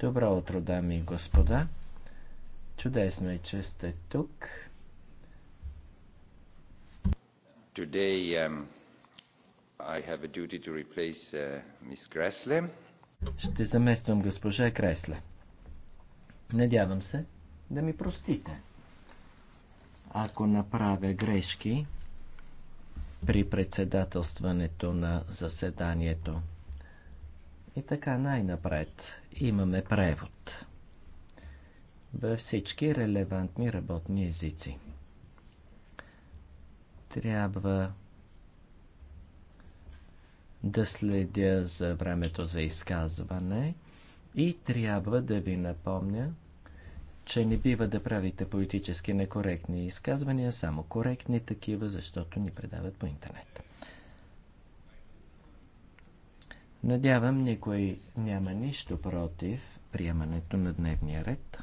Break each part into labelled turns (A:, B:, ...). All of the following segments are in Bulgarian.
A: Добро утро, дами и господа. Чудесно е, че сте тук.
B: Today, um, I have a duty to replace uh, Miss Кресле.
A: Ще замествам госпожа Кресле. Надявам се да ми простите. Ако направя грешки, при председателстването на заседанието. И така най-напред имаме превод във всички релевантни работни езици. Трябва да следя за времето за изказване и трябва да ви напомня, че не бива да правите политически некоректни изказвания, само коректни такива, защото ни предават по интернет. Надявам, никой няма нищо против приемането на дневния ред.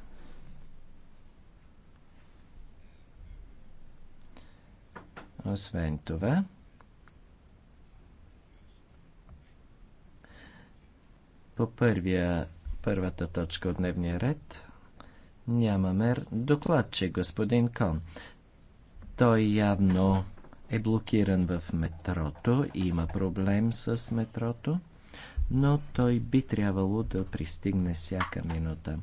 A: Освен това, по първия, първата точка от дневния ред Нямаме докладче, господин Кон. Той явно е блокиран в метрото, и има проблем с метрото, но той би трябвало да пристигне всяка минута.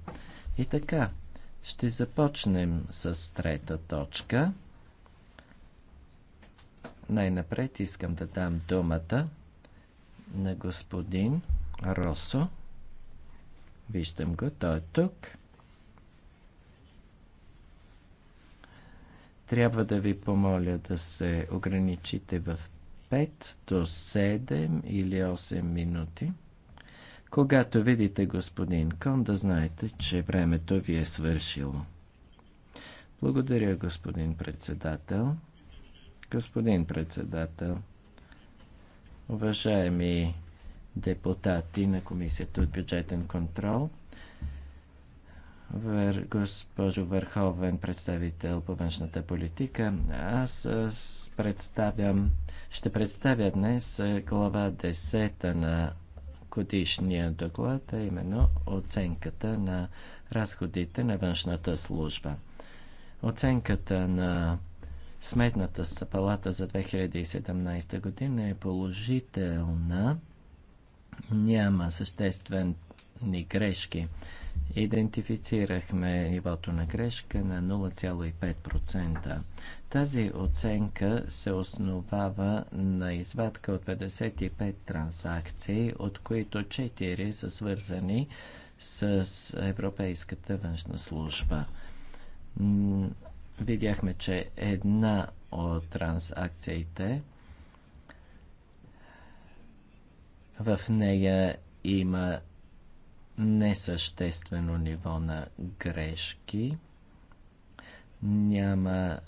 A: И така, ще започнем с трета точка. Най-напред искам да дам думата на господин Росо. Виждам го, той е тук. Трябва да ви помоля да се ограничите в 5 до 7 или 8 минути. Когато видите господин Кон, да знаете, че времето ви е свършило. Благодаря, господин председател. Господин председател, уважаеми депутати на Комисията от бюджетен контрол, госпожо Върховен представител по външната политика. Аз представям, ще представя днес глава 10 на годишния доклад, а именно оценката на разходите на външната служба. Оценката на Сметната палата за 2017 година е положителна. Няма съществени грешки идентифицирахме нивото на грешка на 0,5%. Тази оценка се основава на извадка от 55 транзакции, от които 4 са свързани с Европейската външна служба. Видяхме, че една от транзакциите в нея има несъществено ниво на грешки. Няма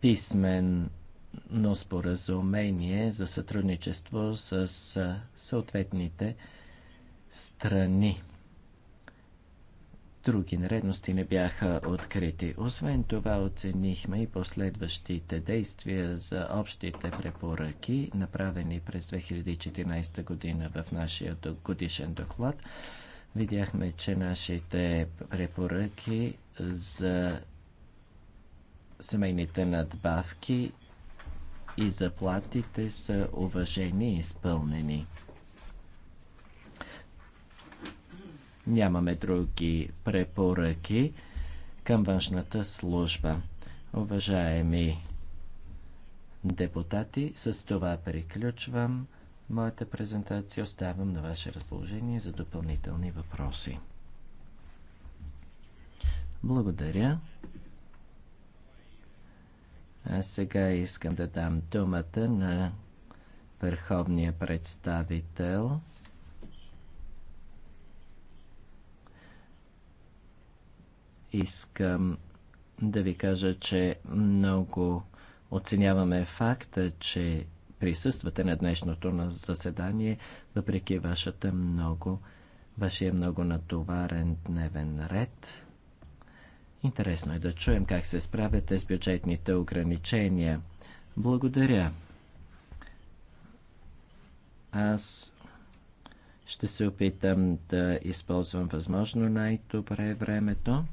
A: писмен но споразумение за сътрудничество с съответните страни други нередности не бяха открити. Освен това оценихме и последващите действия за общите препоръки, направени през 2014 година в нашия годишен доклад. Видяхме, че нашите препоръки за семейните надбавки и заплатите са уважени и изпълнени. Нямаме други препоръки към външната служба. Уважаеми депутати, с това приключвам моята презентация. Оставам на ваше разположение за допълнителни въпроси. Благодаря. А сега искам да дам думата на върховния представител искам да ви кажа, че много оценяваме факта, че присъствате на днешното заседание, въпреки вашата много, вашия много натоварен дневен ред. Интересно е да чуем как се справяте с бюджетните ограничения. Благодаря. Аз ще се опитам да използвам възможно най-добре времето.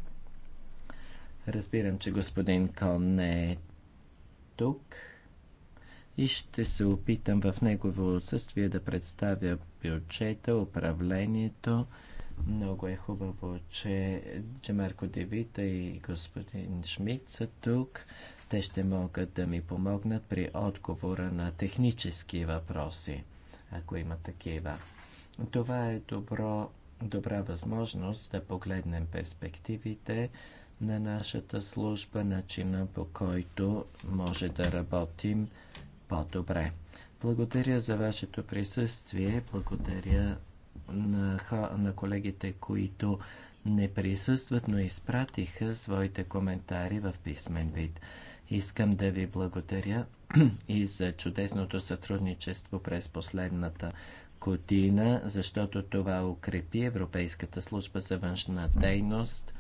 A: Разбирам, че господин Кон не е тук и ще се опитам в негово отсъствие да представя бюджета, управлението. Много е хубаво, че, че Марко Девита и господин Шмидт са тук. Те ще могат да ми помогнат при отговора на технически въпроси, ако има такива. Това е добро, добра възможност да погледнем перспективите на нашата служба, начина по който може да работим по-добре. Благодаря за вашето присъствие, благодаря на, на колегите, които не присъстват, но изпратиха своите коментари в писмен вид. Искам да ви благодаря и за чудесното сътрудничество през последната година, защото това укрепи Европейската служба за външна дейност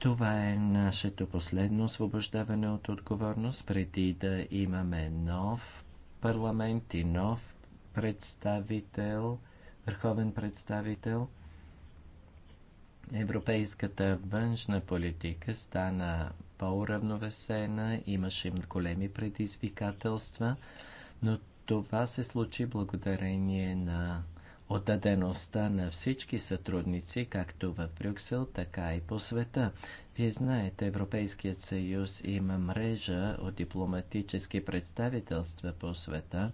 A: това е нашето последно освобождаване от отговорност, преди да имаме нов парламент и нов представител, върховен представител. Европейската външна политика стана по-уравновесена, имаше големи предизвикателства, но това се случи благодарение на отдадеността на всички сътрудници, както в Брюксел, така и по света. Вие знаете, Европейският съюз има мрежа от дипломатически представителства по света.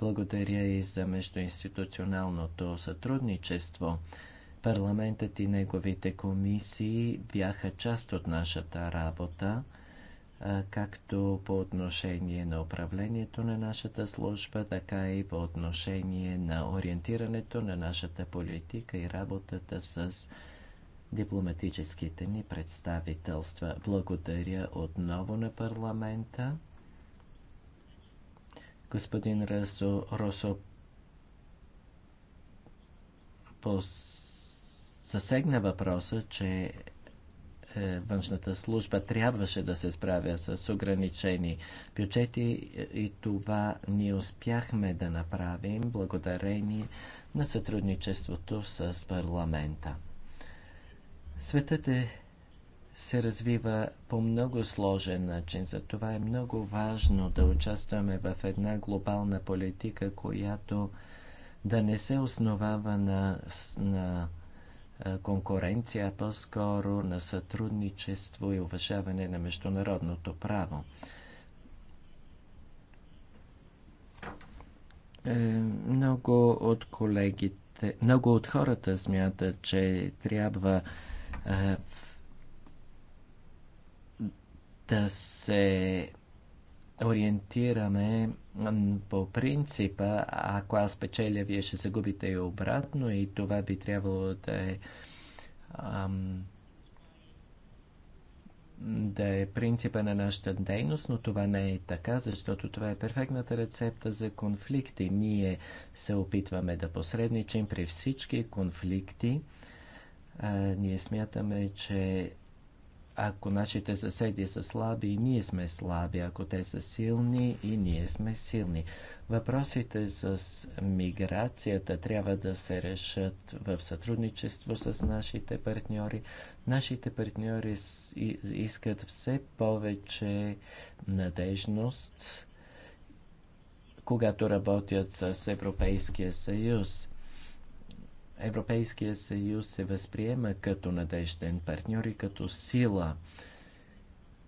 A: Благодаря и за междуинституционалното сътрудничество. Парламентът и неговите комисии бяха част от нашата работа както по отношение на управлението на нашата служба, така и по отношение на ориентирането на нашата политика и работата с дипломатическите ни представителства. Благодаря отново на парламента. Господин Расо, Росо засегна въпроса, че е, външната служба трябваше да се справя с ограничени бюджети е, и това ние успяхме да направим благодарение на сътрудничеството с парламента. Светът е, се развива по много сложен начин, затова е много важно да участваме в една глобална политика, която да не се основава на, на конкуренция, а по-скоро на сътрудничество и уважаване на международното право. Е, много от колегите, много от хората смятат, че трябва е, да се ориентираме по принципа, ако аз печеля, вие ще загубите и обратно и това би трябвало да е ам, да е принципа на нашата дейност, но това не е така, защото това е перфектната рецепта за конфликти. Ние се опитваме да посредничим при всички конфликти. А, ние смятаме, че ако нашите съседи са слаби и ние сме слаби, ако те са силни и ние сме силни. Въпросите с миграцията трябва да се решат в сътрудничество с нашите партньори. Нашите партньори искат все повече надежност, когато работят с Европейския съюз. Европейския съюз се възприема като надежден партньор и като сила.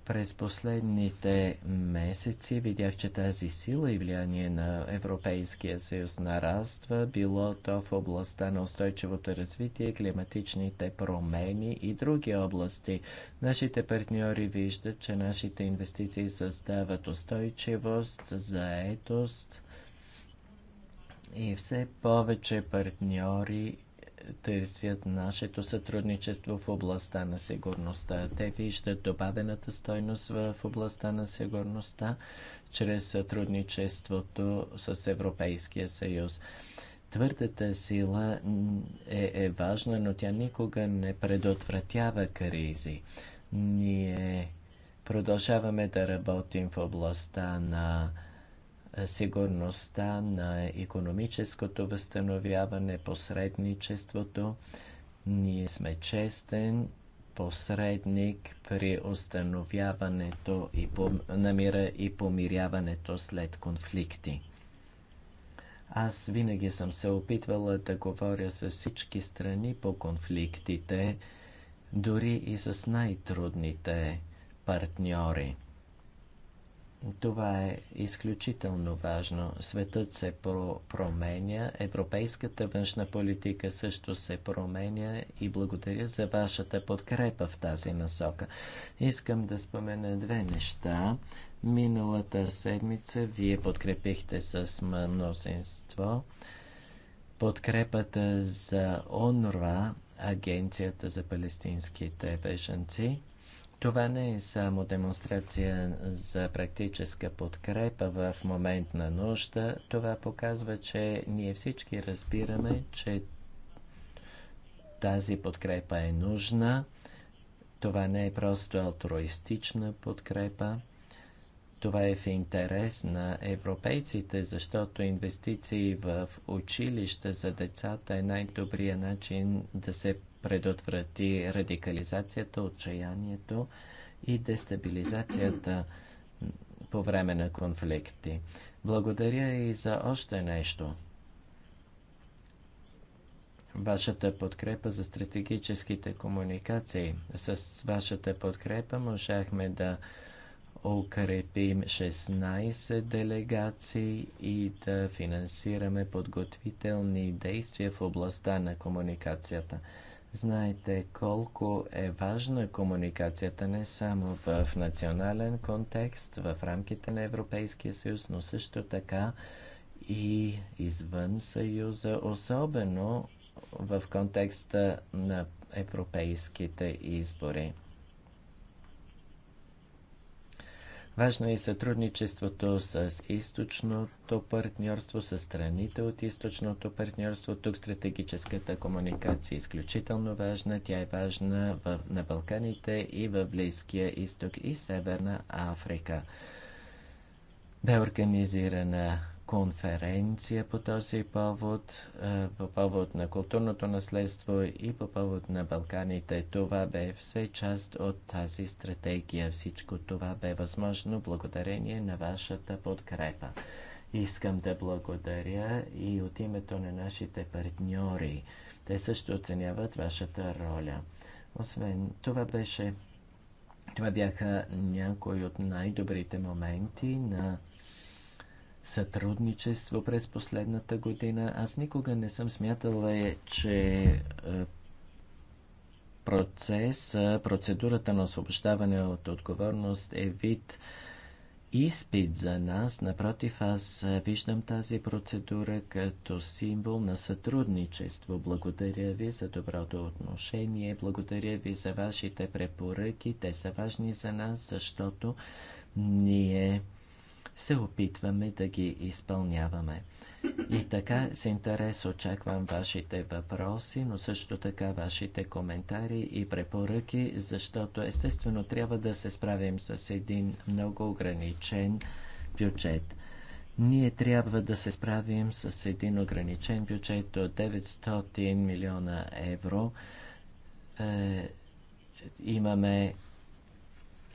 A: През последните месеци видях, че тази сила и влияние на Европейския съюз нараства, било то в областта на устойчивото развитие, климатичните промени и други области. Нашите партньори виждат, че нашите инвестиции създават устойчивост, заетост и все повече партньори търсят нашето сътрудничество в областта на сигурността. Те виждат добавената стойност в областта на сигурността чрез сътрудничеството с Европейския съюз. Твърдата сила е, е важна, но тя никога не предотвратява кризи. Ние продължаваме да работим в областта на е, сигурността на економическото възстановяване, посредничеството. Ние сме честен посредник при установяването и намира и помиряването след конфликти. Аз винаги съм се опитвала да говоря с всички страни по конфликтите, дори и с най-трудните партньори. Това е изключително важно. Светът се променя, европейската външна политика също се променя и благодаря за вашата подкрепа в тази насока. Искам да спомена две неща. Миналата седмица вие подкрепихте с мнозинство подкрепата за ОНРВА, Агенцията за палестинските беженци. Това не е само демонстрация за практическа подкрепа в момент на нужда. Това показва, че ние всички разбираме, че тази подкрепа е нужна. Това не е просто алтруистична подкрепа. Това е в интерес на европейците, защото инвестиции в училище за децата е най-добрият начин да се предотврати радикализацията, отчаянието и дестабилизацията по време на конфликти. Благодаря и за още нещо. Вашата подкрепа за стратегическите комуникации. С вашата подкрепа можахме да укрепим 16 делегации и да финансираме подготвителни действия в областта на комуникацията. Знаете колко е важна комуникацията не само в национален контекст, в рамките на Европейския съюз, но също така и извън съюза, особено в контекста на европейските избори. Важно е и сътрудничеството с източното партньорство, с страните от източното партньорство. Тук стратегическата комуникация е изключително важна. Тя е важна в, на Балканите и в Близкия изток и Северна Африка. Бе организирана конференция по този повод, е, по повод на културното наследство и по повод на Балканите. Това бе все част от тази стратегия. Всичко това бе възможно благодарение на вашата подкрепа. Искам да благодаря и от името на нашите партньори. Те също оценяват вашата роля. Освен това беше това бяха някои от най-добрите моменти на сътрудничество през последната година. Аз никога не съм смятала, е, че е, процес, процедурата на освобождаване от отговорност е вид изпит за нас. Напротив, аз е, виждам тази процедура като символ на сътрудничество. Благодаря ви за доброто отношение, благодаря ви за вашите препоръки. Те са важни за нас, защото ние се опитваме да ги изпълняваме. И така с интерес очаквам вашите въпроси, но също така вашите коментари и препоръки, защото естествено трябва да се справим с един много ограничен бюджет. Ние трябва да се справим с един ограничен бюджет от 900 милиона евро. Е, имаме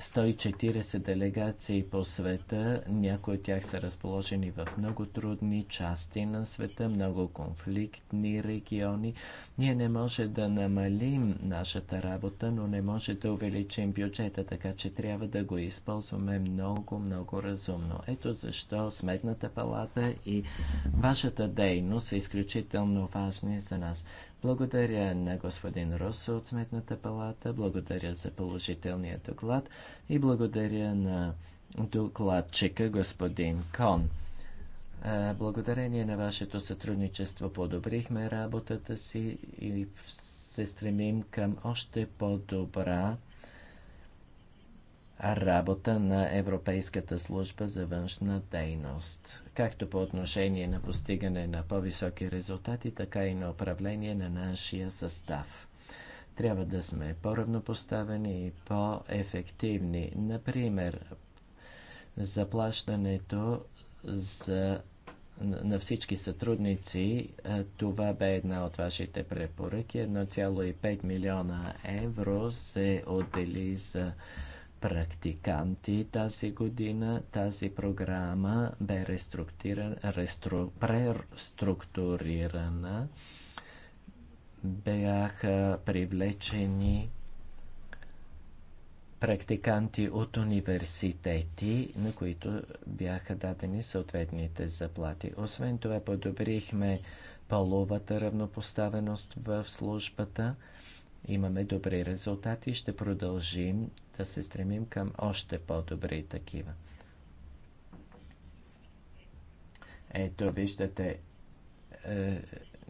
A: 140 делегации по света, някои от тях са разположени в много трудни части на света, много конфликтни региони. Ние не може да намалим нашата работа, но не може да увеличим бюджета, така че трябва да го използваме много, много разумно. Ето защо Сметната палата и вашата дейност са изключително важни за нас. Благодаря на господин Росо от Сметната палата, благодаря за положителния доклад и благодаря на докладчика господин Кон. Благодарение на вашето сътрудничество подобрихме работата си и се стремим към още по-добра работа на Европейската служба за външна дейност, както по отношение на постигане на по-високи резултати, така и на управление на нашия състав. Трябва да сме по-равнопоставени и по-ефективни. Например, заплащането за на всички сътрудници. Това бе една от вашите препоръки. 1,5 милиона евро се отдели за практиканти тази година. Тази програма бе рестру, преструктурирана. Бяха привлечени практиканти от университети, на които бяха дадени съответните заплати. Освен това, подобрихме половата равнопоставеност в службата имаме добри резултати и ще продължим да се стремим към още по-добри такива. Ето, виждате, е,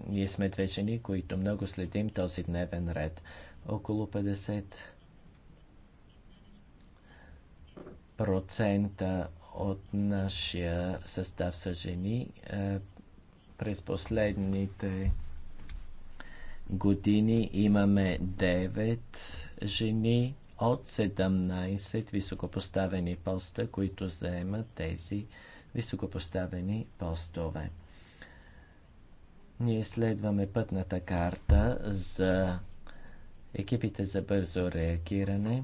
A: ние сме две жени, които много следим този дневен ред. Около 50 процента от нашия състав са жени. Е, през последните години имаме 9 жени от 17 високопоставени поста, които заемат тези високопоставени постове. Ние следваме пътната карта за екипите за бързо реагиране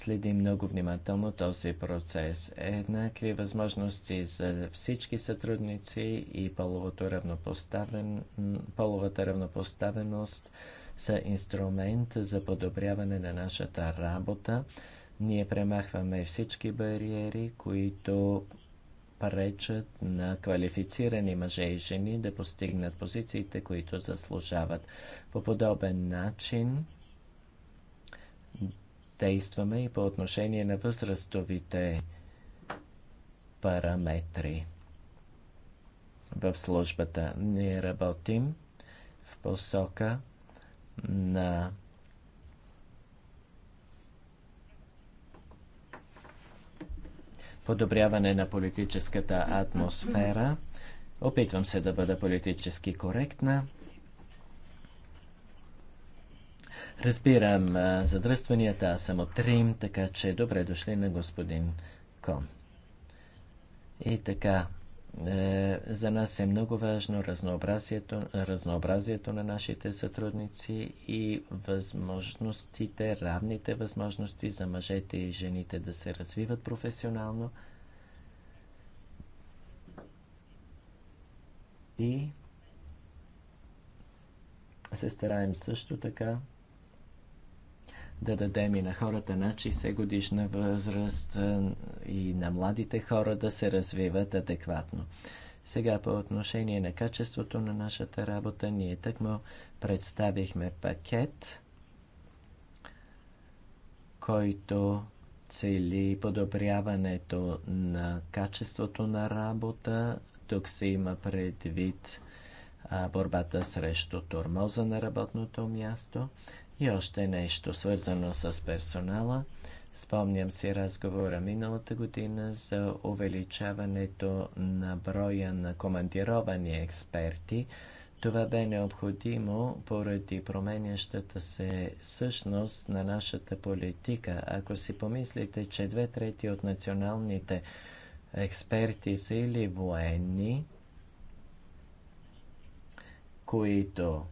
A: следи много внимателно този процес. Еднакви възможности за всички сътрудници и равнопоставен, половата равнопоставеност са инструмент за подобряване на нашата работа. Ние премахваме всички бариери, които пречат на квалифицирани мъже и жени да постигнат позициите, които заслужават. По подобен начин действаме и по отношение на възрастовите параметри в службата. Ние работим в посока на подобряване на политическата атмосфера. Опитвам се да бъда политически коректна. Разбирам задръстванията, аз съм от Рим, така че добре дошли на господин Ком. И така, е, за нас е много важно разнообразието, разнообразието на нашите сътрудници и възможностите, равните възможности за мъжете и жените да се развиват професионално. И се стараем също така да дадем и на хората на 60 годишна възраст и на младите хора да се развиват адекватно. Сега по отношение на качеството на нашата работа, ние тъкмо представихме пакет, който цели подобряването на качеството на работа. Тук се има предвид борбата срещу тормоза на работното място. И още нещо, свързано с персонала. Спомням си разговора миналата година за увеличаването на броя на командировани експерти. Това бе необходимо поради променящата се същност на нашата политика. Ако си помислите, че две трети от националните експерти са или военни, които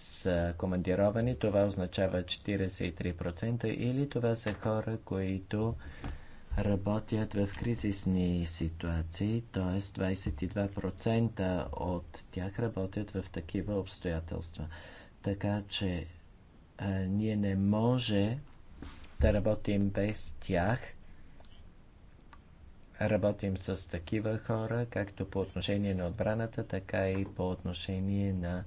A: са командировани, това означава 43% или това са хора, които работят в кризисни ситуации, т.е. 22% от тях работят в такива обстоятелства. Така че а, ние не може да работим без тях. Работим с такива хора, както по отношение на отбраната, така и по отношение на а,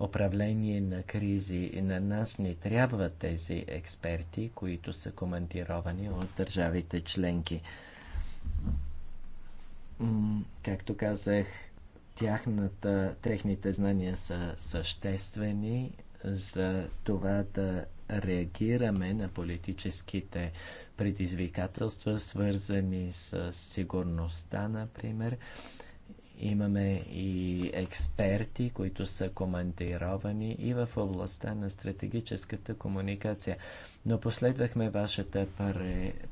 A: управление на кризи. И на нас не трябват тези експерти, които са командировани от държавите членки. Както казах, тяхната, техните знания са съществени за това да реагираме на политическите предизвикателства, свързани с сигурността, например. Имаме и експерти, които са командировани и в областта на стратегическата комуникация. Но последвахме вашата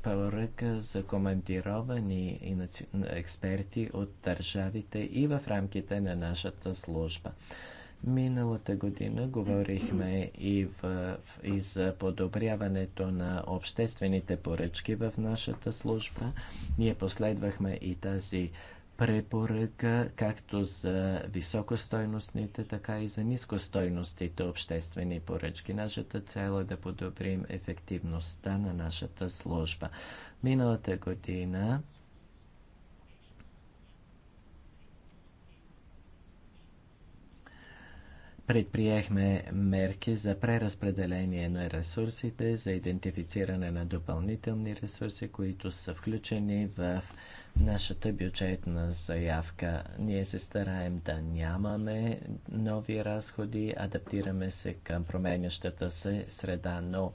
A: поръка за командировани и наци... експерти от държавите и в рамките на нашата служба. Миналата година говорихме и, в, и за подобряването на обществените поръчки в нашата служба. Ние последвахме и тази препоръка както за високостойностните, така и за нискостойностите обществени поръчки. Нашата цел е да подобрим ефективността на нашата служба. Миналата година Предприехме мерки за преразпределение на ресурсите, за идентифициране на допълнителни ресурси, които са включени в нашата бюджетна заявка. Ние се стараем да нямаме нови разходи, адаптираме се към променящата се среда, но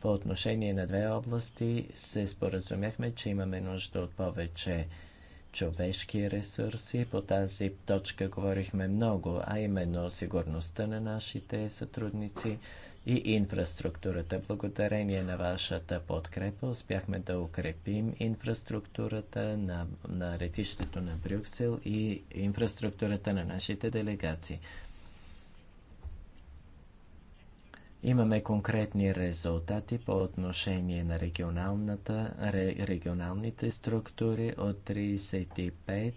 A: по отношение на две области се споразумяхме, че имаме нужда от повече човешки ресурси. По тази точка говорихме много, а именно сигурността на нашите сътрудници – и инфраструктурата. Благодарение на вашата подкрепа успяхме да укрепим инфраструктурата на, на ретището на Брюксел и инфраструктурата на нашите делегации. Имаме конкретни резултати по отношение на регионалната, ре, регионалните структури от 35 е,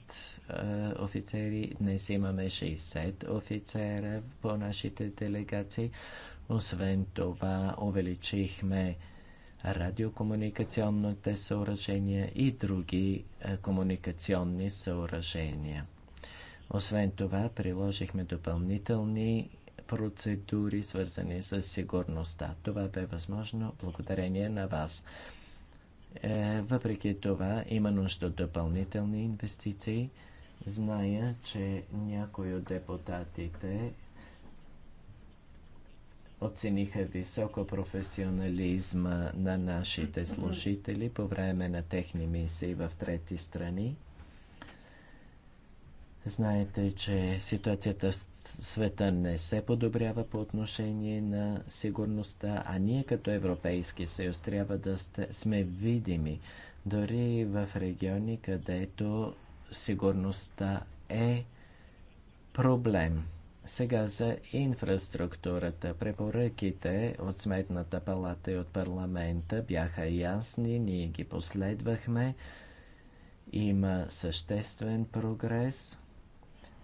A: офицери. Днес имаме 60 офицера по нашите делегации. Освен това, увеличихме радиокомуникационните съоръжения и други е, комуникационни съоръжения. Освен това, приложихме допълнителни процедури, свързани с сигурността. Това бе възможно благодарение на вас. Е, въпреки това, има нужда от допълнителни инвестиции. Зная, че някои от депутатите оцениха високо професионализма на нашите служители по време на техни мисии в трети страни. Знаете, че ситуацията в света не се подобрява по отношение на сигурността, а ние като Европейски съюз трябва да сме видими дори в региони, където сигурността е проблем. Сега за инфраструктурата. Препоръките от Сметната палата и от парламента бяха ясни, ние ги последвахме. Има съществен прогрес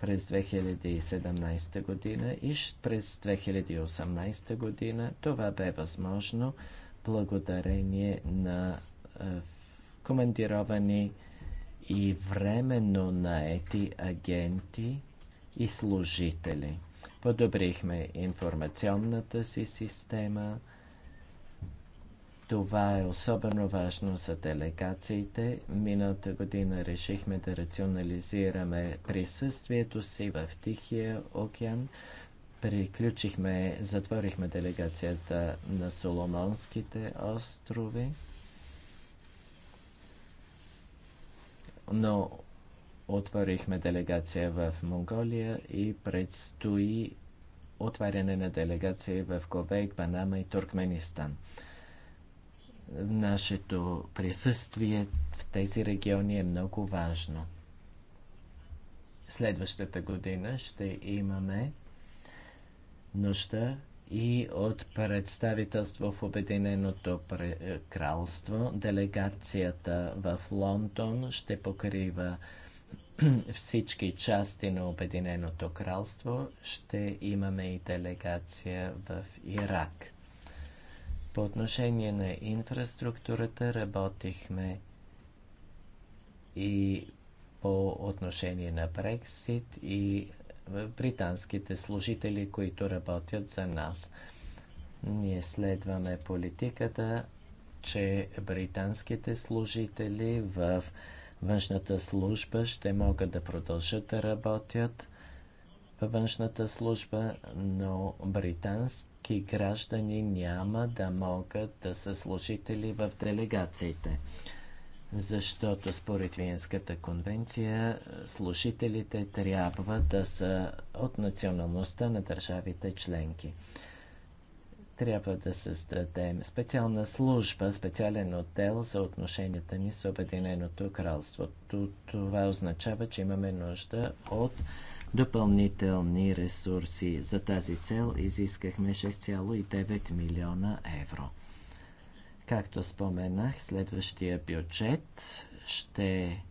A: през 2017 година и през 2018 година. Това бе възможно благодарение на е, командировани и временно наети агенти – и служители. Подобрихме информационната си система. Това е особено важно за делегациите. Миналата година решихме да рационализираме присъствието си в Тихия океан. Приключихме, затворихме делегацията на Соломонските острови. Но отворихме делегация в Монголия и предстои отваряне на делегации в Ковейк, Панама и Туркменистан. Нашето присъствие в тези региони е много важно. Следващата година ще имаме нужда и от представителство в Обединеното кралство. Делегацията в Лондон ще покрива всички части на Обединеното кралство. Ще имаме и делегация в Ирак. По отношение на инфраструктурата работихме и по отношение на Брексит и британските служители, които работят за нас. Ние следваме политиката, че британските служители в външната служба ще могат да продължат да работят във външната служба, но британски граждани няма да могат да са служители в делегациите. Защото според Виенската конвенция служителите трябва да са от националността на държавите членки трябва да създадем специална служба, специален отдел за отношенията ни с Обединеното кралство. Това означава, че имаме нужда от допълнителни ресурси. За тази цел изискахме 6,9 милиона евро. Както споменах, следващия бюджет ще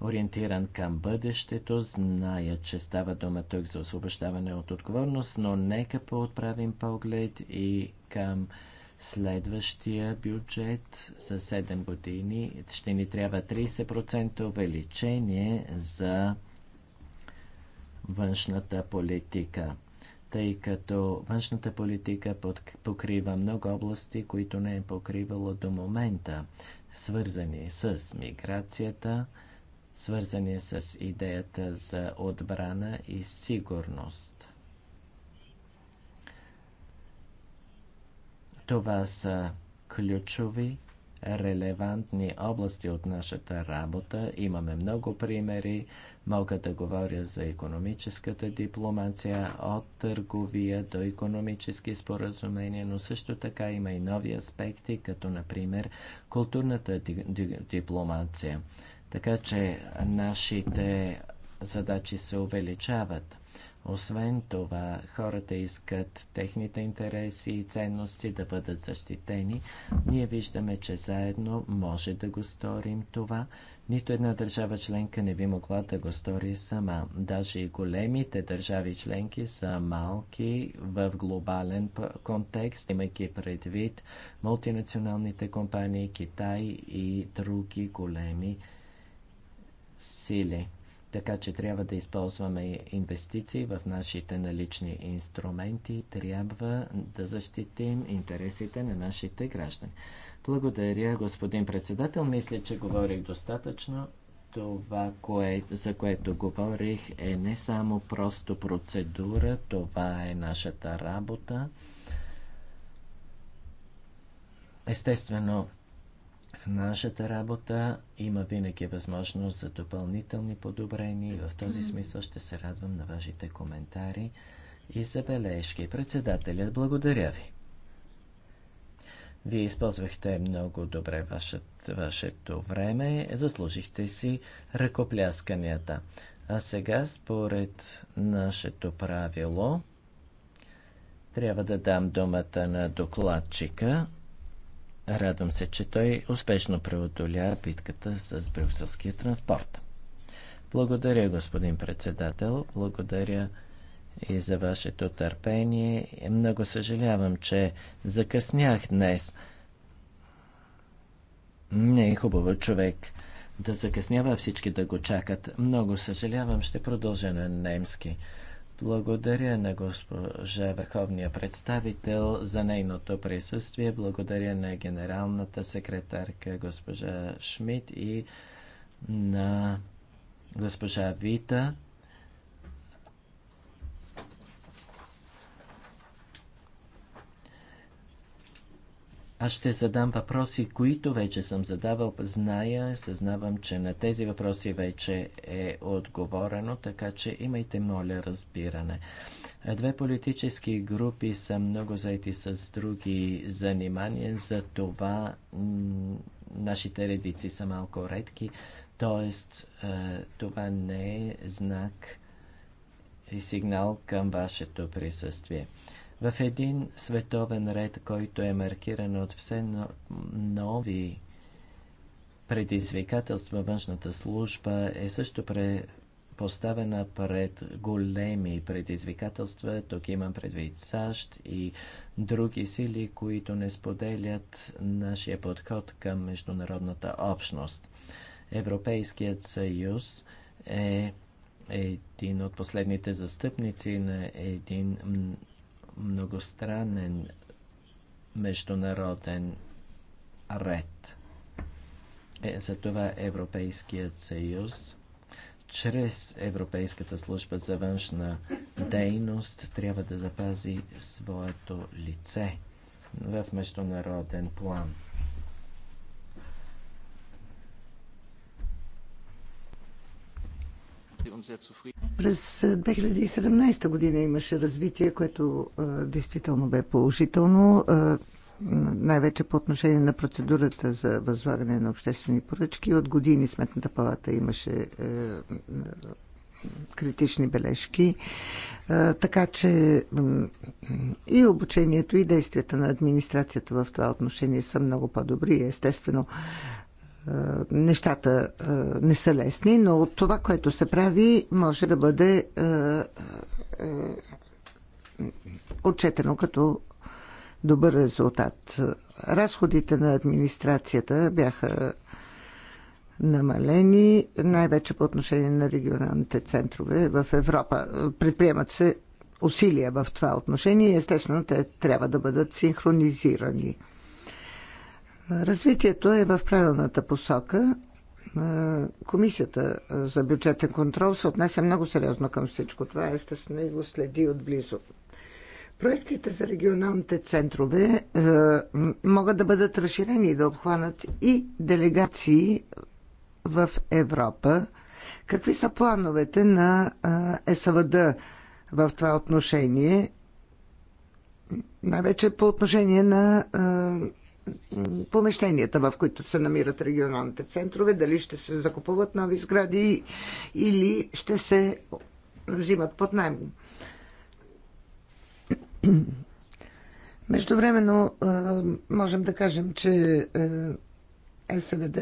A: ориентиран към бъдещето. Зная, че става дума тук за освобождаване от отговорност, но нека поотправим поглед и към следващия бюджет за 7 години. Ще ни трябва 30% увеличение за външната политика тъй като външната политика покрива много области, които не е покривало до момента, свързани с миграцията, свързани с идеята за отбрана и сигурност. Това са ключови, релевантни области от нашата работа. Имаме много примери. Мога да говоря за економическата дипломация, от търговия до економически споразумения, но също така има и нови аспекти, като например културната дипломация. Така че нашите задачи се увеличават. Освен това, хората искат техните интереси и ценности да бъдат защитени. Ние виждаме, че заедно може да го сторим това. Нито една държава членка не би могла да го стори сама. Даже и големите държави членки са малки в глобален контекст, имайки предвид мултинационалните компании Китай и други големи сили. Така че трябва да използваме инвестиции в нашите налични инструменти. Трябва да защитим интересите на нашите граждани. Благодаря, господин председател. Мисля, че говорих достатъчно. Това, кое, за което говорих, е не само просто процедура, това е нашата работа. Естествено, нашата работа има винаги възможност за допълнителни подобрения и в този смисъл ще се радвам на вашите коментари и забележки. Председателят, благодаря ви. Вие използвахте много добре вашето, вашето време, заслужихте си ръкоплясканията. А сега, според нашето правило, трябва да дам думата на докладчика Радвам се, че той успешно преодоля битката с брюкселския транспорт. Благодаря, господин председател. Благодаря и за вашето търпение. Много съжалявам, че закъснях днес. Не е хубаво човек да закъснява всички да го чакат. Много съжалявам, ще продължа на немски. Благодаря на госпожа Върховния представител за нейното присъствие. Благодаря на генералната секретарка госпожа Шмидт и на госпожа Вита. Аз ще задам въпроси, които вече съм задавал. Зная, съзнавам, че на тези въпроси вече е отговорено, така че имайте, моля, разбиране. Две политически групи са много заети с други занимания, за това нашите редици са малко редки, т.е. това не е знак и сигнал към вашето присъствие. В един световен ред, който е маркиран от все нови предизвикателства, външната служба е също пре поставена пред големи предизвикателства. Тук имам предвид САЩ и други сили, които не споделят нашия подход към международната общност. Европейският съюз е един от последните застъпници на един многостранен международен ред. Е, затова Европейският съюз чрез Европейската служба за външна дейност трябва да запази своето лице в международен план.
C: През 2017
B: е, година имаше развитие, което а, е, действително бе положително, е, най-вече по отношение на процедурата за възлагане на обществени поръчки. От години Сметната палата имаше критични бележки. Така че и обучението, и действията на администрацията в това отношение са много по-добри. Естествено, е, нещата е, не са лесни, но това, което се прави, може да бъде е, отчетено като добър резултат. Разходите на администрацията бяха намалени, най-вече по отношение на регионалните центрове в Европа. Предприемат се усилия в това отношение и естествено те трябва да бъдат синхронизирани. Развитието е в правилната посока. Комисията за бюджетен контрол се отнесе много сериозно към всичко това, естествено и го следи отблизо. Проектите за регионалните центрове е, могат да бъдат разширени и да обхванат и делегации в Европа. Какви са плановете на е, СВД в това отношение? Най-вече по отношение на е, помещенията, в които се намират регионалните центрове, дали ще се закупуват нови сгради или ще се взимат под найем. Междувременно можем да кажем, че СВД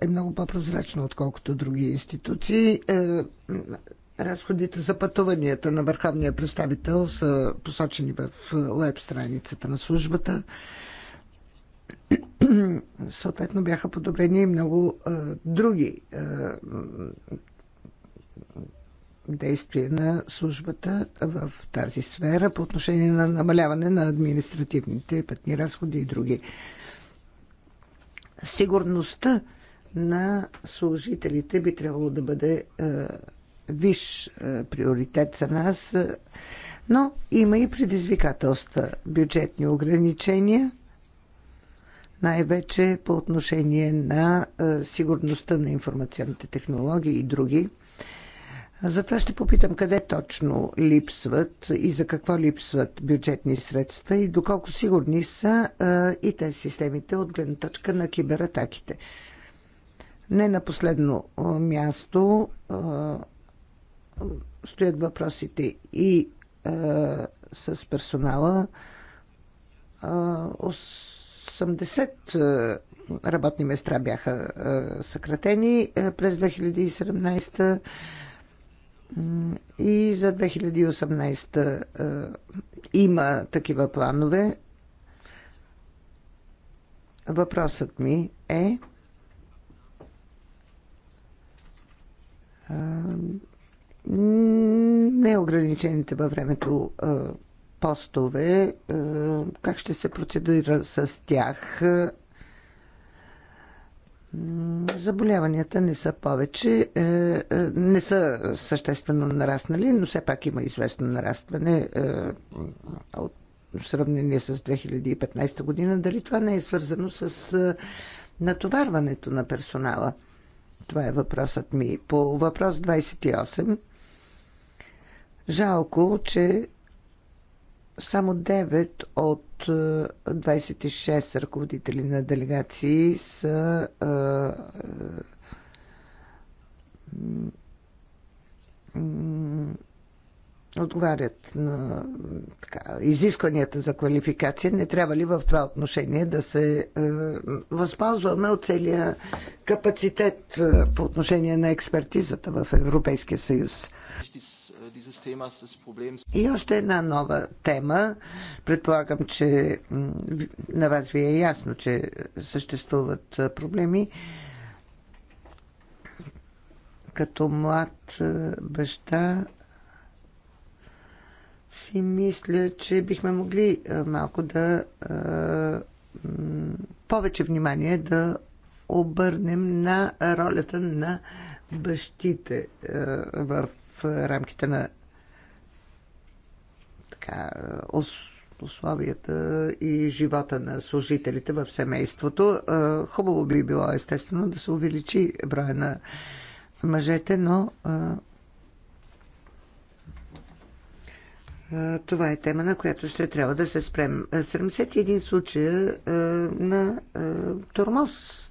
B: е много по-прозрачно, отколкото други институции. Разходите за пътуванията на върховния представител са посочени в леб страницата на службата съответно бяха подобрени и много а, други а, действия на службата в тази сфера по отношение на намаляване на административните пътни разходи и други. Сигурността на служителите би трябвало да бъде а, виш а, приоритет за нас, а, но има и предизвикателства, бюджетни ограничения – най-вече по отношение на е, сигурността на информационните технологии и други. Затова ще попитам къде точно липсват и за какво липсват бюджетни средства и доколко сигурни са е, и тези системите от гледна точка на кибератаките. Не на последно е, място стоят въпросите и с персонала. 80 е, работни места бяха е, съкратени е, през 2017 и за 2018 има такива планове. Въпросът ми е неограничените във времето постове, е, как ще се процедура с тях. Заболяванията не са повече, е, е, не са съществено нараснали, но все пак има известно нарастване от сравнение с 2015 година. Дали това не е свързано с натоварването на персонала? Това е въпросът ми. По въпрос 28. Жалко, че само 9 от 26 е, ръководители на делегации са е, е, отговарят на така, изискванията за квалификация, не трябва ли в това отношение да се е, възползваме от целия капацитет е, по отношение на експертизата в Европейския съюз? И още една нова тема. Предполагам, че на вас ви е ясно, че съществуват проблеми. Като млад баща си мисля, че бихме могли малко да повече внимание да обърнем на ролята на бащите в рамките на така, условията и живота на служителите в семейството. Хубаво би било, естествено, да се увеличи броя на мъжете, но това е тема, на която ще трябва да се спрем. 71 случая на тормоз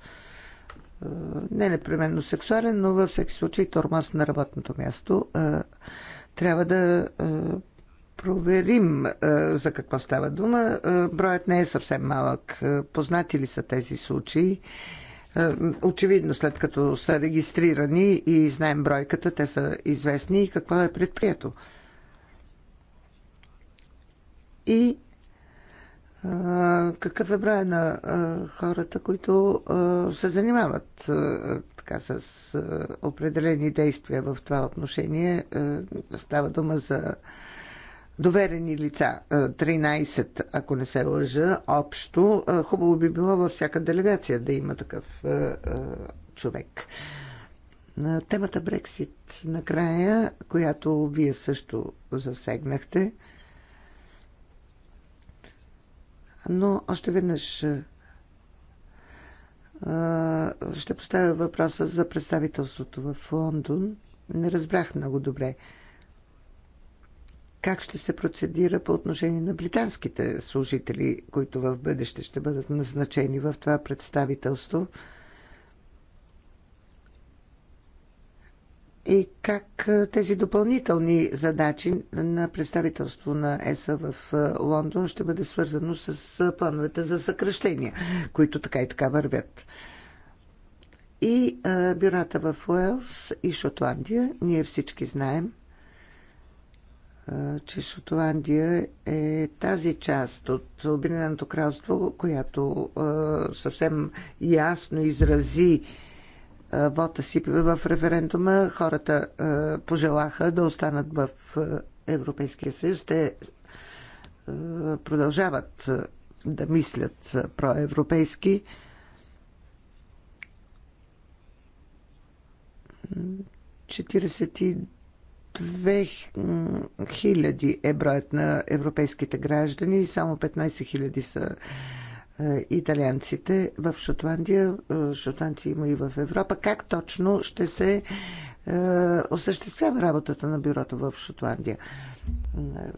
B: не непременно сексуален, но във всеки случай тормоз на работното място. Трябва да проверим за какво става дума. Броят не е съвсем малък. Познати ли са тези случаи? Очевидно, след като са регистрирани и знаем бройката, те са известни и какво е предприето. И какъв е броя на хората, които се занимават така, с определени действия в това отношение? Става дума за доверени лица, 13, ако не се лъжа, общо. Хубаво би било във всяка делегация да има такъв човек. Темата Брексит накрая, която вие също засегнахте – Но още веднъж ще поставя въпроса за представителството в Лондон. Не разбрах много добре как ще се процедира по отношение на британските служители, които в бъдеще ще бъдат назначени в това представителство – и как тези допълнителни задачи на представителство на ЕСА в Лондон ще бъде свързано с плановете за съкръщения, които така и така вървят. И бюрата в Уелс и Шотландия, ние всички знаем, че Шотландия е тази част от Обединеното кралство, която съвсем ясно изрази е, вота си в референдума, хората е, пожелаха да останат в е, Европейския съюз. Те продължават да мислят проевропейски. Четиридесет и е броят на европейските граждани, само 15 хиляди са е, италианците в Шотландия, е, шотландци има и в Европа. Как точно ще се е, осъществява работата на бюрото в Шотландия?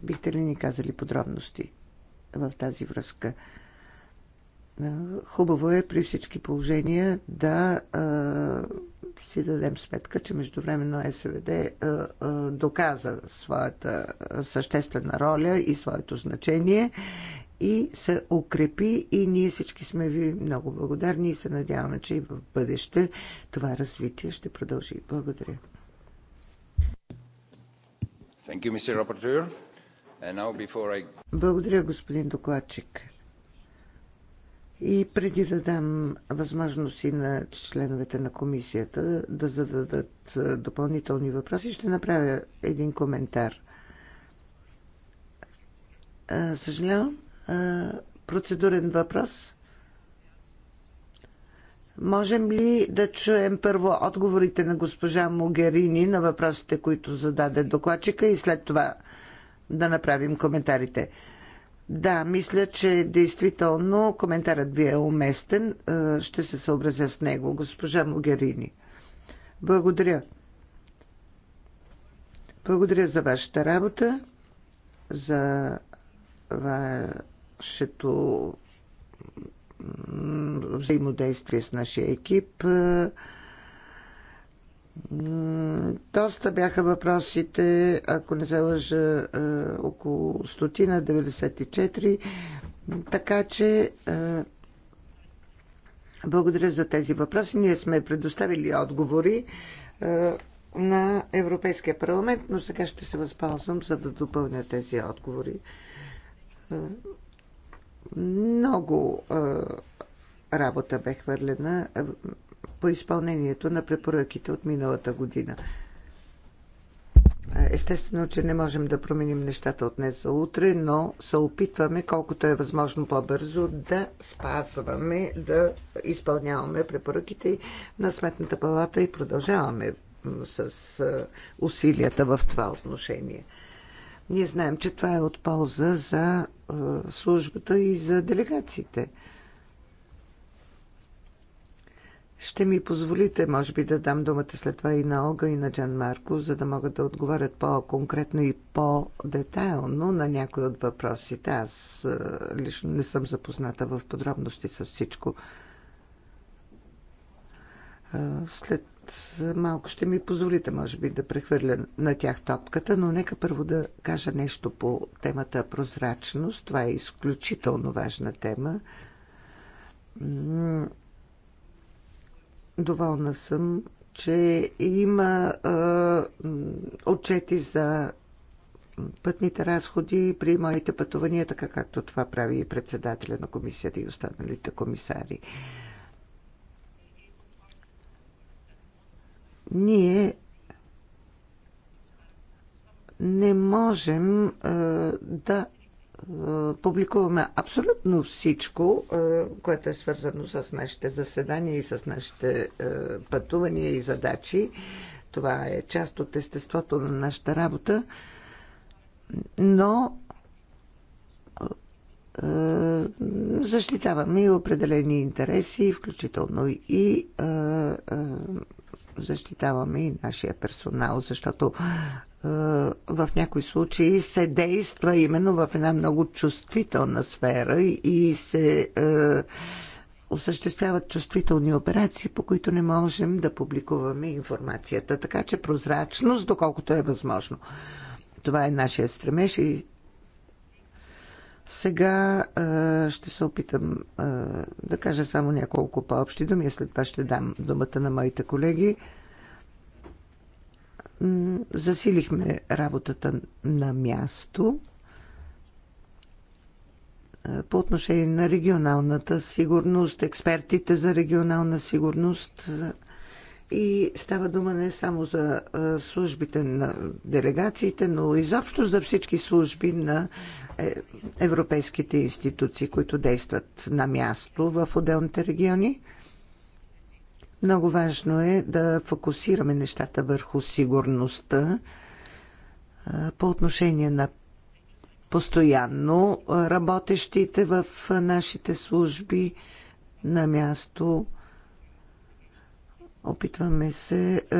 B: Бихте ли ни казали подробности в тази връзка? Хубаво е при всички положения да си дадем сметка, че междувременно СВД доказа своята съществена роля и своето значение и се укрепи и ние всички сме ви много благодарни и се надяваме, че и в бъдеще това развитие ще продължи. Благодаря.
C: Thank you, Mr. Rapporteur. And now before I...
B: Благодаря, господин докладчик. И преди да дам възможност и на членовете на комисията да зададат допълнителни въпроси, ще направя един коментар. Съжалявам, процедурен въпрос. Можем ли да чуем първо отговорите на госпожа Могерини на въпросите, които зададе докладчика и след това да направим коментарите? Да, мисля, че действително коментарът ви е уместен. Ще се съобразя с него, госпожа Могерини. Благодаря. Благодаря за вашата работа, за нашето взаимодействие с нашия екип. Е, доста бяха въпросите, ако не се лъжа, е, около 194, Така че е, благодаря за тези въпроси. Ние сме предоставили отговори на Европейския парламент, но сега ще се възползвам, за да допълня тези отговори. Много работа бе хвърлена по изпълнението на препоръките от миналата година. Естествено, че не можем да променим нещата от днес за утре, но се опитваме колкото е възможно по-бързо да спазваме, да изпълняваме препоръките на Сметната палата и продължаваме с усилията в това отношение. Ние знаем, че това е от полза за е, службата и за делегациите. Ще ми позволите, може би, да дам думата след това и на Олга, и на Джан Марко, за да могат да отговарят по-конкретно и по-детайлно на някои от въпросите. Аз е, лично не съм запозната в подробности с всичко. Е, след малко ще ми позволите, може би, да прехвърля на тях топката, но нека първо да кажа нещо по темата прозрачност. Това е изключително важна тема. Доволна съм, че има е, отчети за пътните разходи при моите пътувания, така както това прави и председателя на комисията и останалите комисари. Е, ние не можем е, да публикуваме абсолютно всичко, което е свързано с нашите заседания и с нашите пътувания и задачи. Това е част от естеството на нашата работа. Но защитаваме и определени интереси, включително и защитаваме и нашия персонал, защото е, в някои случаи се действа именно в една много чувствителна сфера и се е, осъществяват чувствителни операции, по които не можем да публикуваме информацията. Така че прозрачност, доколкото е възможно. Това е нашия стремеж и сега а, ще се опитам а, да кажа само няколко по-общи думи, а след това ще дам думата на моите колеги. Засилихме работата на място по отношение на регионалната сигурност, експертите за регионална сигурност и става дума не само за службите на делегациите, но изобщо за всички служби на е, европейските институции, които действат на място в отделните региони. Много важно е да фокусираме нещата върху сигурността по отношение на постоянно работещите в нашите служби на място – Опитваме се е,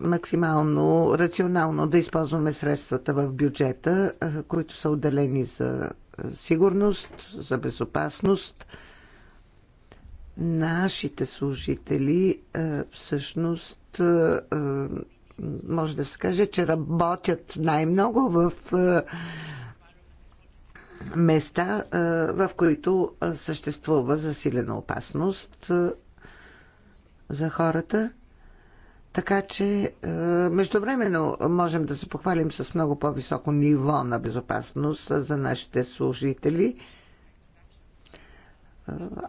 B: максимално рационално да използваме средствата в бюджета, е, които са отделени за е, сигурност, за безопасност. Нашите служители е, всъщност е, е, може да се каже, че работят най-много в е, места, е, в които е, съществува засилена опасност. Е, за хората. Така че е, междувременно можем да се похвалим с много по-високо ниво на безопасност за нашите служители. Е,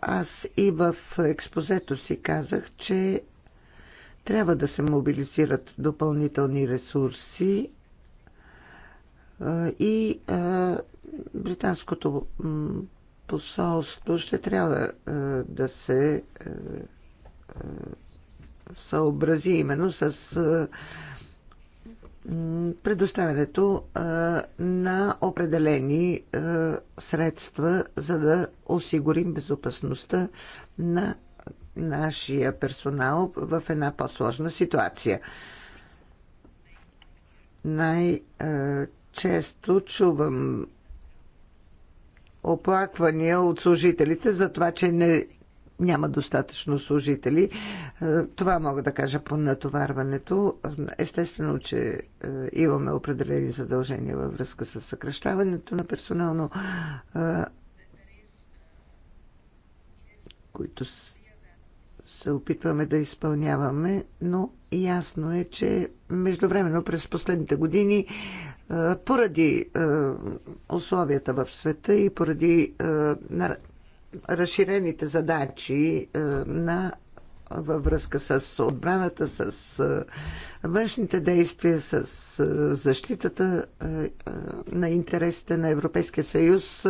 B: аз и в експозето си казах, че трябва да се мобилизират допълнителни ресурси е, и британското посолство ще трябва да се съобрази именно с предоставянето на определени средства, за да осигурим безопасността на нашия персонал в една по-сложна ситуация. Най-често чувам оплаквания от служителите за това, че не няма достатъчно служители. Е, това мога да кажа по натоварването. Естествено, че е, имаме определени задължения във връзка с съкръщаването на персонално, е, които се опитваме да изпълняваме, но ясно е, че междувременно през последните години поради условията в света и поради разширените задачи е, на във връзка с отбраната, с е, външните действия, с е, защитата на интересите на Европейския съюз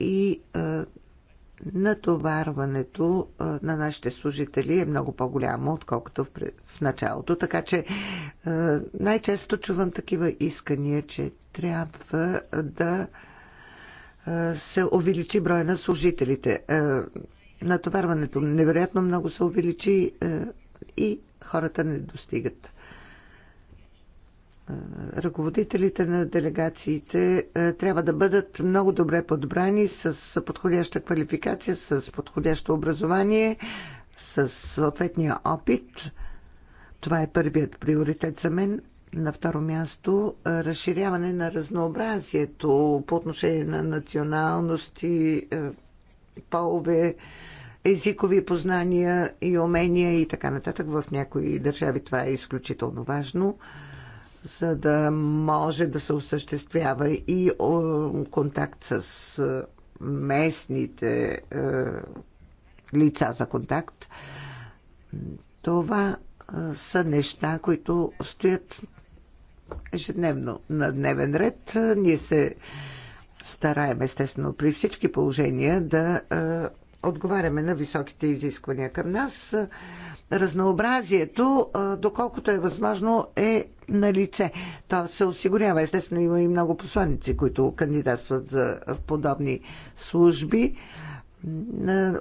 B: и натоварването на нашите служители е много по-голямо, отколкото в началото. Така че най-често чувам такива искания, че трябва да се увеличи броя на служителите. Натоварването невероятно много се увеличи и хората не достигат. Ръководителите на делегациите трябва да бъдат много добре подбрани с подходяща квалификация, с подходящо образование, с съответния опит. Това е първият приоритет за мен. На второ място, разширяване на разнообразието по отношение на националности, полове, езикови познания и умения и така нататък. В някои държави това е изключително важно, за да може да се осъществява и контакт с местните лица за контакт. Това са неща, които стоят ежедневно на дневен ред. Ние се стараем, естествено, при всички положения да отговаряме на високите изисквания към нас. Разнообразието, доколкото е възможно, е на лице. То се осигурява. Естествено, има и много посланици, които кандидатстват за подобни служби.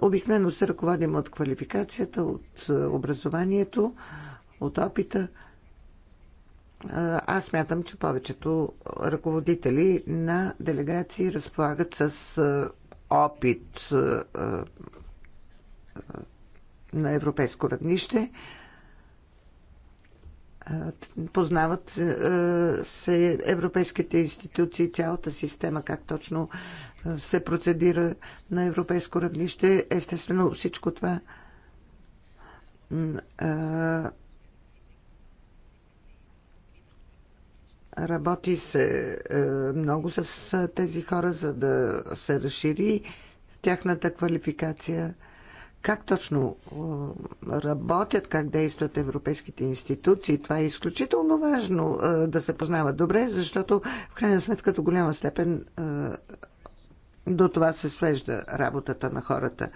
B: Обикновено се ръководим от квалификацията, от образованието, от опита аз мятам, че повечето ръководители на делегации разполагат с опит на европейско равнище. Познават се европейските институции, цялата система, как точно се процедира на европейско равнище. Естествено, всичко това Работи се е, много с е, тези хора, за да се разшири тяхната квалификация. Как точно е, работят, как действат европейските институции, това е изключително важно да се познават добре, защото в крайна сметка до голяма степен до това се свежда работата на хората.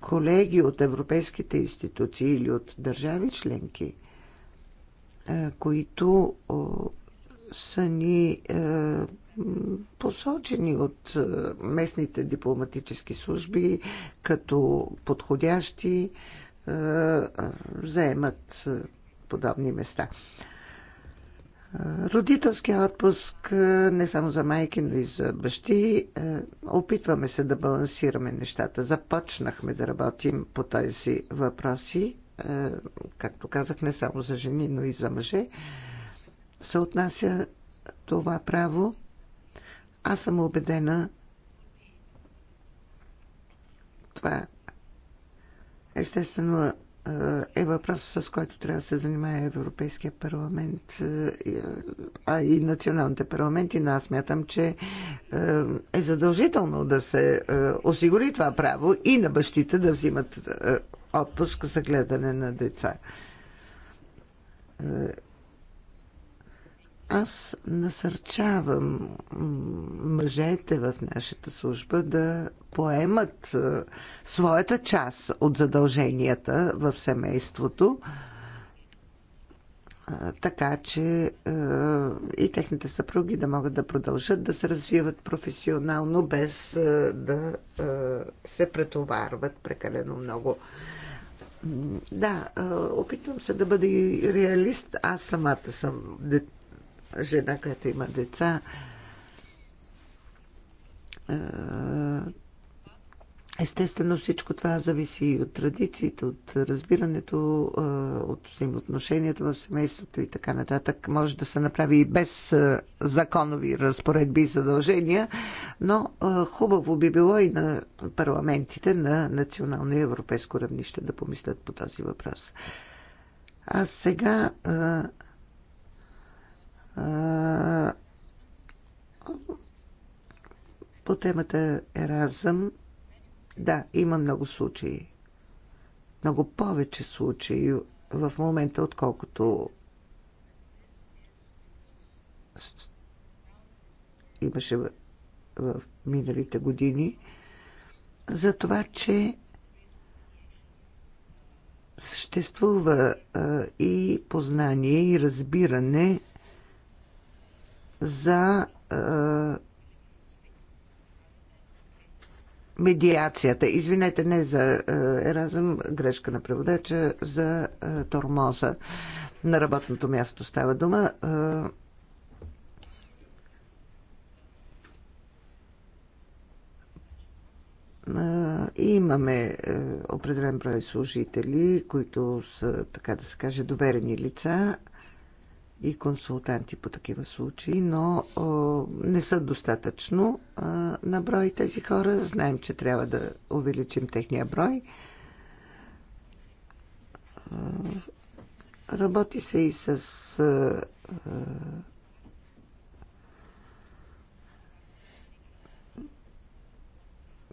B: Колеги от европейските институции или от държави членки, които са ни е, посочени от е, местните дипломатически служби като подходящи е, заемат подобни места. Родителския отпуск не само за майки, но и за бащи. Опитваме се да балансираме нещата. Започнахме да работим по тези въпроси, както казах, не само за жени, но и за мъже се отнася това право, аз съм убедена това естествено е въпрос, с който трябва да се занимае Европейския парламент, е, а и националните парламенти, но аз смятам, че е, е задължително да се е, осигури това право и на бащите да взимат отпуск за гледане на деца. Аз насърчавам мъжете в нашата служба да поемат своята част от задълженията в семейството, така че и техните съпруги да могат да продължат да се развиват професионално, без да се претоварват прекалено много. Да, опитвам се да бъда и реалист. Аз самата съм жена, която има деца. Е, естествено всичко това зависи и от традициите, от разбирането, е, от взаимоотношенията в семейството и така нататък. Може да се направи и без е, законови разпоредби и задължения, но хубаво би било и на парламентите на национално и европейско равнище да помислят по този въпрос. А сега по темата Еразъм, да, има много случаи. Много повече случаи в момента, отколкото имаше в, в миналите години, за това, че съществува а, и познание и разбиране за е, медиацията. Извинете, не за е, Еразъм, грешка на преводача, за е, тормоза. На работното място става дума. И имаме определен брой служители, които са, така да се каже, доверени лица – и консултанти по такива случаи, но не са достатъчно на брой тези хора. Знаем, че трябва да увеличим техния брой. Работи се и с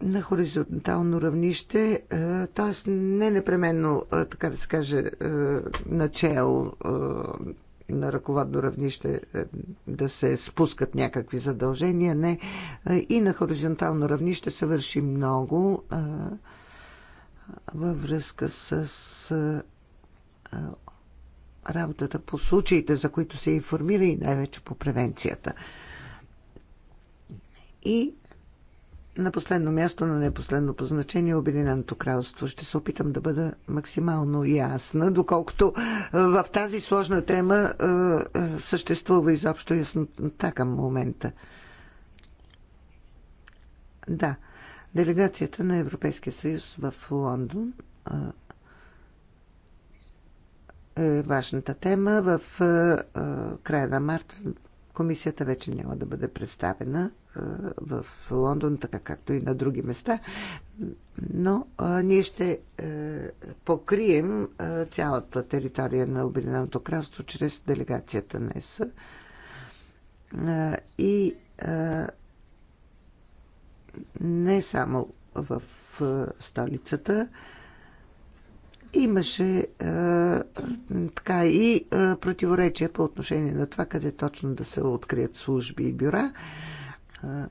B: на хоризонтално равнище, т.е. не непременно, така да се каже, начало на ръководно равнище е, да се спускат някакви задължения. Не. Е, и на хоризонтално равнище се върши много е, във връзка с работата по случаите, за които се информира и най-вече по превенцията. И на последно място, но не последно по значение, Обединеното кралство. Ще се опитам да бъда максимално ясна, доколкото е, в тази сложна тема е, е, съществува изобщо яснота към момента. Да, делегацията на Европейския съюз в Лондон е важната тема. В края на март комисията вече няма да бъде представена в Лондон, така както и на други места. Но а, ние ще а, покрием а, цялата територия на Обединеното кралство чрез делегацията на ЕС. А, и а, не само в а, столицата, а, Имаше а, е, така и а, е, противоречия по отношение на това къде точно да се открият служби и бюра. А, е,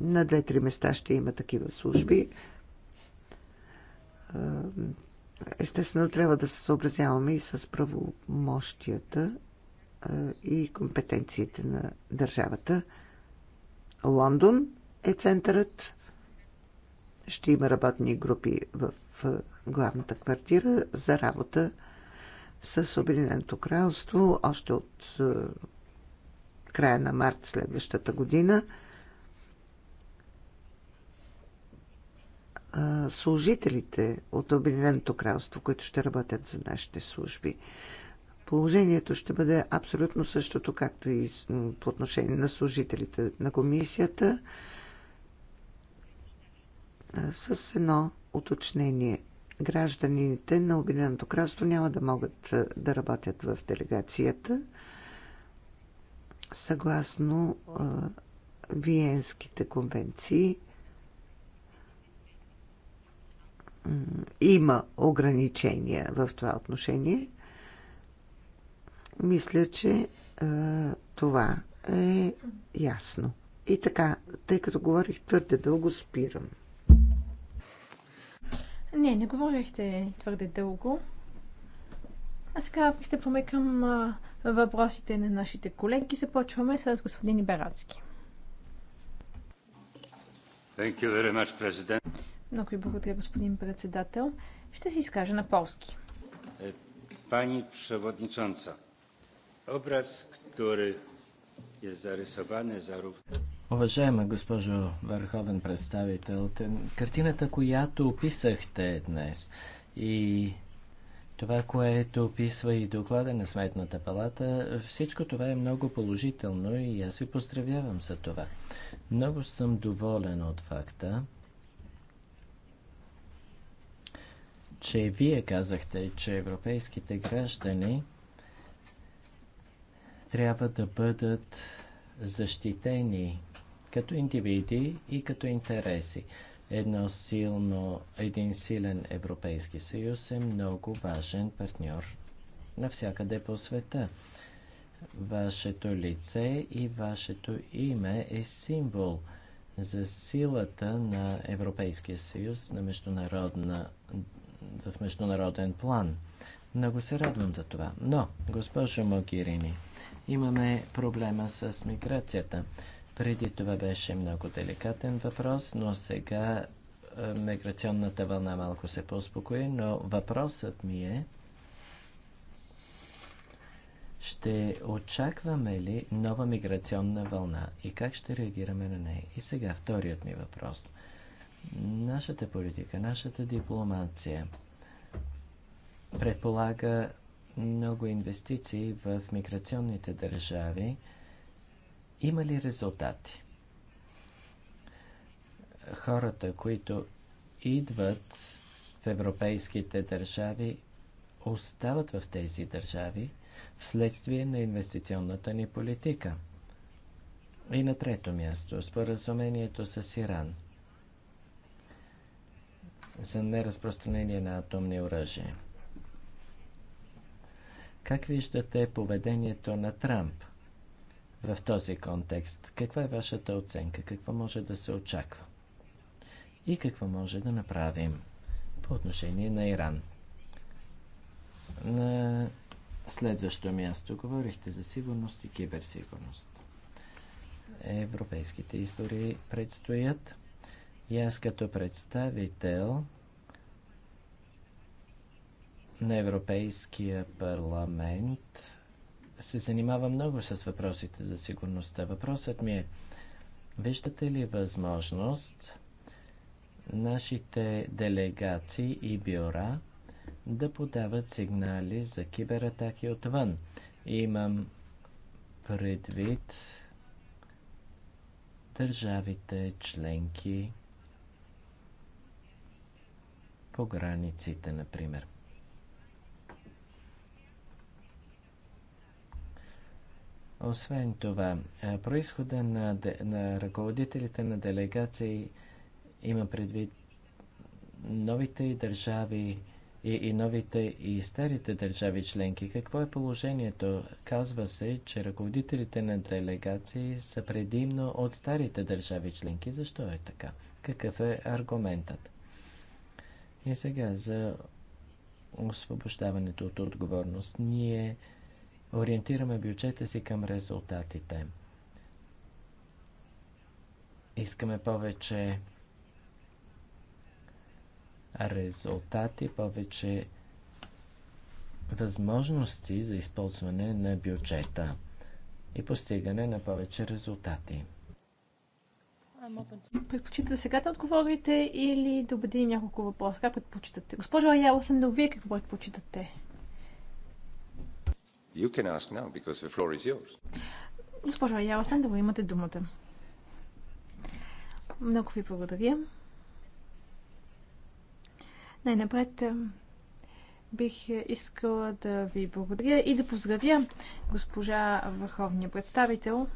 B: на две-три места ще има такива служби. А, естествено, трябва да се съобразяваме и с правомощията а, и компетенциите на държавата. Лондон е центърът. Ще има работни групи в главната квартира за работа с Обединеното кралство още от е, края на март следващата година. Е, служителите от Обединеното кралство, които ще работят за нашите служби, положението ще бъде абсолютно същото, както и по отношение на служителите на комисията – с едно уточнение. Гражданите на Обединеното кралство няма да могат да работят в делегацията съгласно Виенските конвенции. Има ограничения в това отношение. Мисля, че това е ясно. И така, тъй като говорих твърде дълго, спирам.
C: Не, не говорихте твърде дълго. А сега пристъпваме към въпросите на нашите колеги. Започваме с господин Иберацки. Much, Много ви благодаря, господин председател. Ще си изкажа на полски. Е, пани Pani образ, който е зарисован, е zarówno...
A: Уважаема госпожо Върховен представител, картината, която описахте днес и това, което описва и доклада на Сметната палата, всичко това е много положително и аз ви поздравявам за това. Много съм доволен от факта, че вие казахте, че европейските граждани трябва да бъдат защитени като индивиди и като интереси. Едно силно, един силен Европейски съюз е много важен партньор навсякъде по света. Вашето лице и вашето име е символ за силата на Европейския съюз на международна, в международен план. Много се радвам за това. Но, госпожо Могирини, имаме проблема с миграцията. Преди това беше много деликатен въпрос, но сега е, миграционната вълна малко се по-успокои, но въпросът ми е ще очакваме ли нова миграционна вълна и как ще реагираме на нея? И сега вторият ми въпрос. Нашата политика, нашата дипломация предполага много инвестиции в миграционните държави, има ли резултати? Хората, които идват в европейските държави, остават в тези държави вследствие на инвестиционната ни политика. И на трето място, споразумението с Иран за неразпространение на атомни оръжия. Как виждате поведението на Трамп? в този контекст? Каква е вашата оценка? Какво може да се очаква? И какво може да направим по отношение на Иран? На следващо място говорихте за сигурност и киберсигурност. Европейските избори предстоят и аз като представител на Европейския парламент се занимава много с въпросите за сигурността. Въпросът ми е, виждате ли възможност нашите делегации и бюра да подават сигнали за кибератаки отвън? Имам предвид държавите членки по границите, например. Освен това, происхода на, на ръководителите на делегации има предвид новите държави и, и новите и старите държави членки. Какво е положението? Казва се, че ръководителите на делегации са предимно от старите държави членки. Защо е така? Какъв е аргументът? И сега за освобождаването от отговорност. Ние ориентираме бюджета си към резултатите. Искаме повече резултати, повече възможности за използване на бюджета и постигане на повече резултати.
C: Предпочитате сега да отговорите или да убедим няколко въпроса? Как предпочитате? Госпожо Аяла, съм да вие какво предпочитате? You
B: can ask now, because the floor is yours.
C: Госпожо Аяла имате думата. Много ви благодаря. Най-напред е, бих искала да ви благодаря и да поздравя госпожа Върховния представител,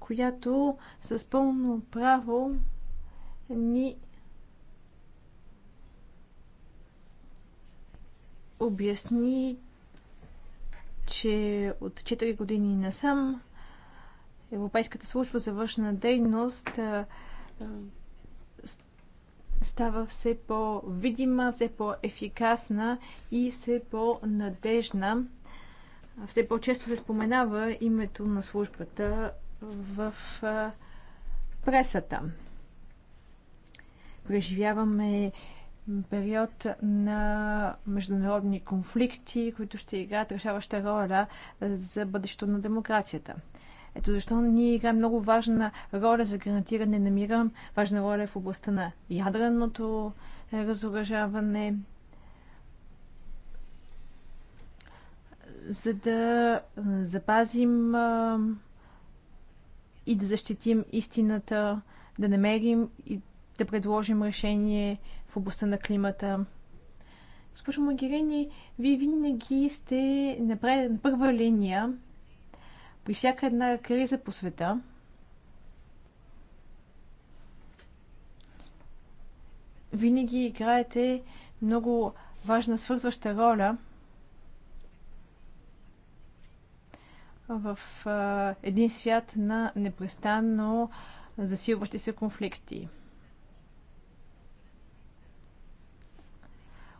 C: която с пълно право ни обясни че от 4 години насам Европейската служба за външна дейност става все по-видима, все по-ефикасна и все по-надежна. Все по-често се споменава името на службата в пресата. Преживяваме период на международни конфликти, които ще играят решаваща роля за бъдещето на демокрацията. Ето защо ние играем много важна роля за гарантиране на мира, важна роля в областта на ядреното разоръжаване, за да запазим и да защитим истината, да намерим и да предложим решение областта на климата. Госпожо Магирини, вие винаги сте на първа линия при всяка една криза по света. Винаги играете много важна свързваща роля в един свят на непрестанно засилващи се конфликти.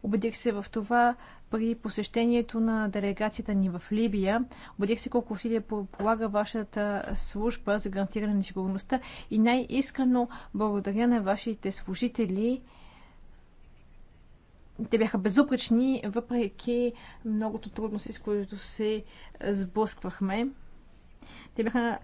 C: Убедих се в това при посещението на делегацията ни в Либия. Убедих се колко усилия полага вашата служба за гарантиране на сигурността и най-искрено благодаря на вашите служители. Те бяха безупречни, въпреки многото трудности, с които се сблъсквахме. Те бяха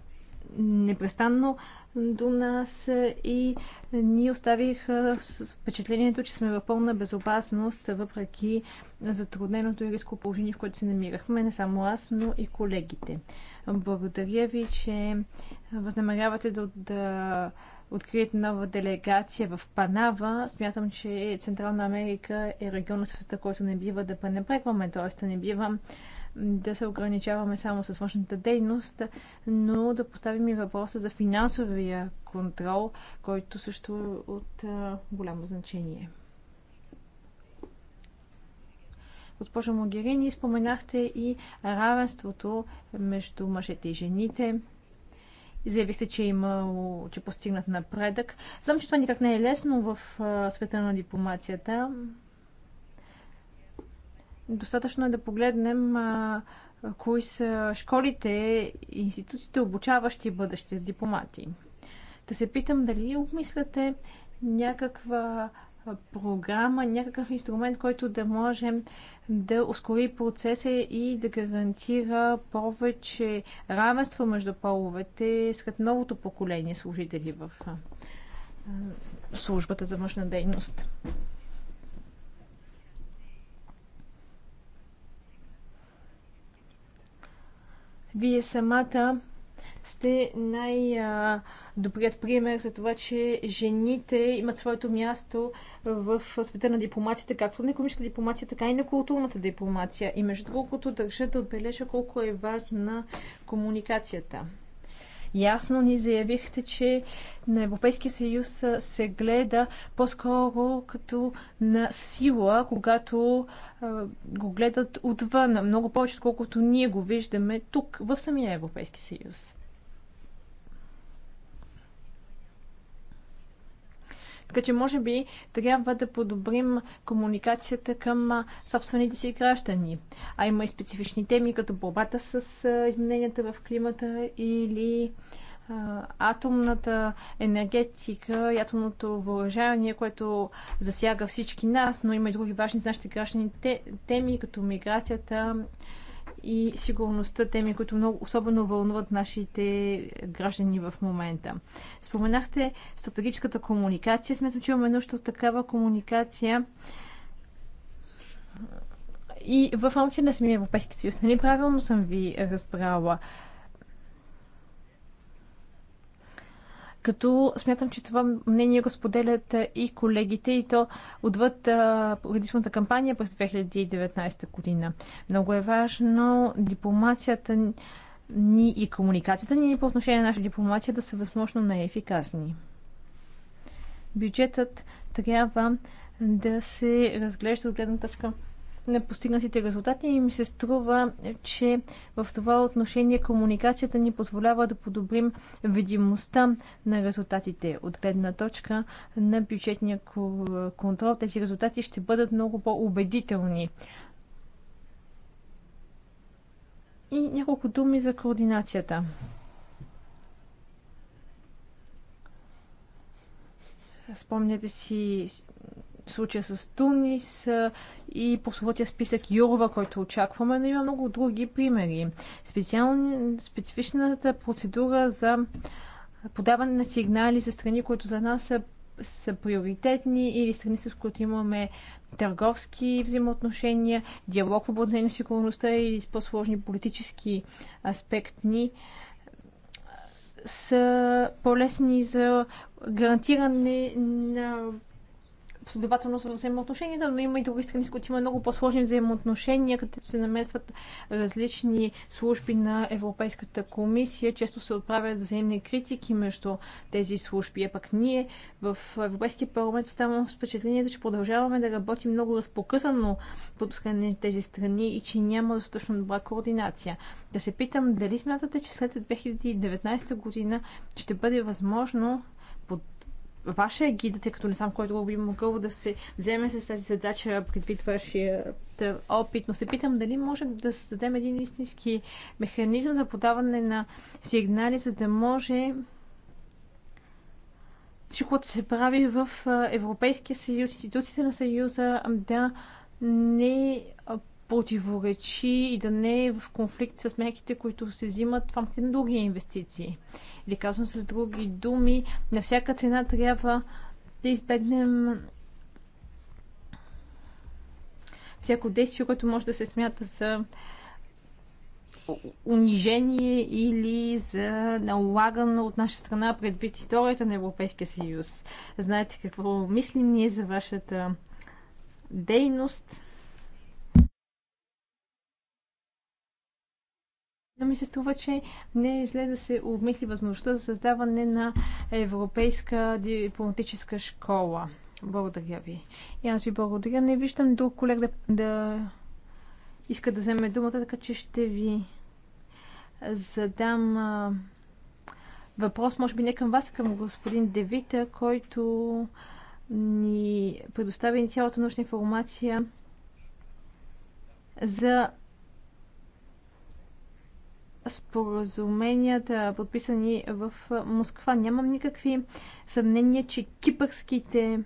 C: непрестанно до нас и ни оставих с впечатлението, че сме в пълна безопасност, въпреки затрудненото и риско положение, в което се намирахме, не само аз, но и колегите. Благодаря ви, че възнамерявате да, да откриете нова делегация в Панава. Смятам, че Централна Америка е регион на света, който не бива да пренебрегваме, т.е. не бива да се ограничаваме само с външната дейност, но да поставим и въпроса за финансовия контрол, който също е от голямо значение. Госпожо Могерини, споменахте и равенството между мъжете и жените. Заявихте, че е има, че е постигнат напредък. Знам, че това никак не е лесно в света на дипломацията достатъчно е да погледнем а, кои са школите и институциите, обучаващи бъдещите дипломати. Да се питам дали обмисляте някаква програма, някакъв инструмент, който да можем да ускори процеса и да гарантира повече равенство между половете сред новото поколение служители в службата за външна дейност. Вие самата сте най-добрият пример за това, че жените имат своето място в света на дипломацията, както на економическата дипломация, така и на културната дипломация. И между другото, държа да отбележа колко е важна комуникацията ясно ни заявихте, че на Европейския съюз се гледа по-скоро като на сила, когато го гледат отвън, много повече, отколкото ние го виждаме тук, в самия Европейски съюз. Така че, може би, трябва да подобрим комуникацията към собствените си граждани. А има и специфични теми, като борбата с измененията в климата или атомната енергетика и атомното въоръжение, което засяга всички нас, но има и други важни за нашите граждани теми, като миграцията, и сигурността, теми, които много, особено вълнуват нашите граждани в момента. Споменахте стратегическата комуникация. Смятам, че имаме нужда от такава комуникация и в рамките на самия Европейски съюз. Нали правилно съм ви разбрала? като смятам, че това мнение го споделят и колегите и то отвъд предишната кампания през 2019 година. Много е важно дипломацията ни и комуникацията ни по отношение на нашата дипломация да са възможно най-ефикасни. Бюджетът трябва да се разглежда от гледна точка на постигнатите резултати и ми се струва, че в това отношение комуникацията ни позволява да подобрим видимостта на резултатите от гледна точка на бюджетния контрол. Тези резултати ще бъдат много по-убедителни. И няколко думи за координацията. Спомняте си случая с Тунис и прословутия списък Юрова, който очакваме, но има много други примери. Специални, специфичната процедура за подаване на сигнали за страни, които за нас са, са приоритетни или страни, с които имаме търговски взаимоотношения, диалог в областта на сигурността и с по-сложни политически аспектни са по-лесни за гарантиране на последователност в взаимоотношенията, но има и други страни, с които има много по-сложни взаимоотношения, като се намесват различни служби на Европейската комисия. Често се отправят взаимни критики между тези служби. А пък ние в Европейския парламент оставаме с впечатлението, че продължаваме да работим много разпокъсано под тези страни и че няма достатъчно добра координация. Да се питам дали смятате, че след 2019 година ще бъде възможно вашия гид, тъй като не знам който би могъл да се вземе с тази задача предвид вашия опит, но се питам дали може да създадем един истински механизъм за подаване на сигнали, за да може всичко, което се прави в Европейския съюз, институциите на съюза, да не противоречи и да не е в конфликт с мерките, които се взимат в рамките на други инвестиции. Или казвам с други думи, на всяка цена трябва да избегнем всяко действие, което може да се смята за унижение или за налагано от наша страна предвид историята на Европейския съюз. Знаете какво мислим ние за вашата дейност. но ми се струва, че не е зле да се обмисли възможността за създаване на европейска дипломатическа школа. Благодаря ви. И аз ви благодаря. Не виждам друг колег да, да иска да вземе думата, така че ще ви задам а, въпрос, може би не към вас, а към господин Девита, който ни предостави цялата научна информация за споразуменията, подписани в Москва. Нямам никакви съмнения, че кипърските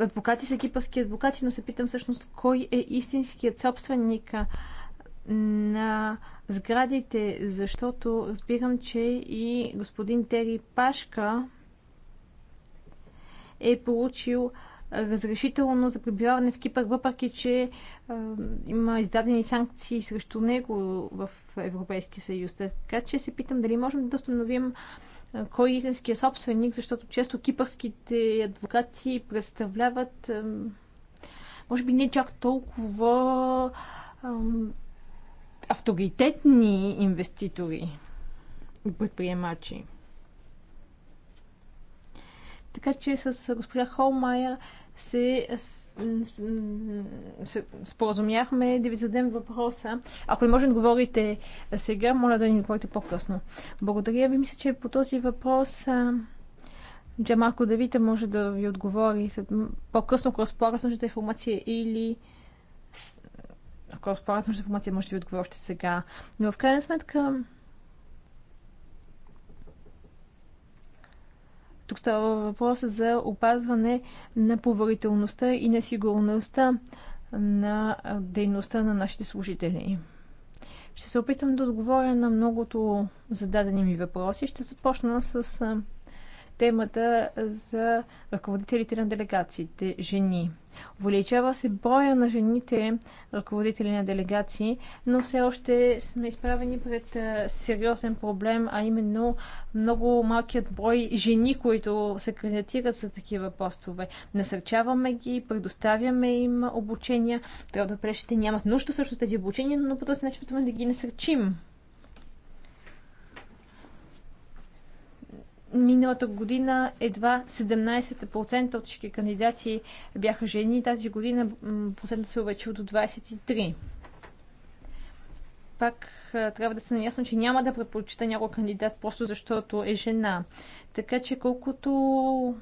C: адвокати са кипърски адвокати, но се питам всъщност кой е истинският собственик на сградите, защото разбирам, че и господин Тери Пашка е получил е, разрешително за пребиваване в Кипър, въпреки че е, има издадени санкции срещу него в Европейския съюз. Така че се питам дали можем да установим е, кой е истинския собственик, защото често кипърските адвокати представляват, може би не чак толкова авторитетни инвеститори и предприемачи. Така че с госпожа Холмайер се, се споразумяхме да ви зададем въпроса. Ако не може да говорите сега, моля да ни говорите по-късно. Благодаря ви. Мисля, че по този въпрос Джамарко Давита може да ви отговори по-късно, ако разполага с информация или ако разполага информация, може да ви отговори още сега. Но в крайна сметка Тук става въпрос за опазване на поверителността и на сигурността на дейността на нашите служители. Ще се опитам да отговоря на многото зададени ми въпроси. Ще започна с темата за ръководителите на делегациите жени. Увеличава се броя на жените ръководители на делегации, но все още сме изправени пред сериозен проблем, а именно много малкият брой жени, които се кандидатират за такива постове. Насърчаваме ги, предоставяме им обучения. Трябва да прещите нямат нужда също тези обучения, но по този начин да ги насърчим. Миналата година едва 17% от всички кандидати бяха жени. Тази година процентът се увеличил до 23% пак трябва да се наясно, че няма да предпочита някой кандидат просто защото е жена. Така че колкото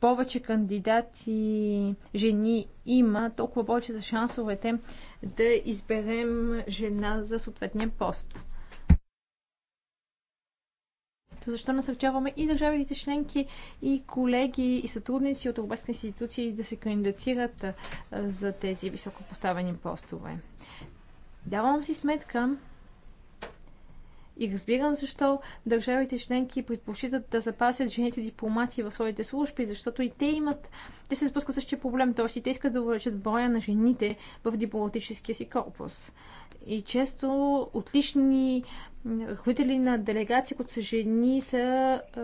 C: повече кандидати жени има, толкова повече за шансовете да изберем жена за съответния пост. То защо насърчаваме и държавите членки, и колеги, и сътрудници от европейските институции да се кандидатират за тези високопоставени постове. Давам си сметка, и разбирам защо държавите членки предпочитат да запасят жените дипломати в своите служби, защото и те имат, те се спускат същия проблем, т.е. и те искат да увеличат броя на жените в дипломатическия си корпус. И често отлични ръководители на делегации, които са жени, са е,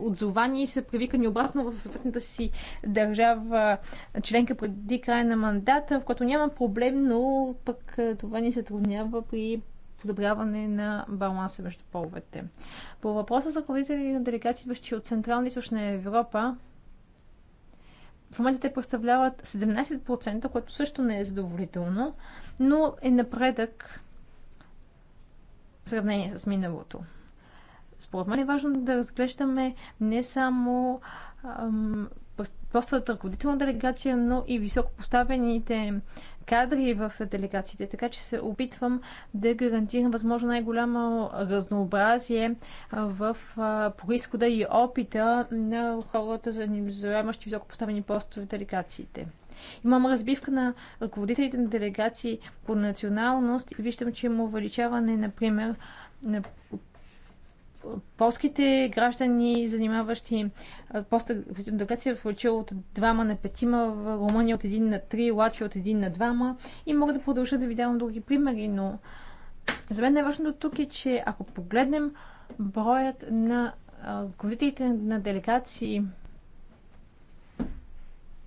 C: отзовани и са привикани обратно в съответната си държава членка преди края на мандата, в която няма проблем, но пък е, това ни затруднява при подобряване на баланса между половете. По въпроса за ръководители на делегации, идващи от Централна и Източна Европа, в момента те представляват 17%, което също не е задоволително, но е напредък в сравнение с миналото. Според мен е важно да разглеждаме не само просто ръководител на делегация, но и високопоставените. поставените кадри в делегациите, така че се опитвам да гарантирам възможно най-голямо разнообразие в происхода и опита на хората, заемащи високопоставени постове в делегациите. Имам разбивка на ръководителите на делегации по националност и виждам, че има увеличаване, например, на, полските граждани, занимаващи поста да Греция, в включил от двама на петима, в Румъния от един на три, Латвия от един на двама. И мога да продължа да ви давам други примери, но за мен най-важното тук е, че ако погледнем броят на ръководителите на делегации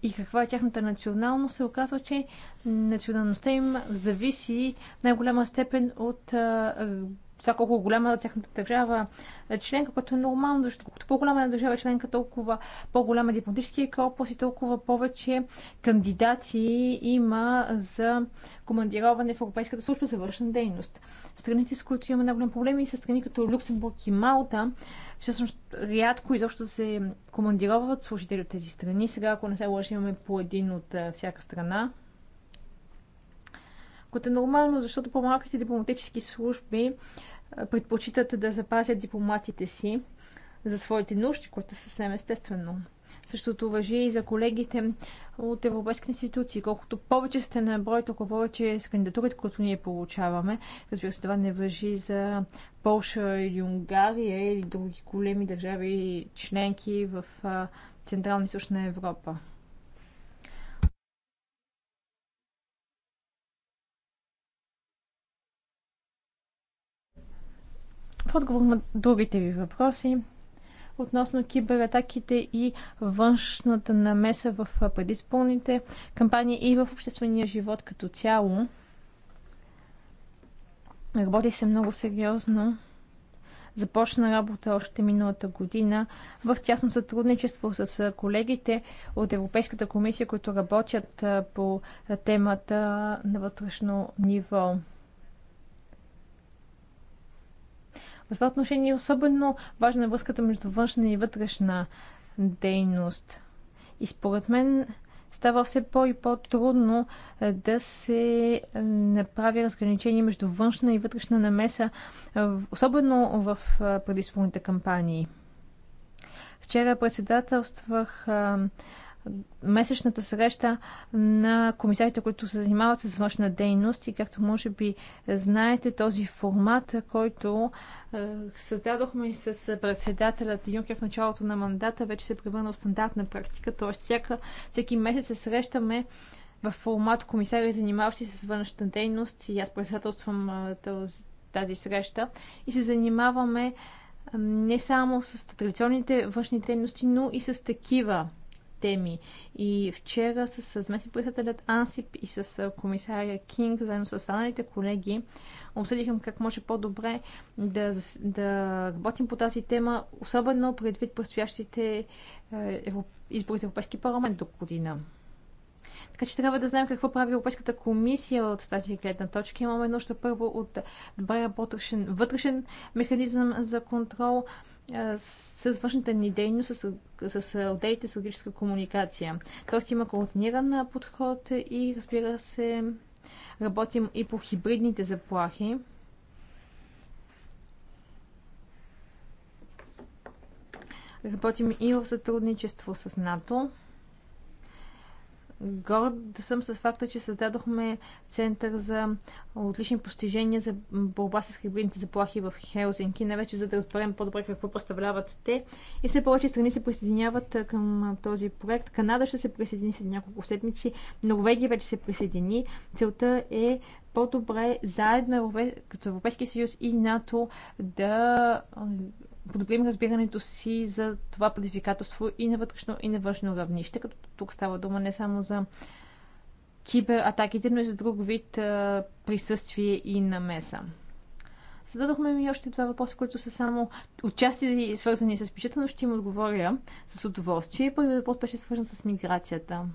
C: и каква е тяхната националност, се оказва, че националността им зависи в най-голяма степен от това колко голяма е тяхната държава членка, което е нормално, защото колкото по-голяма е държава членка, толкова по-голяма е дипломатическия корпус и толкова повече кандидати има за командироване в Европейската служба за вършна дейност. Страните, с които имаме най-голям проблем и са страни като Люксембург и Малта, всъщност рядко изобщо се командироват служители от тези страни. Сега, ако не се лъжи имаме по един от всяка страна което е нормално, защото по-малките дипломатически служби предпочитат да запазят дипломатите си за своите нужди, което е съвсем естествено. Същото въжи и за колегите от европейските институции. Колкото повече сте на брой, толкова повече е с кандидатурите, които ние получаваме. Разбира се, това не въжи за Полша или Унгария или други големи държави членки в Централна и Сушна Европа. В отговор на другите ви въпроси, относно кибератаките и външната намеса в предизпълните кампании и в обществения живот като цяло. Работи се много сериозно. Започна работа още миналата година в тясно сътрудничество с колегите от Европейската комисия, които работят по темата на вътрешно ниво. В това отношение е особено важна е връзката между външна и вътрешна дейност. И според мен става все по- и по-трудно е, да се е, направи разграничение между външна и вътрешна намеса, особено в предизборните кампании. Вчера председателствах месечната среща на комисарите, които се занимават с външна дейност и както може би знаете този формат, който е, създадохме с председателят Юнкер в началото на мандата, вече се е превърна в стандартна практика, т.е. Всяка, всеки месец се срещаме в формат комисари, занимаващи се с външна дейност и аз председателствам е, тази среща и се занимаваме не само с традиционните външни дейности, но и с такива теми. И вчера с заместник председателят Ансип и с комисаря Кинг, заедно с останалите колеги, обсъдихме как може по-добре да, да работим по тази тема, особено предвид предстоящите е, избори за Европейски парламент до година. Така че трябва да знаем какво прави Европейската комисия от тази гледна точка. Имаме нужда първо от добре работещен вътрешен механизъм за контрол, с външната ни дейност, с, с отделите логическа комуникация. Тоест има координиран подход и разбира се, работим и по хибридните заплахи. Работим и в сътрудничество с НАТО. Горд съм с факта, че създадохме център за отлични постижения за борба с хибридните заплахи в Хелсинки, не вече за да разберем по-добре какво представляват те. И все повече страни се присъединяват към този проект. Канада ще се присъедини след няколко седмици, Норвегия вече се присъедини. Целта е по-добре заедно като Европейския съюз и НАТО да подобрим разбирането си за това предизвикателство и на вътрешно, и на външно равнище, като тук става дума не само за кибератаките, но и за друг вид а, присъствие и намеса. Зададохме ми още два въпроса, които са само отчасти свързани с печата, но ще им отговоря с удоволствие. Първият въпрос беше свързан с миграцията.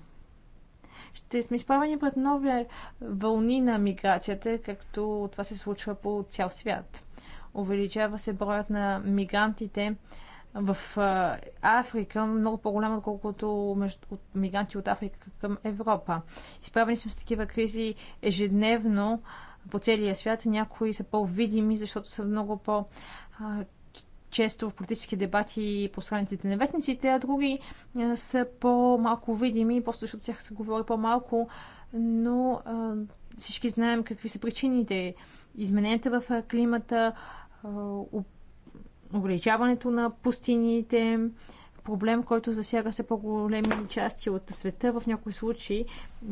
C: Ще сме изправени пред нови вълни на миграцията, както това се случва по цял свят увеличава се броят на мигрантите в Африка, много по-голяма, отколкото от мигранти от Африка към Европа. Изправени сме с такива кризи ежедневно по целия свят. Някои са по-видими, защото са много по- често в политически дебати по страниците на вестниците, а други са по-малко видими, просто защото тях се говори по-малко, но а, всички знаем какви са причините. Измененията в климата, увеличаването на пустините, проблем, който засяга се по-големи части от света. В някои случаи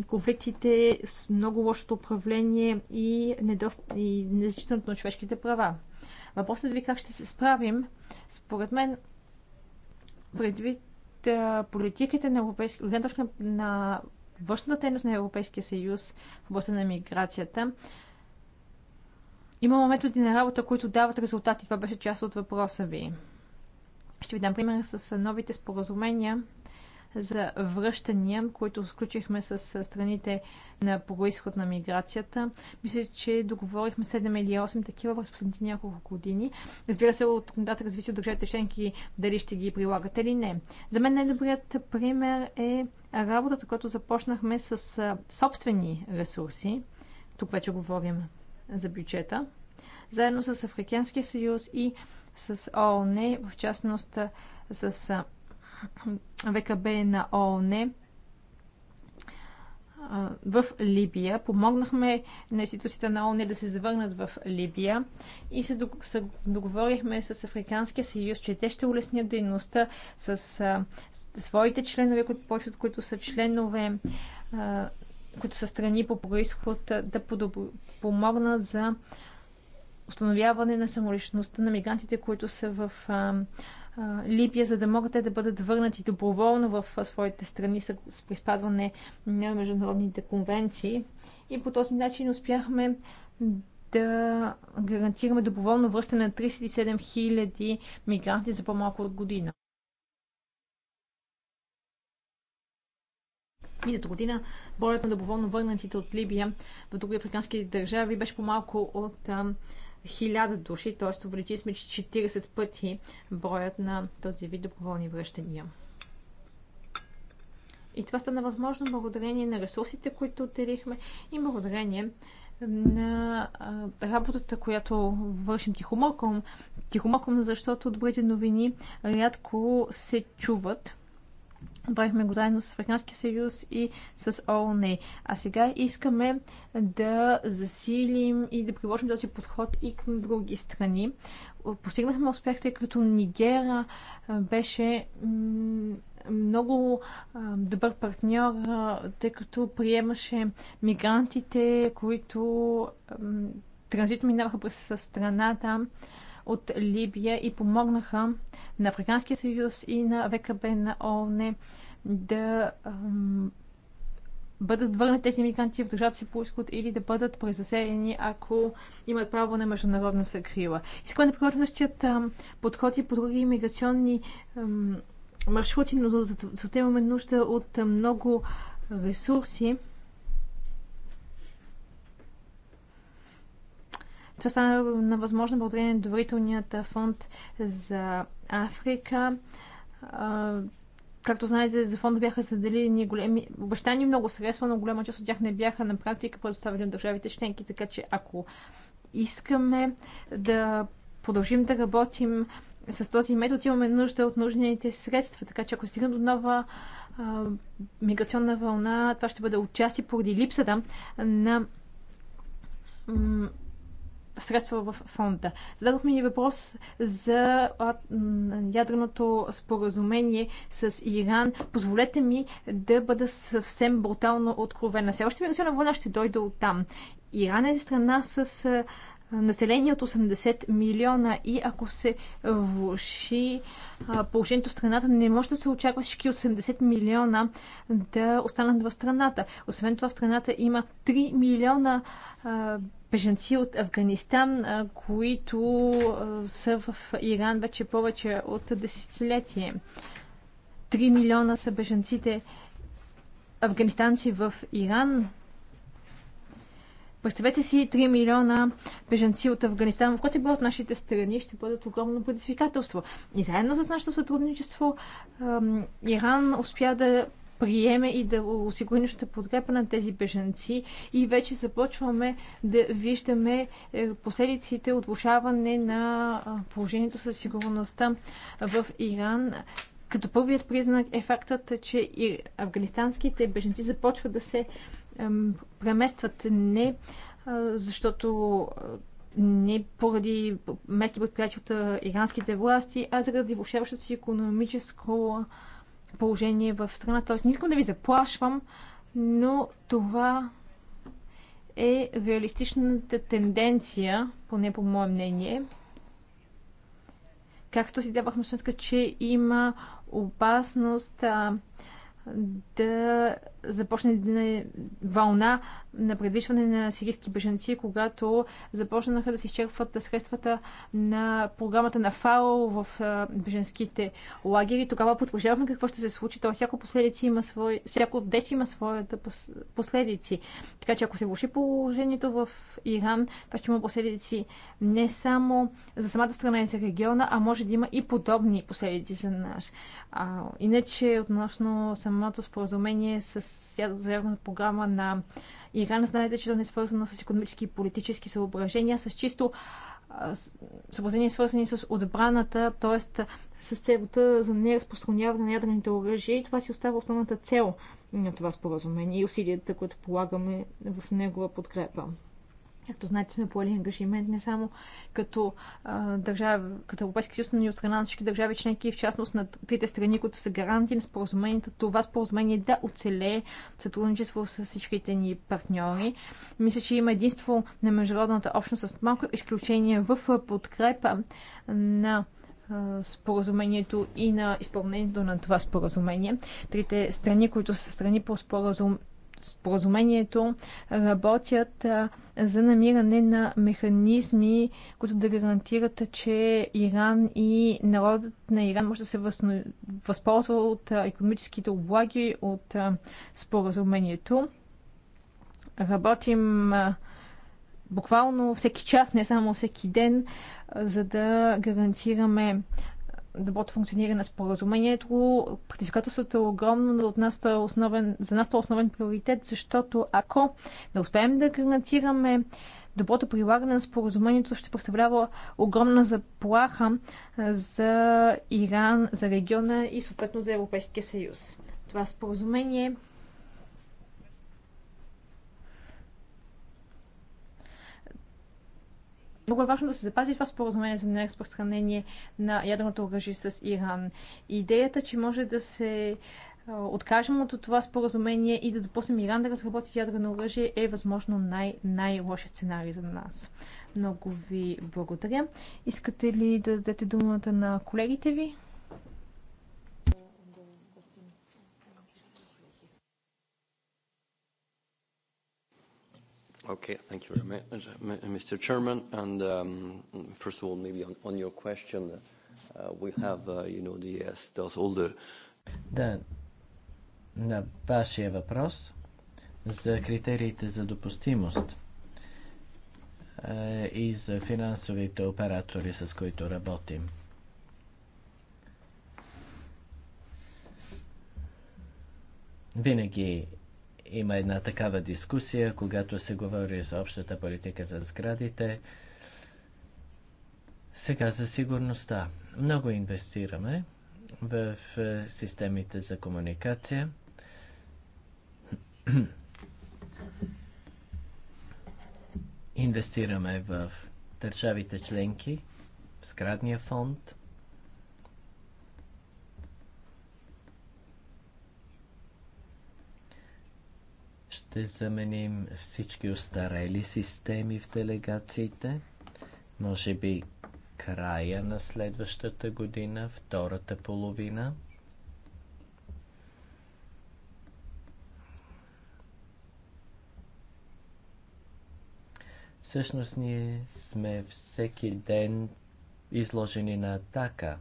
C: конфликтите с много лошото управление и, недо... и незачитането на човешките права. Въпросът ви как ще се справим, според мен, предвид политиките на Европейския на външната дейност на Европейския съюз в областта на миграцията, Имало методи на работа, които дават резултати. Това беше част от въпроса ви. Ще ви дам пример с новите споразумения за връщания, които сключихме с страните на происход на миграцията. Мисля, че договорихме 7 или 8 такива през последните няколко години. Разбира се, от нататък зависи от държавите членки дали ще ги прилагат или не. За мен най-добрият пример е работата, която започнахме с собствени ресурси. Тук вече говорим за бюджета, заедно с Африканския съюз и с ООН, в частност с ВКБ на ООН в Либия. Помогнахме на институцията на ООН да се завърнат в Либия и се договорихме с Африканския съюз, че те ще улеснят дейността с своите членове, които почват, които са членове които са страни по происход, да помогнат за установяване на самоличността на мигрантите, които са в а, а, Либия, за да могат те да бъдат върнати доброволно в своите страни с, с приспазване на международните конвенции. И по този начин успяхме да гарантираме доброволно връщане на 37 000 мигранти за по-малко от година. Миналата година броят на доброволно върнатите от Либия в други африкански държави беше по-малко от 1000 души, т.е. увеличи сме 40 пъти броят на този вид доброволни връщания. И това стана възможно благодарение на ресурсите, които отделихме и благодарение на работата, която вършим тихомоком. Тихомоком, защото добрите новини рядко се чуват Направихме го заедно с Африканския съюз и с ООН. А сега искаме да засилим и да приложим този подход и към други страни. Постигнахме успех, тъй като Нигера беше много добър партньор, тъй като приемаше мигрантите, които транзитно минаваха през страната от Либия и помогнаха на Африканския съюз и на ВКБ на ООН да бъдат върнати тези мигранти в държавата си по изход или да бъдат презаселени, ако имат право на международна закрила. Искаме да приложим същият подход и по други миграционни маршрути, но за това имаме нужда от много ресурси. Това стана на възможно благодарение на доверителният фонд за Африка. Както знаете, за фонда бяха ни големи, обещани много средства, но голяма част от тях не бяха на практика предоставени от държавите членки, така че ако искаме да продължим да работим с този метод, имаме нужда от нужните средства, така че ако стигнем до нова а, миграционна вълна, това ще бъде отчасти поради липсата на средства в фонда. Зададохме и въпрос за ядреното споразумение с Иран. Позволете ми да бъда съвсем брутално откровена. Все още Венесуела война ще дойде от там. Иран е страна с население от 80 милиона и ако се влуши положението в страната, не може да се очаква всички 80 милиона да останат в страната. Освен това в страната има 3 милиона бежанци от Афганистан, които са в Иран вече повече от десетилетие. 3 милиона са бежанците афганистанци в Иран. Представете си 3 милиона бежанци от Афганистан, в който е от нашите страни, ще бъдат огромно предизвикателство. И заедно с нашето сътрудничество Иран успя да приеме и да осигури нещата подкрепа на тези беженци и вече започваме да виждаме е, последиците от влушаване на положението със сигурността в Иран. Като първият признак е фактът, че и афганистанските беженци започват да се преместват не защото не поради мерки предприятията иранските власти, а заради влушаващото си економическо а, положение в страната. Тоест, не искам да ви заплашвам, но това е реалистичната тенденция, поне по мое мнение. Както си давахме сметка, че има опасност а, да започне вълна на предвижване на сирийски беженци, когато започнаха да се изчерпват средствата на програмата на ФАО в беженските лагери. Тогава подпожаваме какво ще се случи. Тоест, всяко, последици има свой, всяко действие има своята последици. Така че, ако се влуши положението в Иран, това ще има последици не само за самата страна и за региона, а може да има и подобни последици за нас. А, иначе, относно съм самото споразумение с ядрената програма на Иран. Знаете, че то не е свързано с економически и политически съображения, с чисто съобразения свързани с отбраната, т.е. с целта за неразпространяване на ядрените оръжия и това си остава основната цел на това споразумение и усилията, които полагаме в негова подкрепа. Както знаете, сме поели ангажимент не само като, а, държав, като Европейски съюз, но и от страна на всички държави членки, в частност на трите страни, които са гаранти на споразумението, това споразумение да оцелее сътрудничество с всичките ни партньори. Мисля, че има единство на международната общност с малко изключение в подкрепа на споразумението и на изпълнението на това споразумение. Трите страни, които са страни по споразум... споразумението, работят за намиране на механизми, които да гарантират, че Иран и народът на Иран може да се възползва от економическите облаги от споразумението. Работим буквално всеки час, не само всеки ден, за да гарантираме доброто функциониране на споразумението. Предизвикателството е огромно, но от нас е основен, за нас е основен приоритет, защото ако не успеем да гарантираме доброто прилагане на споразумението, ще представлява огромна заплаха за Иран, за региона и съответно за Европейския съюз. Това споразумение Много е важно да се запази това споразумение за неразпространение на ядреното оръжие с Иран. Идеята, че може да се откажем от това споразумение и да допуснем Иран да разработи ядрено оръжие е възможно най- най-лошият сценарий за нас. Много ви благодаря. Искате ли да дадете думата на колегите ви?
A: Okay, thank you very much, Mr. Chairman. And um, first of all, maybe on, on your question, uh, we have, uh, you know, the yes, does all the... Да, на вашия въпрос за критериите за допустимост и за финансовите оператори, с които работим. Винаги има една такава дискусия, когато се говори за общата политика за сградите. Сега за сигурността. Много инвестираме в е, системите за комуникация. Инвестираме в държавите членки, в сградния фонд – ще заменим всички остарели системи в делегациите. Може би края на следващата година, втората половина. Всъщност ние сме всеки ден изложени на атака.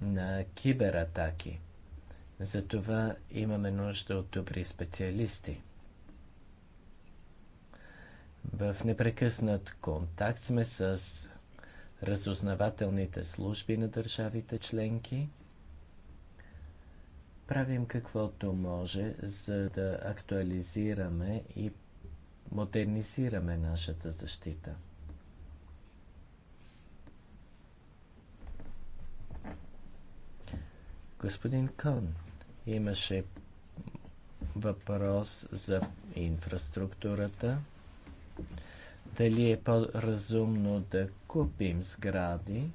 A: На кибератаки. Затова имаме нужда от добри специалисти. В непрекъснат контакт сме с разузнавателните служби на държавите членки. Правим каквото може, за да актуализираме и модернизираме нашата защита. Господин Кон. Имаше въпрос за инфраструктурата. Дали е по-разумно да купим сгради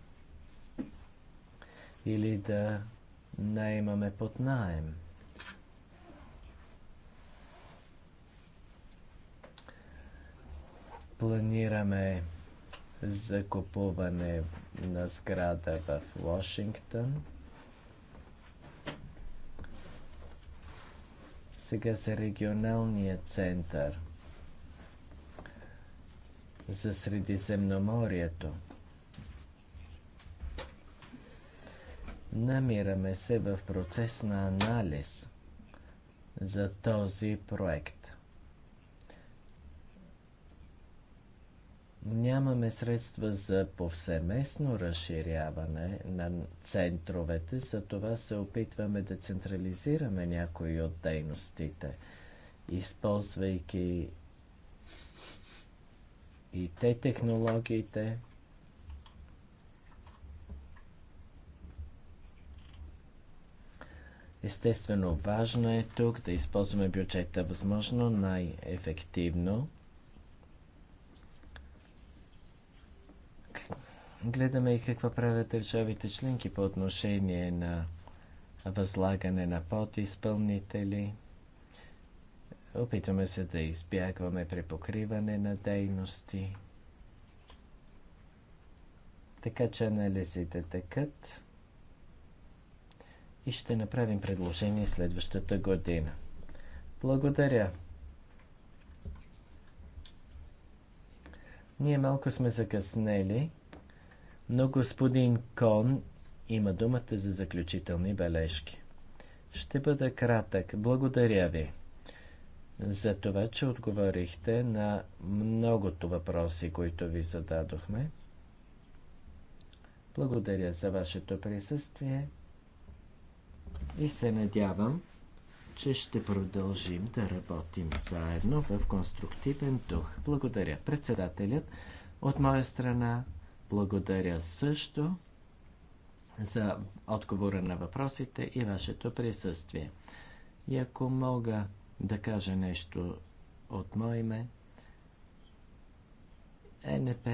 A: или да наймаме под найем? Планираме закупуване на сграда в Вашингтон. сега за регионалния център за Средиземноморието. Намираме се в процес на анализ за този проект. Нямаме средства за повсеместно разширяване на центровете, за това се опитваме да централизираме някои от дейностите, използвайки и те технологиите, Естествено, важно е тук да използваме бюджета възможно най-ефективно – Гледаме и какво правят държавите членки по отношение на възлагане на подизпълнители. Опитваме се да избягваме препокриване на дейности. Така че анализите такът. и ще направим предложение следващата година. Благодаря! Ние малко сме закъснели. Но господин Кон има думата за заключителни бележки. Ще бъда кратък. Благодаря ви за това, че отговорихте на многото въпроси, които ви зададохме. Благодаря за вашето присъствие и се надявам, че ще продължим да работим заедно в конструктивен дух. Благодаря председателят. От моя страна благодаря също за отговора на въпросите и вашето присъствие. И ако мога да кажа нещо от мое име, ЕНП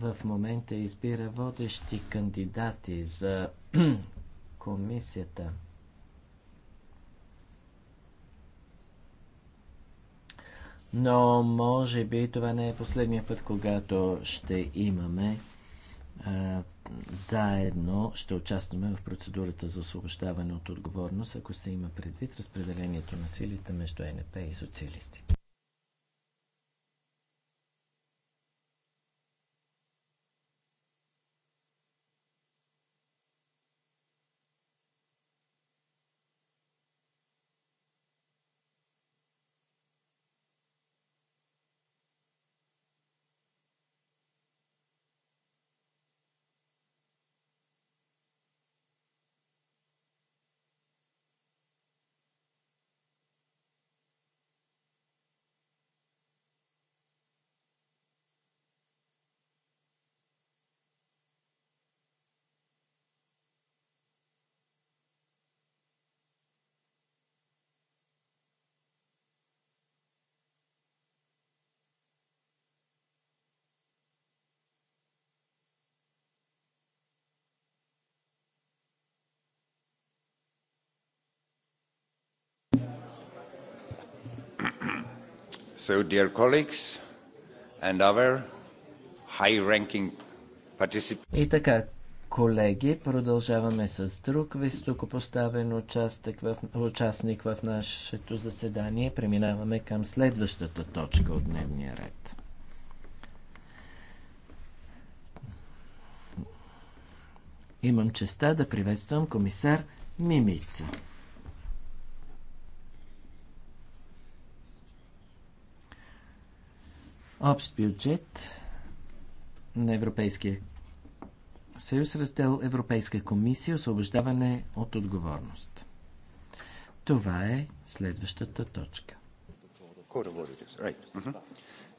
A: в момента избира водещи кандидати за комисията. Но може би това не е последния път, когато ще имаме заедно ще участваме в процедурата за освобождаване от отговорност, ако се има предвид разпределението на силите между НП и социалистите. So,
C: dear colleagues and other high-ranking participants.
A: И така, колеги, продължаваме с друг високопоставен поставен в, участник в нашето заседание. Преминаваме към следващата точка от дневния ред. Имам честа да приветствам комисар Мимица. Общ бюджет на Европейския съюз, раздел Европейска комисия, освобождаване от отговорност. Това е следващата точка.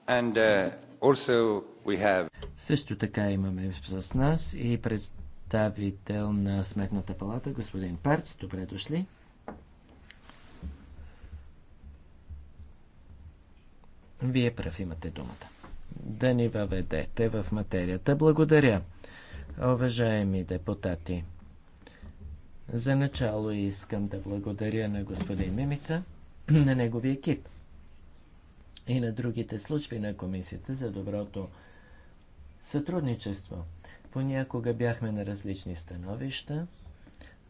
B: And, uh, have...
A: Също така имаме с нас и представител на Сметната палата, господин Парц. Добре дошли. Вие прав имате думата. Да ни въведете в материята. Благодаря, уважаеми депутати. За начало искам да благодаря на господин Мимица, на неговия екип и на другите служби на комисията за доброто сътрудничество. Понякога бяхме на различни становища,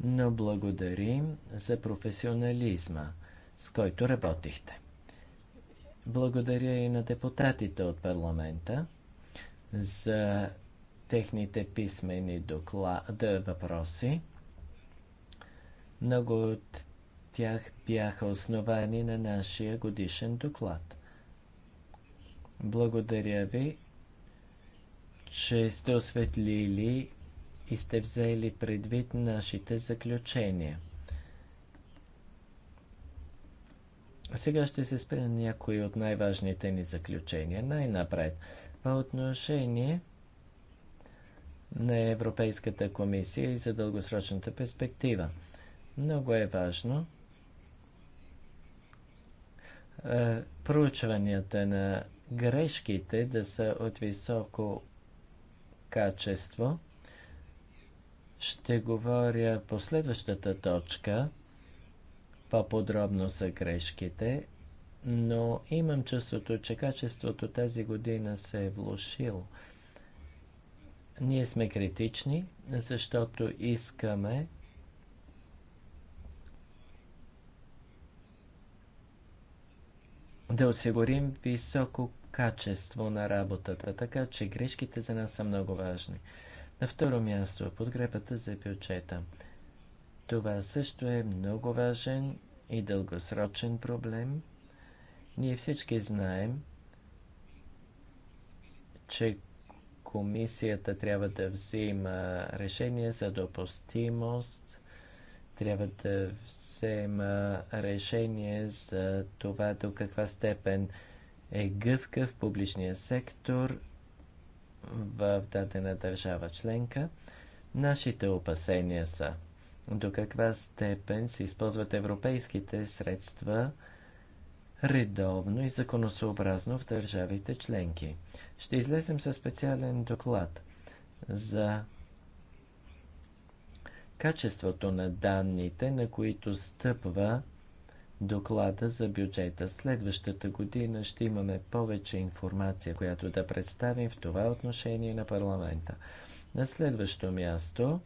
A: но благодарим за професионализма, с който работихте. Благодаря и на депутатите от парламента за техните писмени доклада, въпроси. Много от тях бяха основани на нашия годишен доклад. Благодаря ви, че сте осветлили и сте взели предвид нашите заключения. Сега ще се спре на някои от най-важните ни заключения. Най-напред, по отношение на Европейската комисия и за дългосрочната перспектива. Много е важно е, проучванията на грешките да са от високо качество. Ще говоря по следващата точка – по-подробно за грешките, но имам чувството, че качеството тази година се е влошило. Ние сме критични, защото искаме да осигурим високо качество на работата, така че грешките за нас са много важни. На второ място, подкрепата за бюджета. Това също е много важен и дългосрочен проблем. Ние всички знаем, че комисията трябва да взима решение за допустимост, трябва да взема решение за това до каква степен е гъвка в публичния сектор в дадена държава членка. Нашите опасения са – до каква степен се използват европейските средства редовно и законосообразно в държавите членки. Ще излезем със специален доклад за качеството на данните, на които стъпва доклада за бюджета. Следващата година ще имаме повече информация, която да представим в това отношение на парламента. На следващо място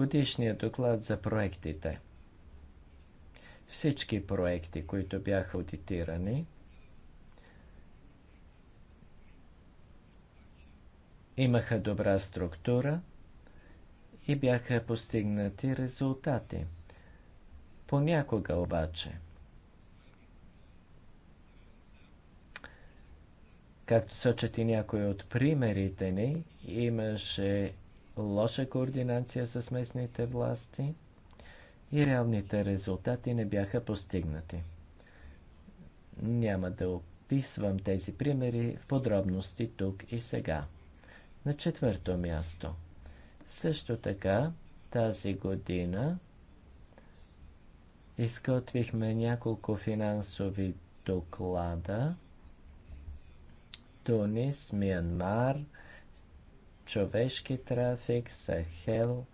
A: годишния доклад за проектите. Всички проекти, които бяха аудитирани, имаха добра структура и бяха постигнати резултати. Понякога обаче, както сочат и някои от примерите ни, имаше лоша координация с местните власти и реалните резултати не бяха постигнати. Няма да описвам тези примери в подробности тук и сега. На четвърто място. Също така, тази година изготвихме няколко финансови доклада. Тунис, Миянмар – човешки трафик, Сахел,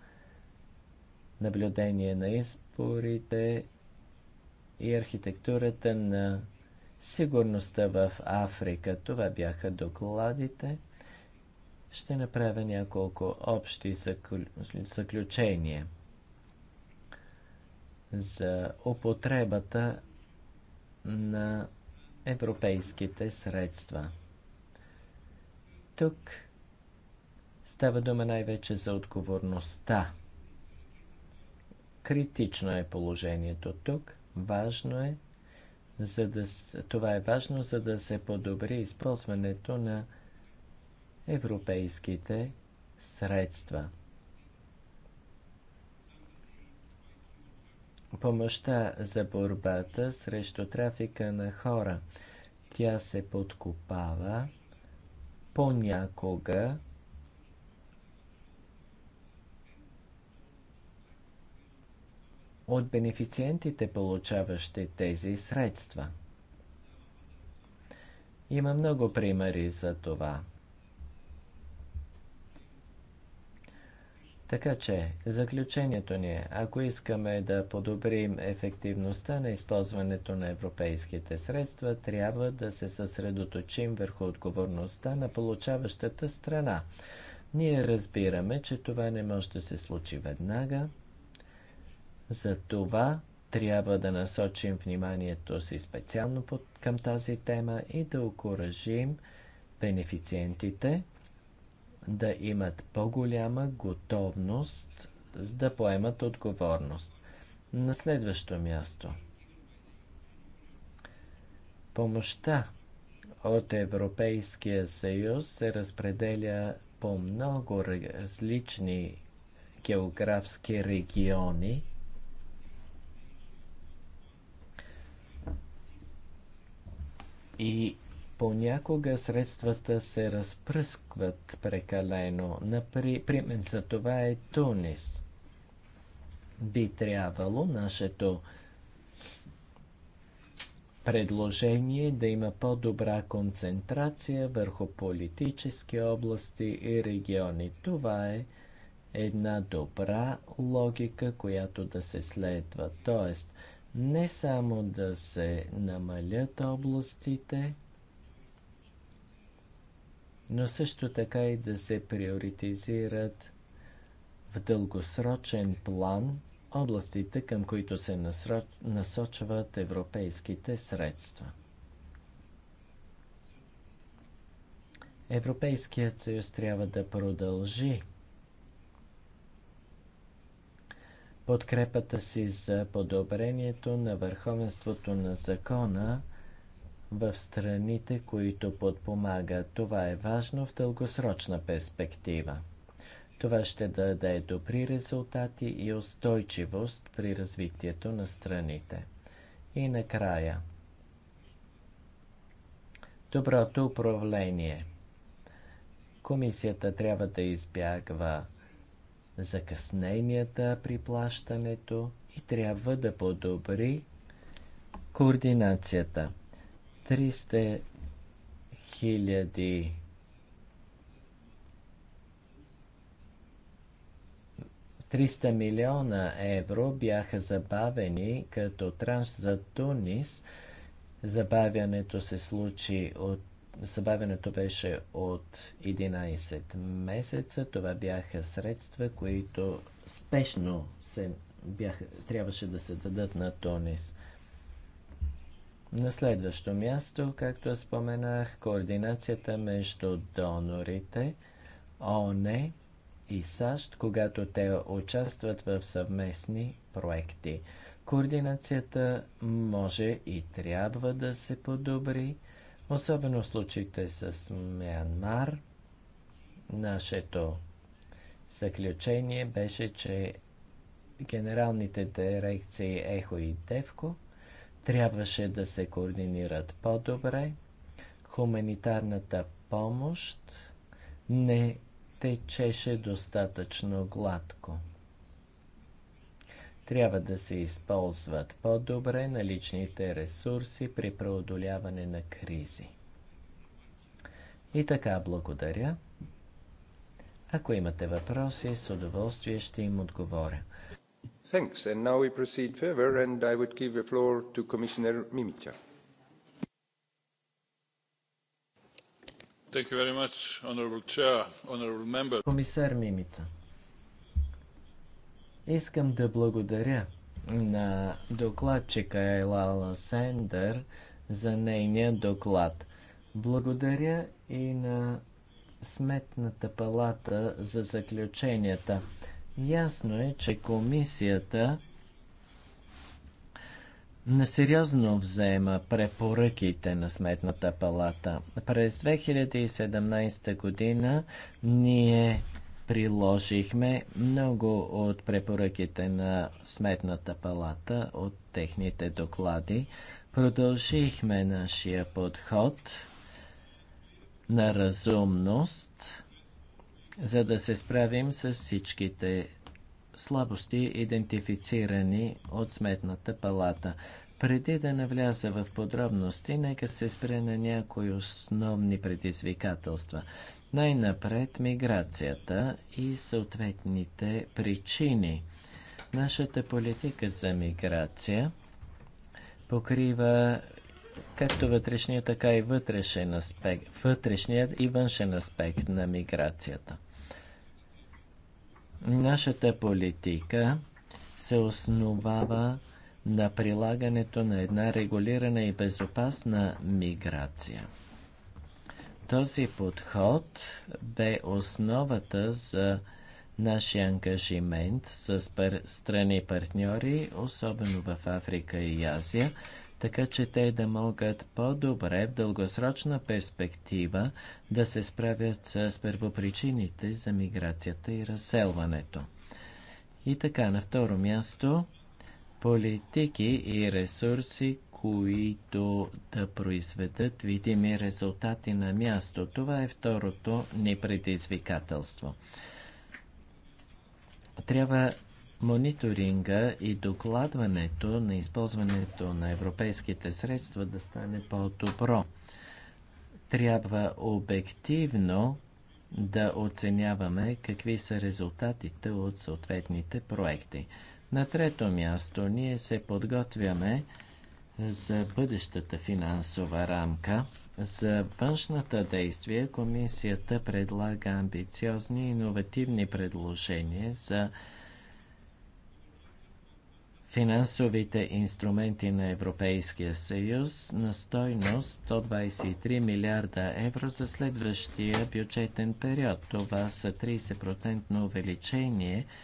A: наблюдение на изборите и архитектурата на сигурността в Африка. Това бяха докладите. Ще направя няколко общи заключения за употребата на европейските средства. Тук Става дума най-вече за отговорността. Критично е положението тук. Важно е, за да, това е важно, за да се подобри използването на европейските средства. Помощта за борбата срещу трафика на хора. Тя се подкопава понякога от бенефициентите, получаващи тези средства. Има много примери за това. Така че, заключението ни е, ако искаме да подобрим ефективността на използването на европейските средства, трябва да се съсредоточим върху отговорността на получаващата страна. Ние разбираме, че това не може да се случи веднага, за това трябва да насочим вниманието си специално под, към тази тема и да окоръжим бенефициентите да имат по-голяма готовност да поемат отговорност. На следващо място. Помощта от Европейския съюз се разпределя по много различни географски региони И понякога средствата се разпръскват прекалено. Например, пример за това е Тунис. Би трябвало нашето предложение да има по-добра концентрация върху политически области и региони. Това е една добра логика, която да се следва. Тоест, не само да се намалят областите, но също така и да се приоритизират в дългосрочен план областите, към които се насочват европейските средства. Европейският съюз трябва да продължи подкрепата си за подобрението на върховенството на закона в страните, които подпомагат. Това е важно в дългосрочна перспектива. Това ще даде добри резултати и устойчивост при развитието на страните. И накрая. Доброто управление. Комисията трябва да избягва закъсненията при плащането и трябва да подобри координацията. 300 хиляди милиона евро бяха забавени като транш за Тунис. Забавянето се случи от Събавянето беше от 11 месеца. Това бяха средства, които спешно се бяха, трябваше да се дадат на Тонис. На следващо място, както споменах, координацията между донорите, ОНЕ и САЩ, когато те участват в съвместни проекти. Координацията може и трябва да се подобри особено в случаите с Мянмар. Нашето заключение беше, че генералните дирекции ЕХО и ДЕВКО трябваше да се координират по-добре. Хуманитарната помощ не течеше достатъчно гладко. Трябва да се използват по-добре наличните ресурси при преодоляване на кризи. И така, благодаря. Ако имате въпроси, с удоволствие ще им отговоря.
C: Thanks. And now we proceed further, and I would give the floor to Commissioner Mimica.
B: Thank you very much, Honorable Chair, Honorable Member.
A: Комисар Мимица. Искам да благодаря на докладчика Елала Сендър за нейния доклад. Благодаря и на Сметната палата за заключенията. Ясно е, че комисията насериозно взема препоръките на Сметната палата. През 2017 година ние приложихме много от препоръките на Сметната палата от техните доклади. Продължихме нашия подход на разумност, за да се справим с всичките слабости, идентифицирани от Сметната палата. Преди да навляза в подробности, нека се спре на някои основни предизвикателства. Най-напред миграцията и съответните причини. Нашата политика за миграция покрива както вътрешния, така и вътрешен аспект, вътрешният и външен аспект на миграцията. Нашата политика се основава на прилагането на една регулирана и безопасна миграция – този подход бе основата за нашия ангажимент с пар... страни партньори, особено в Африка и Азия, така че те да могат по-добре в дългосрочна перспектива да се справят с първопричините за миграцията и разселването. И така, на второ място, политики и ресурси, които да произведат видими резултати на място. Това е второто ни предизвикателство. Трябва мониторинга и докладването на използването на европейските средства да стане по-добро. Трябва обективно да оценяваме какви са резултатите от съответните проекти. На трето място ние се подготвяме за бъдещата финансова рамка. За външната действие комисията предлага амбициозни и иновативни предложения за финансовите инструменти на Европейския съюз на стойност 123 милиарда евро за следващия бюджетен период. Това са 30% увеличение –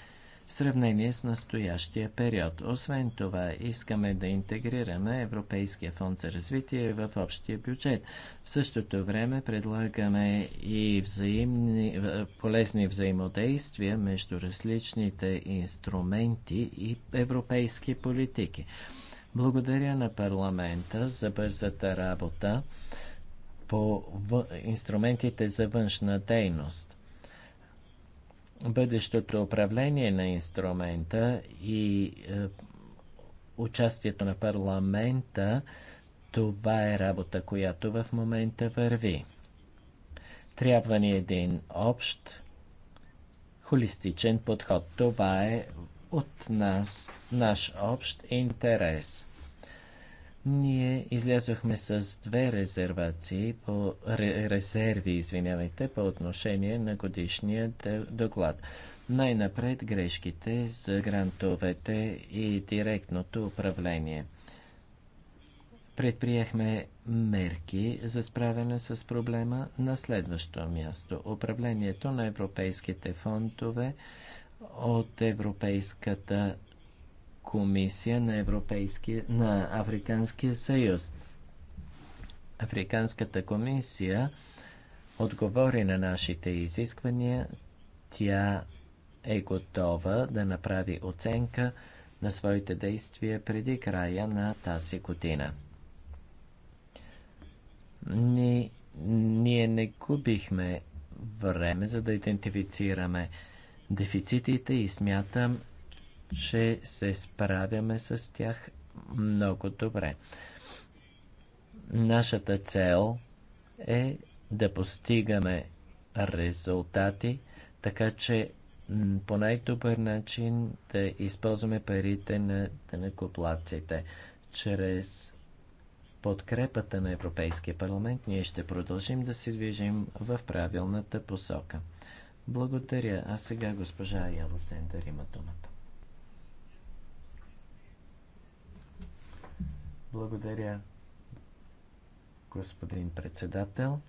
A: в сравнение с настоящия период. Освен това, искаме да интегрираме Европейския фонд за развитие в общия бюджет. В същото време предлагаме и взаимни, полезни взаимодействия между различните инструменти и европейски политики. Благодаря на парламента за бързата работа по инструментите за външна дейност бъдещото управление на инструмента и е, участието на парламента, това е работа, която в момента върви. Трябва ни един общ, холистичен подход. Това е от нас, наш общ интерес. Ние излязохме с две резервации по резерви, извинявайте, по отношение на годишния доклад. Най-напред грешките за грантовете и директното управление. Предприехме мерки за справяне с проблема на следващо място. Управлението на европейските фондове от Европейската комисия на, Европейския, на Африканския съюз. Африканската комисия отговори на нашите изисквания. Тя е готова да направи оценка на своите действия преди края на тази година. Ни, ние не губихме време, за да идентифицираме дефицитите и смятам, че се справяме с тях много добре. Нашата цел е да постигаме резултати, така че по най-добър начин да използваме парите на накоплаците. Чрез подкрепата на Европейския парламент ние ще продължим да се движим в правилната посока. Благодаря. А сега госпожа Яла Сендър има думата. Благодаря, господин председател.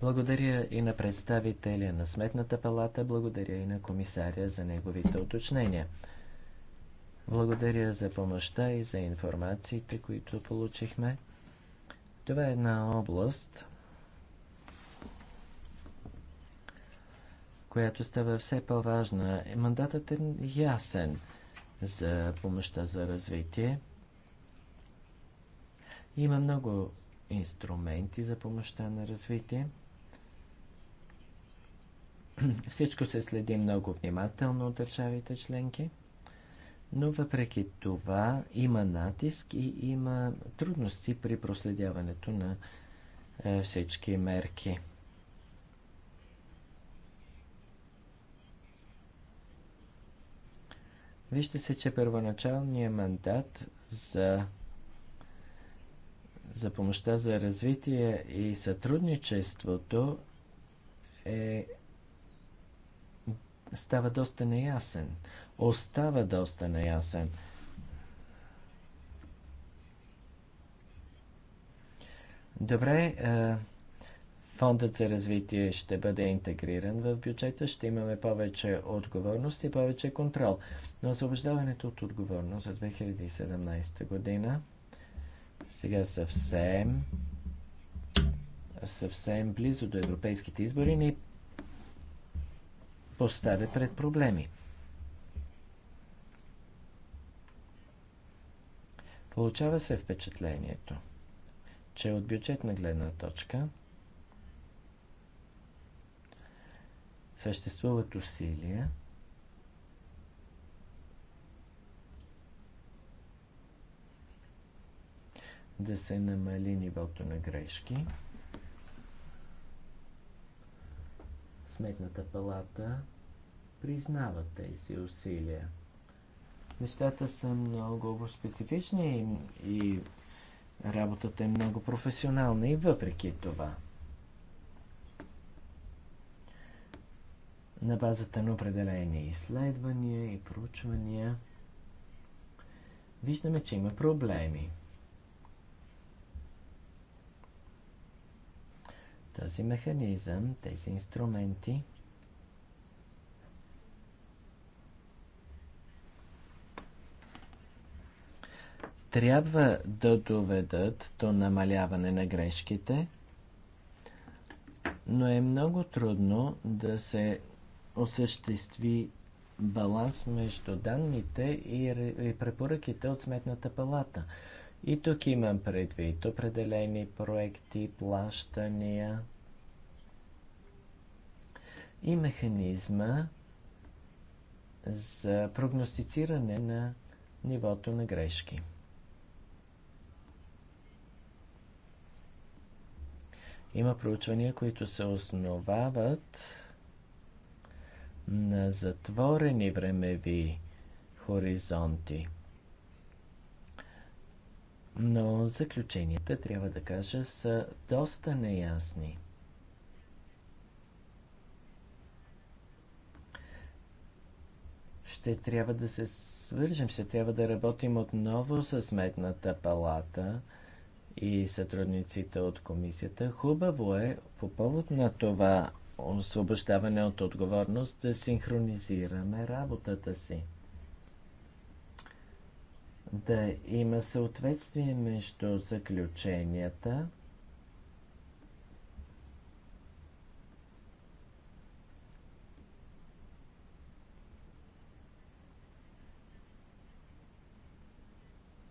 A: Благодаря и на представителя на Сметната палата, благодаря и на комисаря за неговите уточнения. Благодаря за помощта и за информациите, които получихме. Това е една област, която става все по-важна. Мандатът е ясен за помощта за развитие. Има много инструменти за помощта на развитие. Всичко се следи много внимателно от държавите членки, но въпреки това има натиск и има трудности при проследяването на е, всички мерки. Вижте се, че първоначалният мандат за, за помощта за развитие и сътрудничеството е, става доста неясен. Остава доста неясен. Добре, е, Фондът за развитие ще бъде интегриран в бюджета, ще имаме повече отговорност и повече контрол. Но освобождаването от отговорност за 2017 година сега съвсем съвсем близо до европейските избори ни поставя пред проблеми. Получава се впечатлението, че от бюджетна гледна точка – Съществуват усилия да се намали нивото на грешки. Сметната палата признава тези усилия. Нещата са много специфични и, и работата е много професионална и въпреки това. на базата на определени изследвания и проучвания, виждаме, че има проблеми. Този механизъм, тези инструменти трябва да доведат до намаляване на грешките, но е много трудно да се осъществи баланс между данните и препоръките от Сметната палата. И тук имам предвид определени проекти, плащания и механизма за прогностициране на нивото на грешки. Има проучвания, които се основават на затворени времеви хоризонти. Но заключенията, трябва да кажа, са доста неясни. Ще трябва да се свържем, ще трябва да работим отново с Сметната палата и сътрудниците от комисията. Хубаво е по повод на това освобождаване от отговорност да синхронизираме работата си. Да има съответствие между заключенията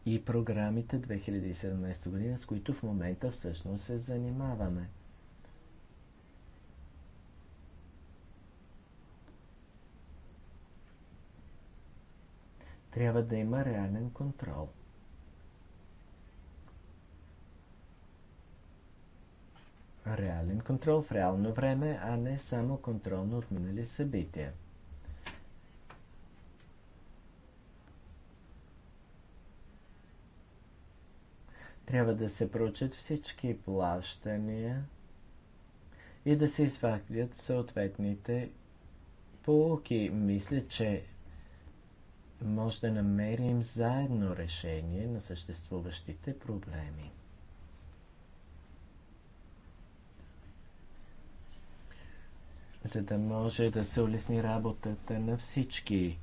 A: и програмите 2017 година, с които в момента всъщност се занимаваме. Трябва да има реален контрол. Реален контрол в реално време, а не само контрол на отминали събития. Трябва да се проучат всички плащания и да се извадят съответните полуки. Мисля, че може да намерим заедно решение на съществуващите проблеми. За да може да се улесни работата на всички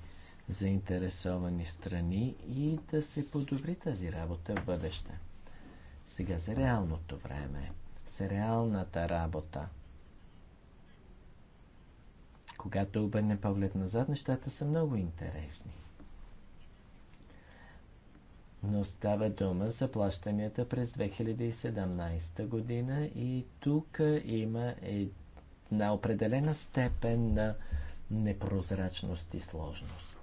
A: заинтересовани страни и да се подобри тази работа в бъдеще. Сега за реалното време, за реалната работа. Когато обърне поглед назад, нещата са много интересни но става дума за плащанията през 2017 година и тук има една определена степен на непрозрачност и сложност.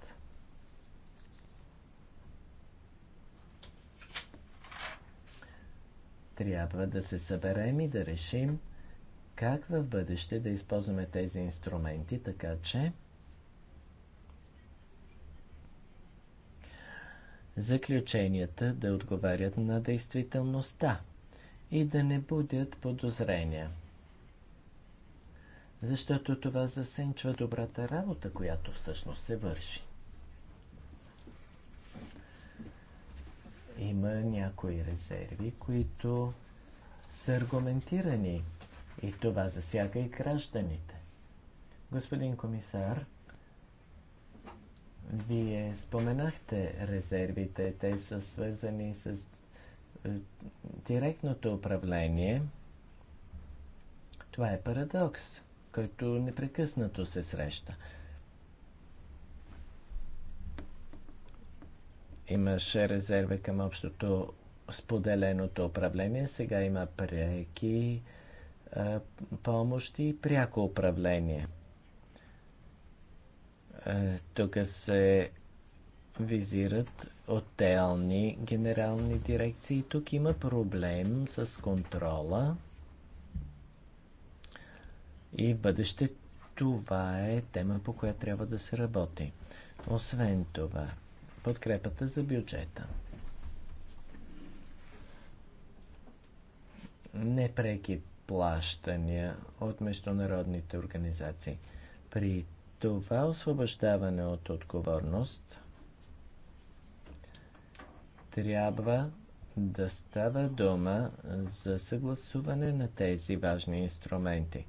A: Трябва да се съберем и да решим как в бъдеще да използваме тези инструменти, така че заключенията да отговарят на действителността и да не будят подозрения. Защото това засенчва добрата работа, която всъщност се върши. Има някои резерви, които са аргументирани и това засяга и гражданите. Господин комисар, вие споменахте резервите. Те са свързани с е, директното управление. Това е парадокс, който непрекъснато се среща. Имаше резерви към общото споделеното управление, сега има преки е, помощи и пряко управление – е, тук се визират отделни генерални дирекции. Тук има проблем с контрола и в бъдеще това е тема, по която трябва да се работи. Освен това, подкрепата за бюджета. Непреки плащания от международните организации. При това освобождаване от отговорност трябва да става дума за съгласуване на тези важни инструменти.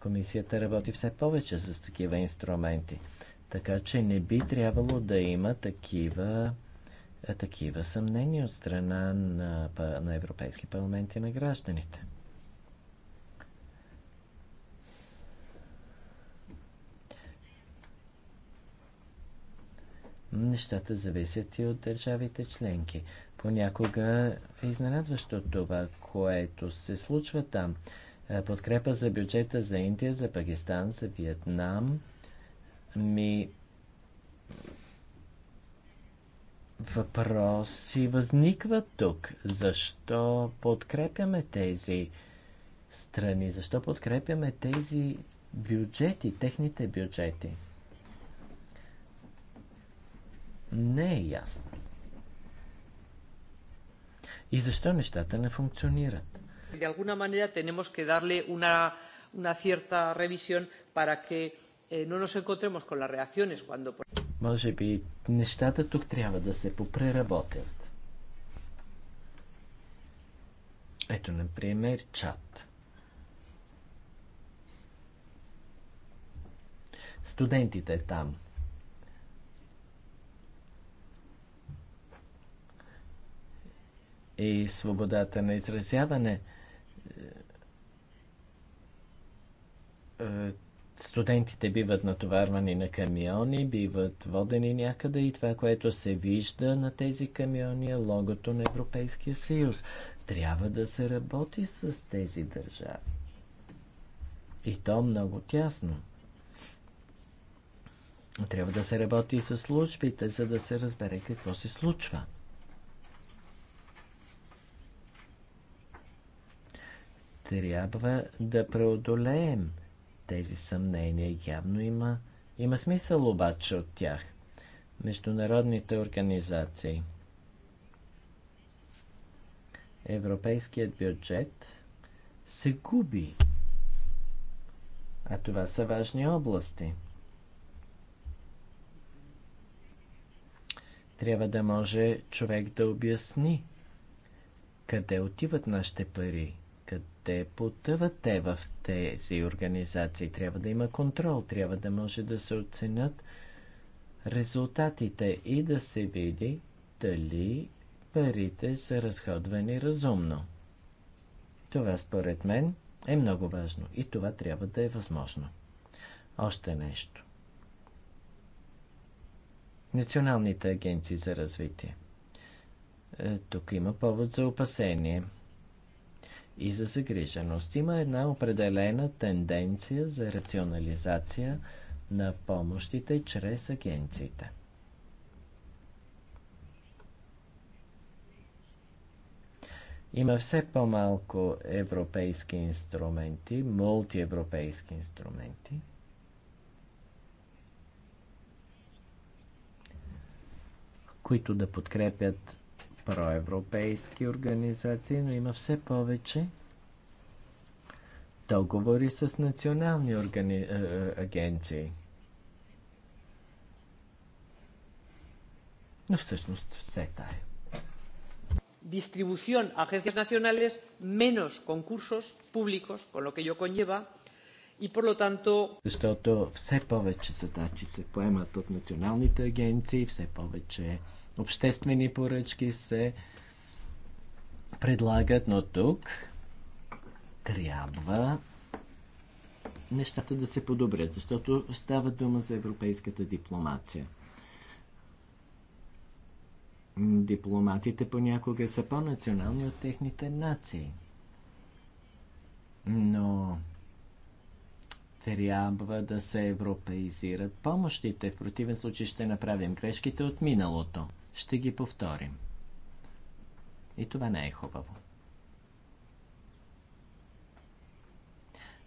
A: Комисията работи все повече с такива инструменти, така че не би трябвало да има такива, такива съмнения от страна на, на Европейски парламент и на гражданите. нещата зависят и от държавите членки. Понякога е изненадващо това, което се случва там. Е, подкрепа за бюджета за Индия, за Пакистан, за Виетнам. Ми въпроси възникват тук. Защо подкрепяме тези страни? Защо подкрепяме тези бюджети, техните бюджети? не е ясна. И защо нещата не функционират?
B: De alguna manera tenemos que darle una, una cierta revisión para que eh, no nos encontremos con las reacciones cuando...
A: Може би нещата тук трябва да се попреработят. Ето, например, чат. Студентите там и свободата на изразяване. Е, студентите биват натоварвани на камиони, биват водени някъде и това, което се вижда на тези камиони е логото на Европейския съюз. Трябва да се работи с тези държави. И то много тясно. Трябва да се работи и с службите, за да се разбере какво се случва. трябва да преодолеем тези съмнения. Явно има, има смисъл обаче от тях. Международните организации. Европейският бюджет се губи. А това са важни области. Трябва да може човек да обясни къде отиват нашите пари, те потъват те в тези организации. Трябва да има контрол, трябва да може да се оценят резултатите и да се види дали парите са разходвани разумно. Това според мен е много важно и това трябва да е възможно. Още нещо. Националните агенции за развитие. Е, тук има повод за опасение – и за загриженост. Има една определена тенденция за рационализация на помощите чрез агенциите. Има все по-малко европейски инструменти, мултиевропейски инструменти. които да подкрепят проевропейски организации, но има все повече договори с национални органи... Е, е, агенции. Но всъщност все тая. Е.
C: Distribución a agencias nacionales menos concursos públicos, con lo que ello conlleva, и por lo tanto...
A: Защото все повече задачи се поемат от националните агенции, все повече обществени поръчки се предлагат, но тук трябва нещата да се подобрят, защото става дума за европейската дипломация. Дипломатите понякога са по-национални от техните нации. Но трябва да се европеизират помощите. В противен случай ще направим грешките от миналото ще ги повторим. И това не е хубаво.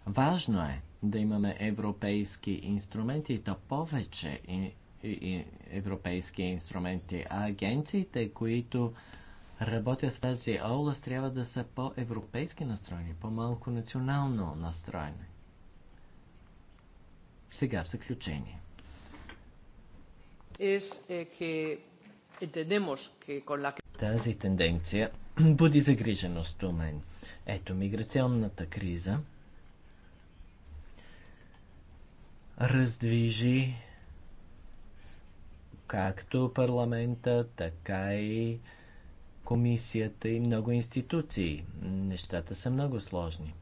A: Важно е да имаме европейски инструменти и то повече и, и, и европейски инструменти, а агенциите, които работят в тази област, трябва да са по-европейски настроени, по-малко национално настроени. Сега в заключение.
B: Es, eh, que
A: тази тенденция буди загриженост у мен. Ето, миграционната криза раздвижи както парламента, така и комисията и много институции. Нещата са много сложни.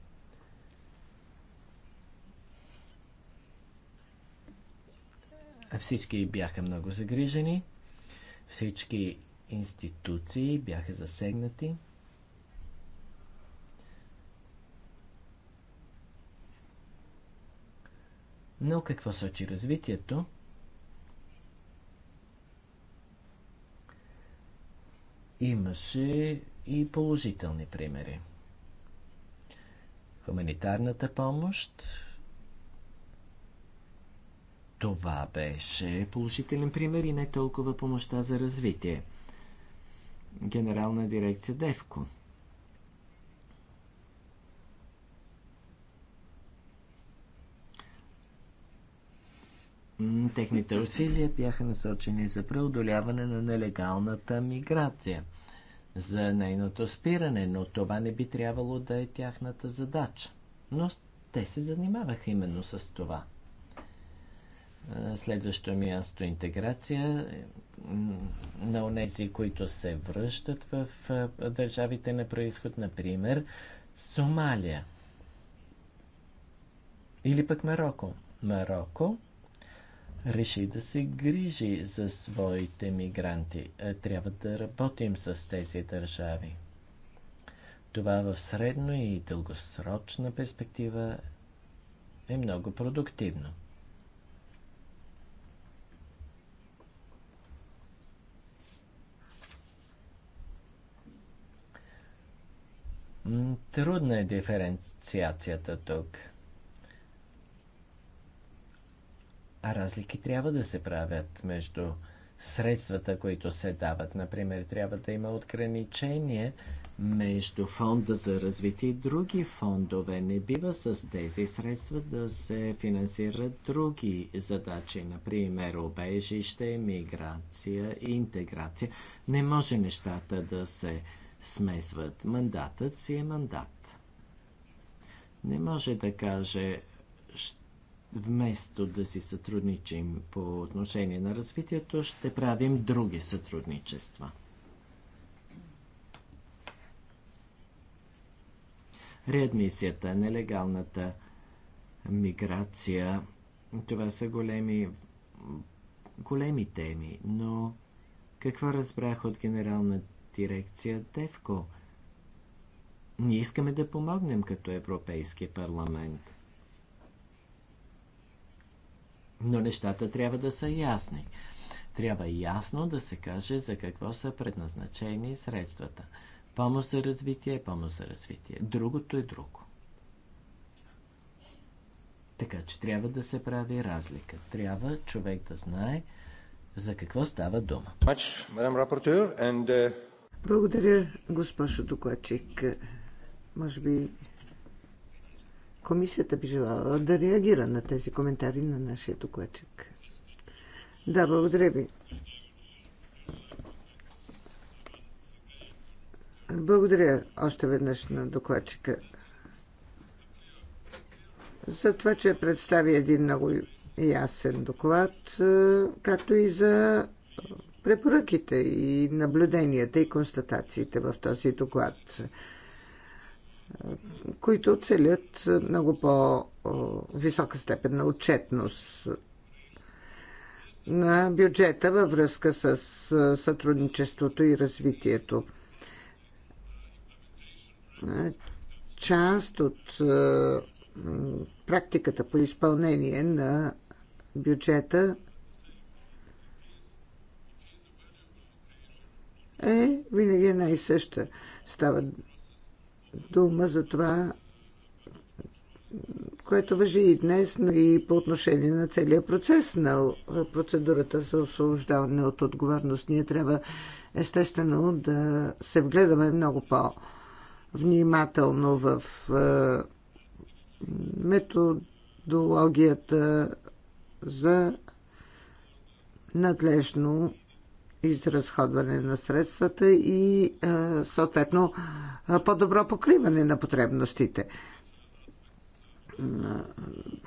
A: Всички бяха много загрижени. Всички институции бяха засегнати. Но какво сочи развитието? Имаше и положителни примери. Хуманитарната помощ това беше положителен пример и не толкова помощта за развитие. Генерална дирекция Девко. Техните усилия бяха насочени за преодоляване на нелегалната миграция, за нейното спиране, но това не би трябвало да е тяхната задача. Но те се занимаваха именно с това – Следващо място интеграция на унези, които се връщат в държавите на происход, например Сомалия или пък Марокко. Марокко реши да се грижи за своите мигранти. Е, трябва да работим с тези държави. Това в средно и дългосрочна перспектива е много продуктивно. Трудна е диференциацията тук. А разлики трябва да се правят между средствата, които се дават. Например, трябва да има ограничение между фонда за развитие и други фондове. Не бива с тези средства да се финансират други задачи, например обежище, миграция и интеграция. Не може нещата да се смесват. Мандатът си е мандат. Не може да каже, вместо да си сътрудничим по отношение на развитието, ще правим други сътрудничества. Реадмисията, нелегалната миграция, това са големи, големи теми, но какво разбрах от генералната дирекция ДЕВКО. Ние искаме да помогнем като Европейски парламент. Но нещата трябва да са ясни. Трябва ясно да се каже за какво са предназначени средствата. Помощ за развитие, е помощ за развитие. Другото е друго. Така че трябва да се прави разлика. Трябва човек да знае за какво става дума.
B: Благодаря, госпожо докладчик. Може би комисията би желала да реагира на тези коментари на нашия докладчик. Да, благодаря ви. Благодаря още веднъж на докладчика за това, че представи един много ясен доклад, както и за препоръките и наблюденията и констатациите в този доклад, които целят много по-висока степен на отчетност на бюджета във връзка с сътрудничеството и развитието. Част от практиката по изпълнение на бюджета е винаги една и съща. Става дума за това, което въжи и днес, но и по отношение на целия процес на процедурата за освобождаване от отговорност. Ние трябва естествено да се вгледаме много по-внимателно в е, методологията за надлежно изразходване на средствата и съответно по-добро покриване на потребностите.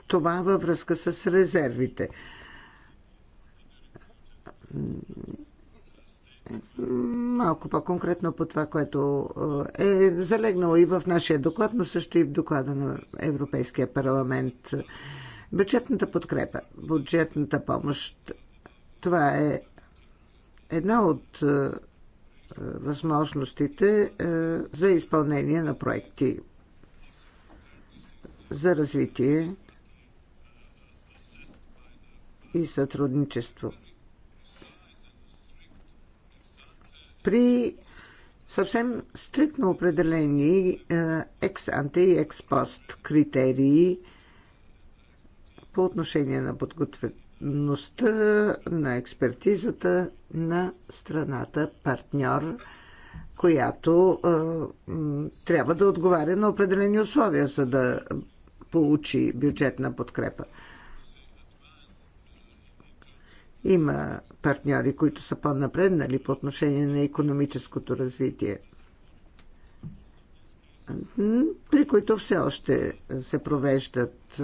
B: Това е във връзка с резервите малко по-конкретно по това, което е залегнало и в нашия доклад, но също и в доклада на Европейския парламент. Бюджетната подкрепа, бюджетната помощ, това е една от е, е, възможностите е, за изпълнение на проекти за развитие и сътрудничество. При съвсем стриктно определени екс-анте и екс-пост критерии по отношение на подготвя компетентността, на експертизата на страната партньор, която е, трябва да отговаря на определени условия, за да получи бюджетна подкрепа. Има партньори, които са по-напреднали по отношение на економическото развитие, при които все още се провеждат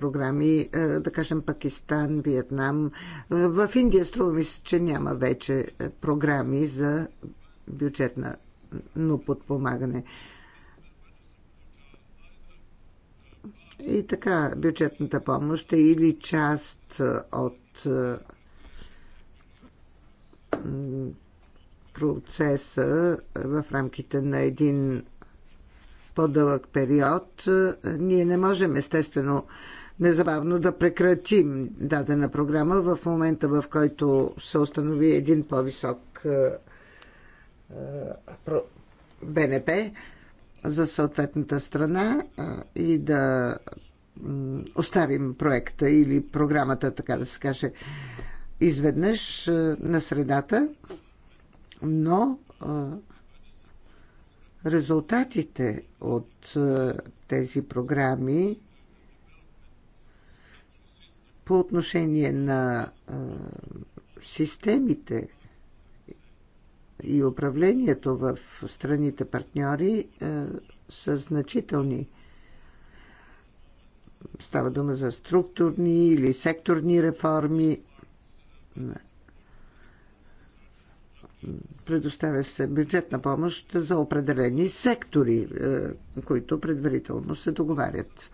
B: програми, е, да кажем Пакистан, Виетнам. Е, в Индия струва ми се, че няма вече е, програми за бюджетна но подпомагане. И така, бюджетната помощ е или част от процеса в рамките на един по-дълъг период. Ние не можем, естествено, незабавно да прекратим дадена програма в момента, в който се установи един по-висок е, е, БНП за съответната страна е, и да оставим проекта или програмата, така да се каже, изведнъж на средата, но резултатите от тези програми по отношение на системите и управлението в страните партньори са значителни. Става дума за структурни или секторни реформи. Предоставя се бюджетна помощ за определени сектори, които предварително се договарят.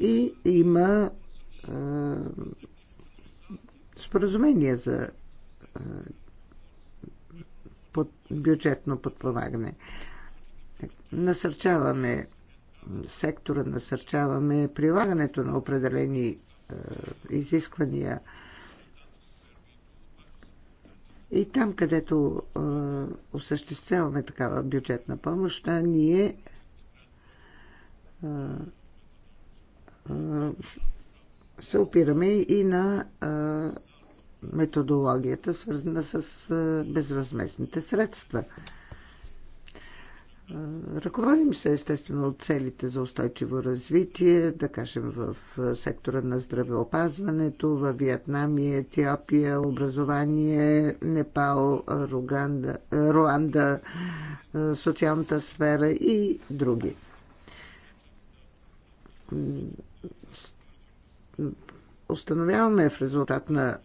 B: И има е, споразумение за е, под бюджетно подпомагане. Насърчаваме сектора, насърчаваме прилагането на определени е, изисквания. И там, където е, осъществяваме такава бюджетна помощ, а ние се опираме и на методологията, свързана с безвъзместните средства. Ръководим се естествено от целите за устойчиво развитие, да кажем в сектора на здравеопазването, в Виетнам и Етиопия, образование, Непал, Руганда, Руанда, социалната сфера и други установяваме в резултат на е,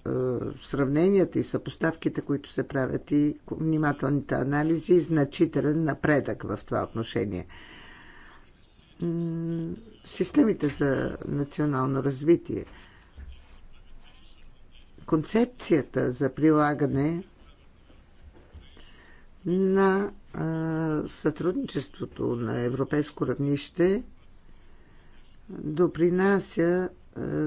B: сравненията и съпоставките, които се правят и внимателните анализи, значителен напредък в това отношение. Системите за национално развитие, концепцията за прилагане на е, сътрудничеството на европейско равнище допринася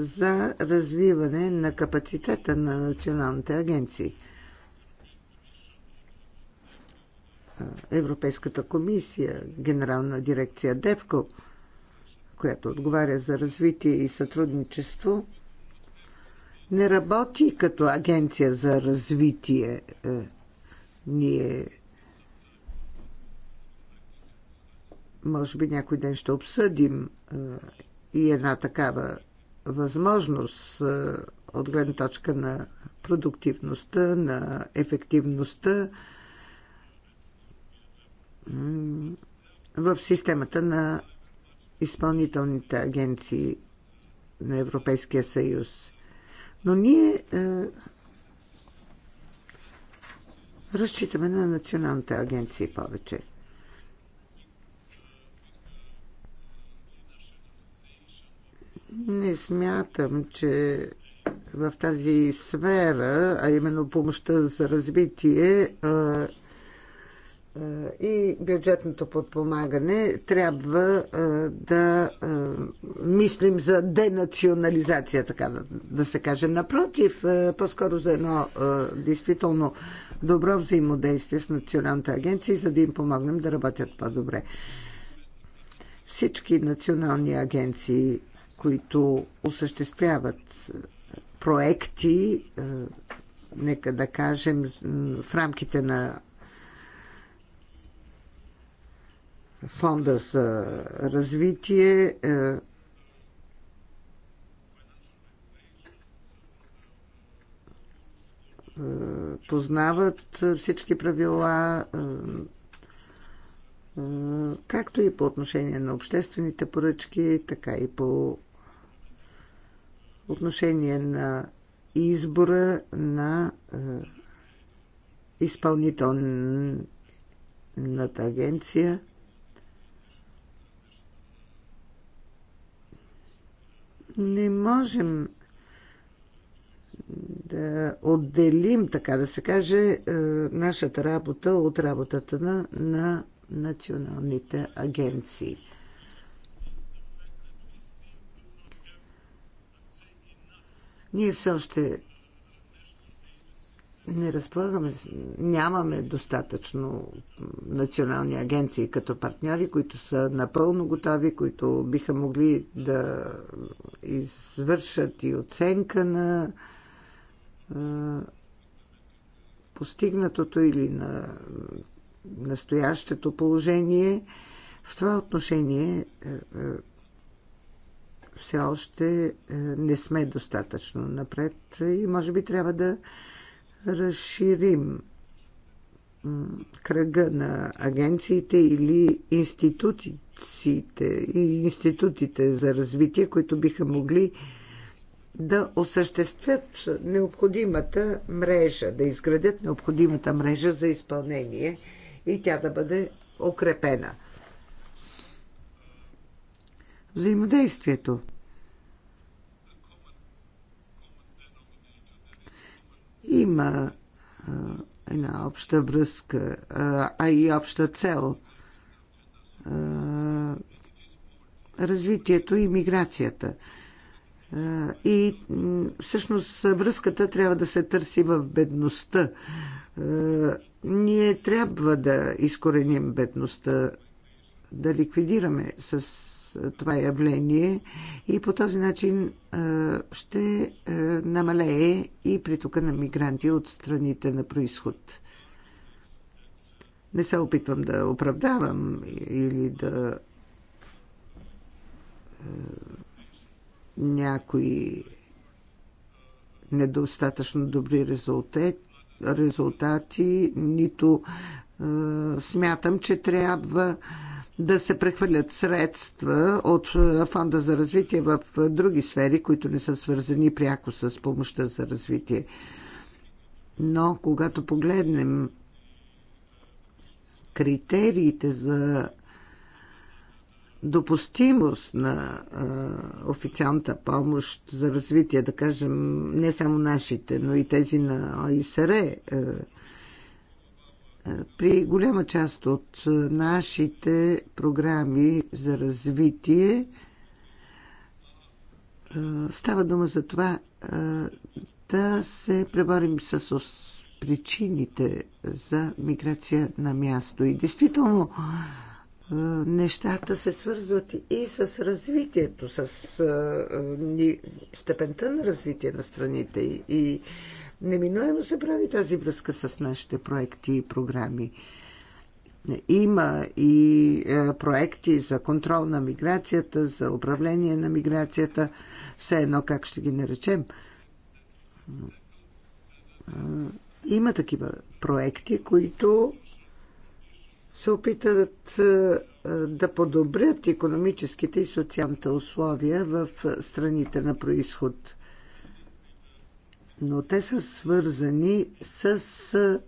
B: за развиване на капацитета на националните агенции. Европейската комисия, Генерална дирекция ДЕВКО, която отговаря за развитие и сътрудничество, не работи като агенция за развитие. Е, ние може би някой ден ще обсъдим е, и една такава възможност е, от гледна точка на продуктивността, на ефективността в системата на изпълнителните агенции на Европейския съюз. Но ние е, разчитаме на националните агенции повече. Не смятам, че в тази сфера, а именно помощта за развитие и бюджетното подпомагане, трябва да мислим за денационализация, така да се каже. Напротив, по-скоро за едно действително добро взаимодействие с националните агенции, за да им помогнем да работят по-добре. Всички национални агенции които осъществяват е, проекти, е, нека да кажем, в рамките на фонда за развитие, е, познават всички правила, както и по отношение на обществените поръчки, така и по отношение на избора на е, изпълнителната агенция. Не можем да отделим, така да се каже, е, нашата работа от работата на, на националните агенции. Ние все още не разполагаме, нямаме достатъчно национални агенции като партньори, които са напълно готови, които биха могли да извършат и оценка на е, постигнатото или на настоящето положение. В това отношение е, е, все още е, не сме достатъчно напред и може би трябва да разширим кръга на агенциите или институциите и институтите за развитие, които биха могли да осъществят необходимата мрежа, да изградят необходимата мрежа за изпълнение и тя да бъде укрепена взаимодействието. Има а, една обща връзка, а, а и обща цел. А, развитието и миграцията. И всъщност връзката трябва да се търси в бедността. Ние трябва да изкореним бедността, да ликвидираме с това явление и по този начин ще намалее и притока на мигранти от страните на происход. Не се опитвам да оправдавам или да някои недостатъчно добри резултати, резултати нито смятам, че трябва да се прехвърлят средства от Фонда за развитие в други сфери, които не са свързани пряко с помощта за развитие. Но когато погледнем критериите за допустимост на а, официалната помощ за развитие, да кажем, не само нашите, но и тези на ОИСР, а, при голяма част от нашите програми за развитие става дума за това да се преборим с причините за миграция на място. И действително нещата се свързват и с развитието, с степента на развитие на страните и неминуемо се прави тази връзка с нашите проекти и програми. Има и е, проекти за контрол на миграцията, за управление на миграцията, все едно как ще ги наречем. Е, има такива проекти, които се опитат е, да подобрят економическите и социалните условия в страните на происход но те са свързани с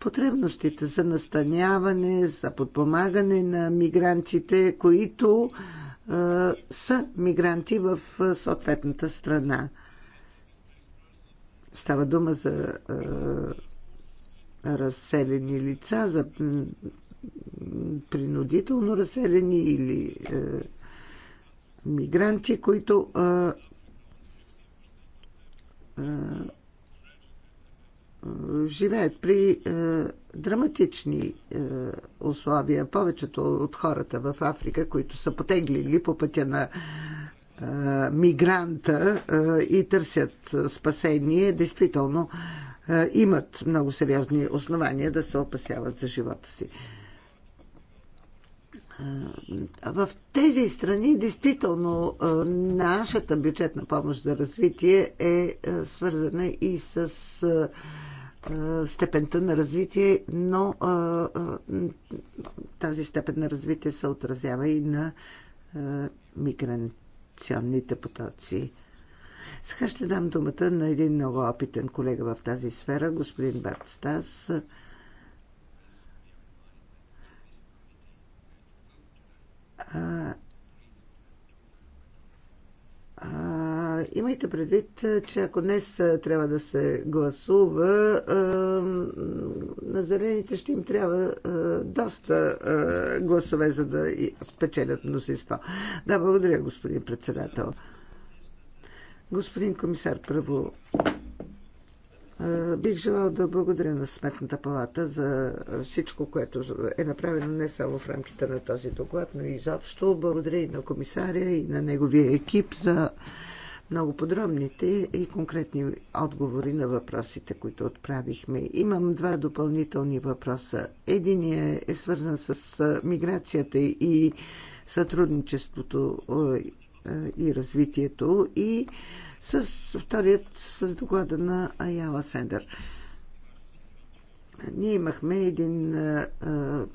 B: потребностите за настаняване, за подпомагане на мигрантите, които е, са мигранти в съответната страна. Става дума за е, разселени лица, за принудително разселени или е, мигранти, които е, живеят при е, драматични е, условия. Повечето от хората в Африка, които са потеглили по пътя на е, мигранта е, и търсят спасение, действително е, имат много сериозни основания да се опасяват за живота си. Е, в тези страни, действително, нашата бюджетна помощ за развитие е свързана и с степента на развитие, но тази степен на развитие се отразява и на миграционните потоци. Сега ще дам думата на един много опитен колега в тази сфера, господин Барт Стас. А, а, имайте предвид, че ако днес трябва да се гласува, а, на зелените ще им трябва а, доста а, гласове, за да спечелят мнозинство. Да, благодаря, господин председател. Господин комисар, първо Бих желал да благодаря на Сметната палата за всичко, което е направено не само в рамките на този доклад, но и заобщо. Благодаря и на комисаря и на неговия екип за много подробните и конкретни отговори на въпросите, които отправихме. Имам два допълнителни въпроса. Единият е свързан с миграцията и сътрудничеството и развитието и с вторият с доклада на Аяла Сендер. Ние имахме един а, а,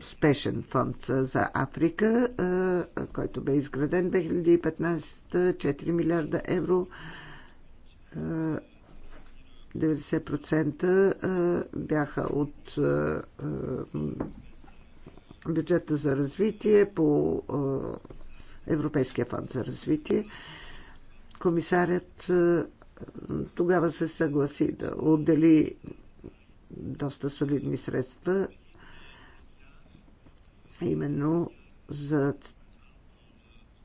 B: спешен фонд за Африка, а, който бе изграден 2015 4 милиарда евро. А, 90% бяха от бюджета за развитие по Европейския фонд за развитие комисарят е, тогава се съгласи да отдели доста солидни средства именно за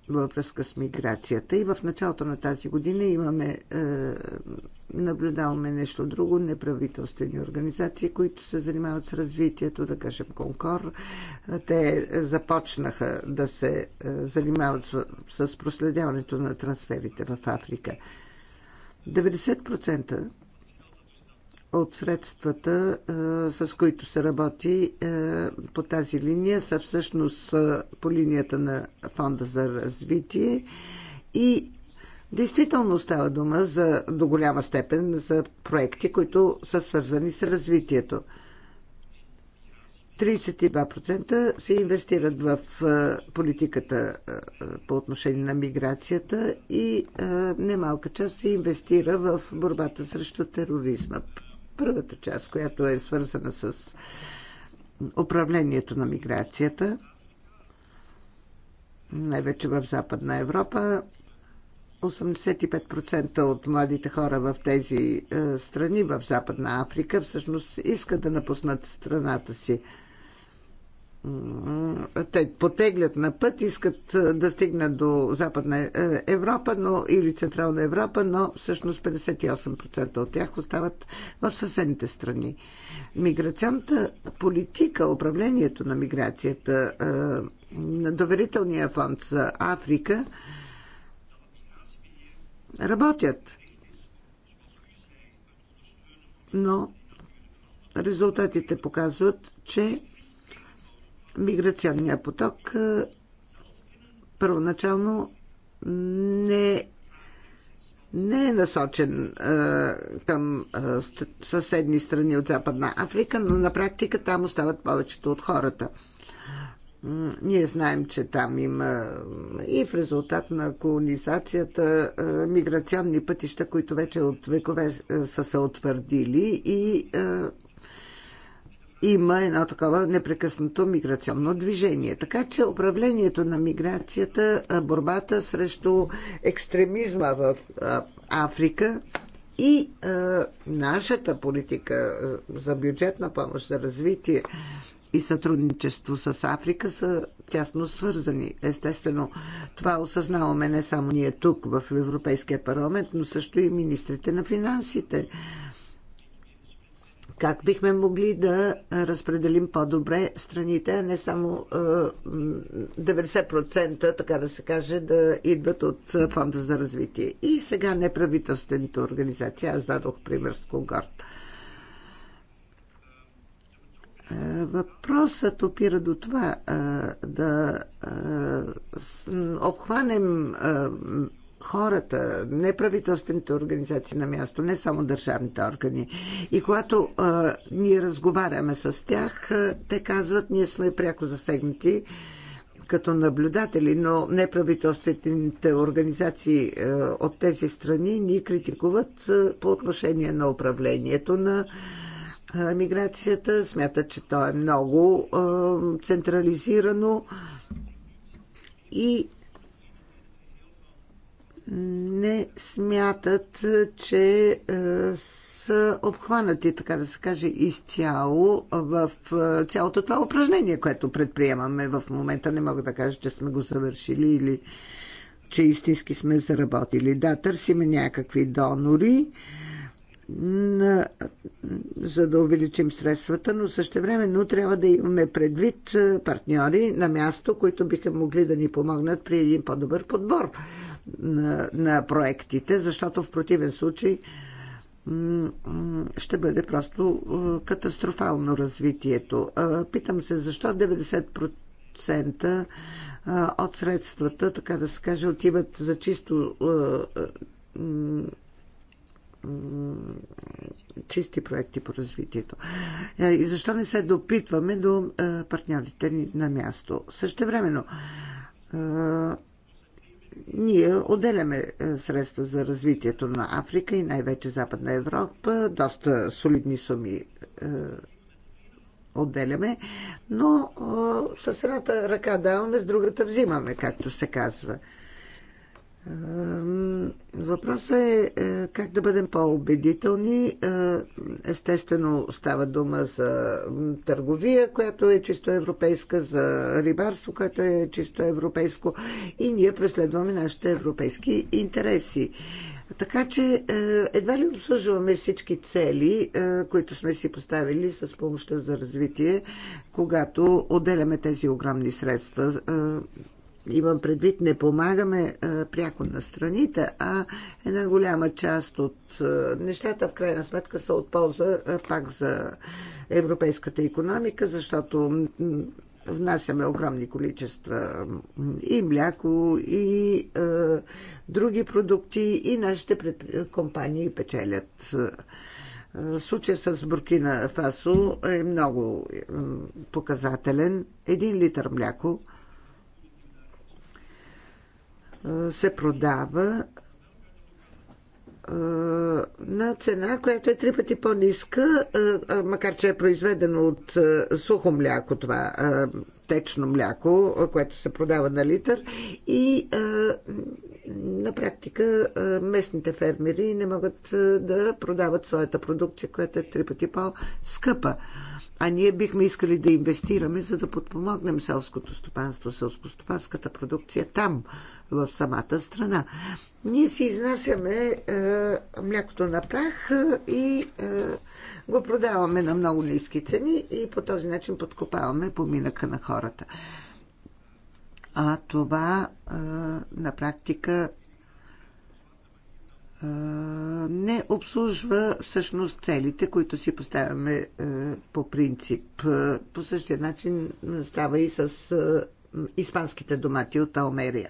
B: във връзка с миграцията. И в началото на тази година имаме е, наблюдаваме нещо друго, неправителствени организации, които се занимават с развитието, да кажем Конкор. Те започнаха да се е, занимават с, с проследяването на трансферите в Африка. 90% от средствата, е, с които се работи е, по тази линия, са всъщност по линията на Фонда за развитие и Действително става дума за, до голяма степен за проекти, които са свързани с развитието. 32% се инвестират в политиката по отношение на миграцията и немалка част се инвестира в борбата срещу тероризма. Първата част, която е свързана с управлението на миграцията, най-вече в Западна Европа, 85% от младите хора в тези е, страни, в Западна Африка, всъщност искат да напуснат страната си. Те потеглят на път, искат е, да стигнат до Западна е, Европа но, или Централна Европа, но всъщност 58% от тях остават в съседните страни. Миграционната политика, управлението на миграцията, на доверителния фонд за Африка – работят. Но резултатите показват, че миграционният поток е, първоначално не, не е насочен а, е, към а, е, съседни страни от Западна Африка, но на практика там остават повечето от хората. Ние знаем, че там има и в резултат на колонизацията е, миграционни пътища, които вече от векове е, са се утвърдили и е, има едно такова непрекъснато миграционно движение. Така че управлението на миграцията, борбата срещу екстремизма в Африка и нашата политика за бюджетна помощ за развитие и сътрудничество с Африка са тясно свързани. Естествено, това осъзнаваме не само ние тук в Европейския парламент, но също и министрите на финансите. Как бихме могли да разпределим по-добре страните, а не само 90%, така да се каже, да идват от Фонда за развитие. И сега неправителствените организации. Аз дадох пример с Конгард. Въпросът опира до това да обхванем хората, неправителствените организации на място, не само държавните органи. И когато а, ние разговаряме с тях, а, те казват, ние сме пряко засегнати като наблюдатели, но неправителствените организации а, от тези страни ни критикуват а, по отношение на управлението на а, миграцията, смятат, че то е много централизирано и не смятат, че са обхванати, така да се каже, изцяло в цялото това упражнение, което предприемаме в момента. Не мога да кажа, че сме го завършили или че истински сме заработили. Да, търсиме някакви донори за да увеличим средствата, но същевременно трябва да имаме предвид е, партньори на място, които биха могли да ни помогнат при един по-добър подбор на, на проектите, защото в противен случай ще бъде просто е, катастрофално развитието. Е, питам се защо 90% от средствата, така да се каже, отиват за чисто чисти проекти по развитието. Е, и защо не се допитваме до е, партньорите ни на място? Също времено, е, ние отделяме средства за развитието на Африка и най-вече Западна Европа. Доста солидни суми отделяме, но с едната ръка даваме, с другата взимаме, както се казва. Въпросът е, е как да бъдем по-убедителни. Е, естествено става дума за търговия, която е чисто европейска, за рибарство, което е чисто европейско и ние преследваме нашите европейски интереси. Така че е, едва ли обслужваме всички цели, които сме си поставили с помощта за развитие, когато отделяме тези огромни средства имам предвид, не помагаме а, пряко на страните, а една голяма част от а, нещата в крайна сметка са от полза а, пак за европейската економика, защото внасяме огромни количества и мляко, и а, други продукти, и нашите предпри... компании печелят. Случай с Буркина Фасо е много показателен. Един литър мляко – се продава на цена, която е три пъти по-ниска, макар че е произведено от сухо мляко това течно мляко, което се продава на литър и на практика местните фермери не могат да продават своята продукция, която е три пъти по-скъпа. А ние бихме искали да инвестираме, за да подпомогнем селското стопанство, селскостопанската продукция там, в самата страна. Ние си изнасяме е, млякото на прах е, и е, го продаваме на много ниски цени и по този начин подкопаваме поминъка на хората. А това е, на практика е, не обслужва всъщност целите, които си поставяме е, по принцип. Е, по същия начин става и с е, испанските домати от Алмерия.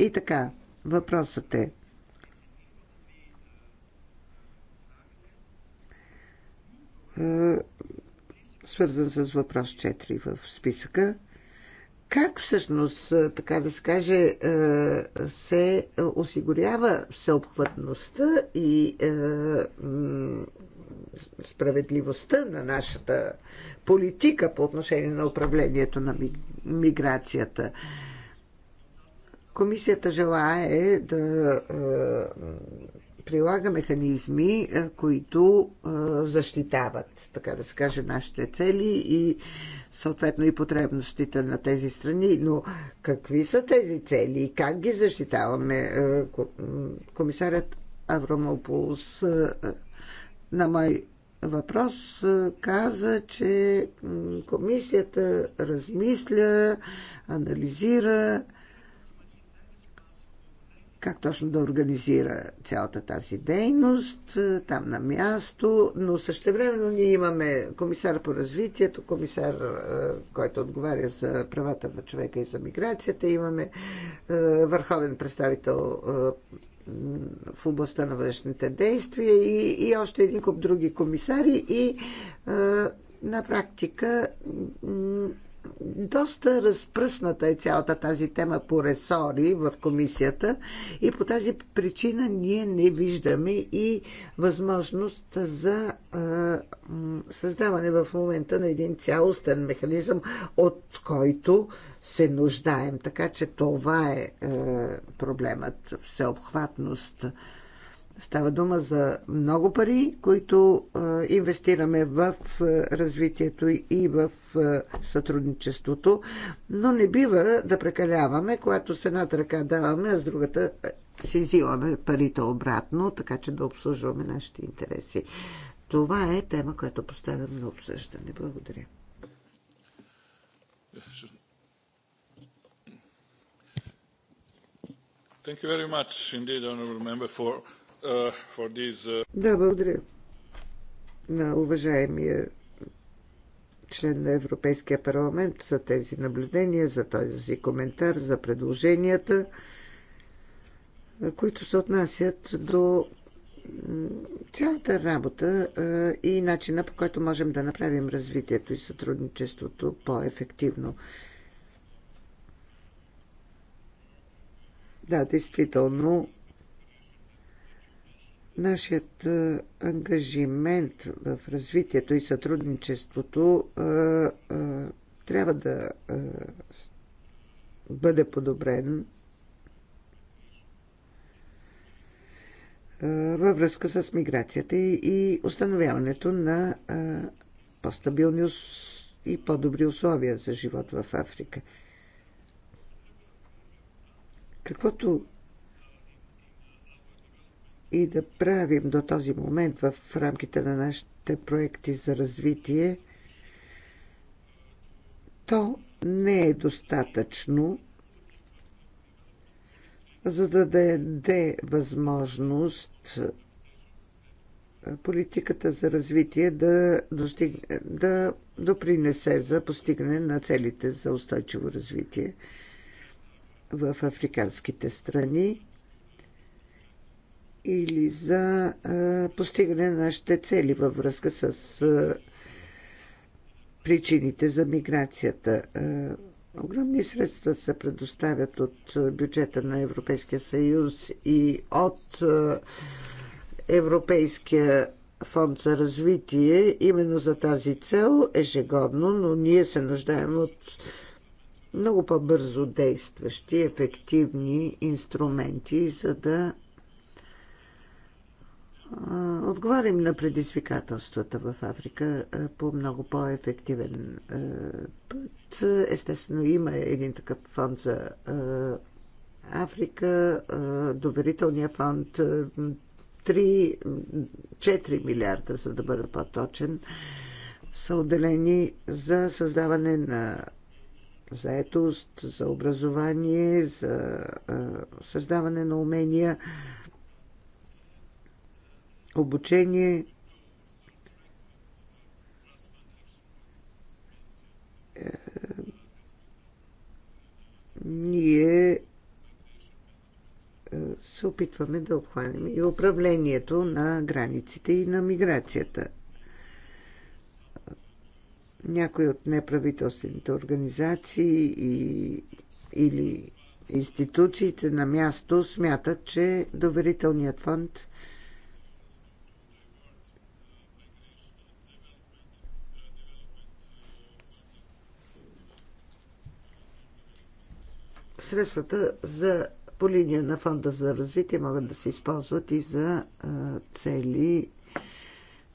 B: И така, въпросът е. е свързан с въпрос 4 в списъка. Как всъщност, е, така да се каже, е, се осигурява всеобхватността и справедливостта на нашата политика по отношение на управлението на миграцията? Комисията желае да е, прилага механизми, е, които е, защитават, така да се каже, нашите цели и съответно и потребностите на тези страни. Но какви са тези цели и как ги защитаваме? Комисарят Аврамополс на мой въпрос каза, че комисията размисля, анализира как точно да организира цялата тази дейност е, там на място, но същевременно ние имаме комисар по развитието, комисар, е, който отговаря за правата на човека и за миграцията, имаме е, върховен представител в областта на външните действия и, и още един куп други комисари и на практика доста разпръсната е цялата тази тема по ресори в комисията и по тази причина ние не виждаме и възможност за създаване в момента на един цялостен механизъм, от който се нуждаем. Така че това е проблемът всеобхватност. Става дума за много пари, които инвестираме в развитието и в сътрудничеството, но не бива да прекаляваме, когато с едната ръка даваме, а с другата си взимаме парите обратно, така че да обслужваме нашите интереси. Това е тема, която поставям на обсъждане. Благодаря. Thank you very much indeed, Honourable Member, for Uh, uh, да, благодаря на уважаемия член на Европейския парламент за тези наблюдения, за този коментар, за предложенията, които се отнасят до цялата работа и начина по който можем да направим развитието и сътрудничеството по-ефективно. Да, действително, Нашият ангажимент в развитието и сътрудничеството трябва да бъде подобрен във връзка с миграцията и установяването на по-стабилни и по-добри условия за живот в Африка. Каквото и да правим до този момент в рамките на нашите проекти за развитие, то не е достатъчно, за да даде възможност политиката за развитие да, достиг... да допринесе за постигане на целите за устойчиво развитие в африканските страни или за постигане на нашите цели във връзка с причините за миграцията. Огромни средства се предоставят от бюджета на Европейския съюз и от Европейския фонд за развитие именно за тази цел ежегодно, но ние се нуждаем от много по-бързо действащи, ефективни инструменти, за да Отговарям на предизвикателствата в Африка по много по-ефективен път. Естествено, има един такъв фонд за Африка, доверителния фонд 3-4 милиарда, за да бъда по-точен, са отделени за създаване на заетост, за образование, за създаване на умения обучение е, ние е, се опитваме да обхванем и управлението на границите и на миграцията. Някои от неправителствените организации и, или институциите на място смятат, че доверителният фонд средствата за, по линия на Фонда за развитие могат да се използват и за цели,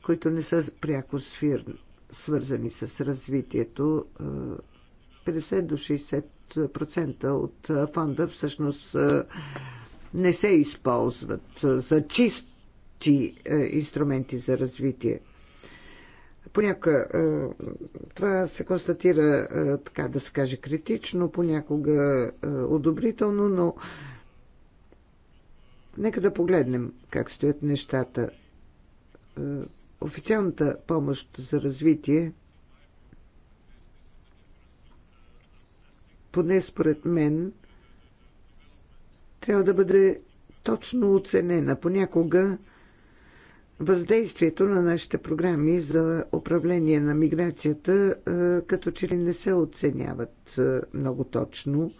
B: които не са пряко свир, свързани с развитието. 50 до 60% от фонда всъщност не се използват за чисти инструменти за развитие. Понякога е, това се констатира, е, така да се каже, критично, понякога е, одобрително, но нека да погледнем как стоят нещата. Официалната помощ за развитие поне според мен, трябва да бъде точно оценена. Понякога въздействието на нашите програми за управление на миграцията е, като че ли не се оценяват е, много точно.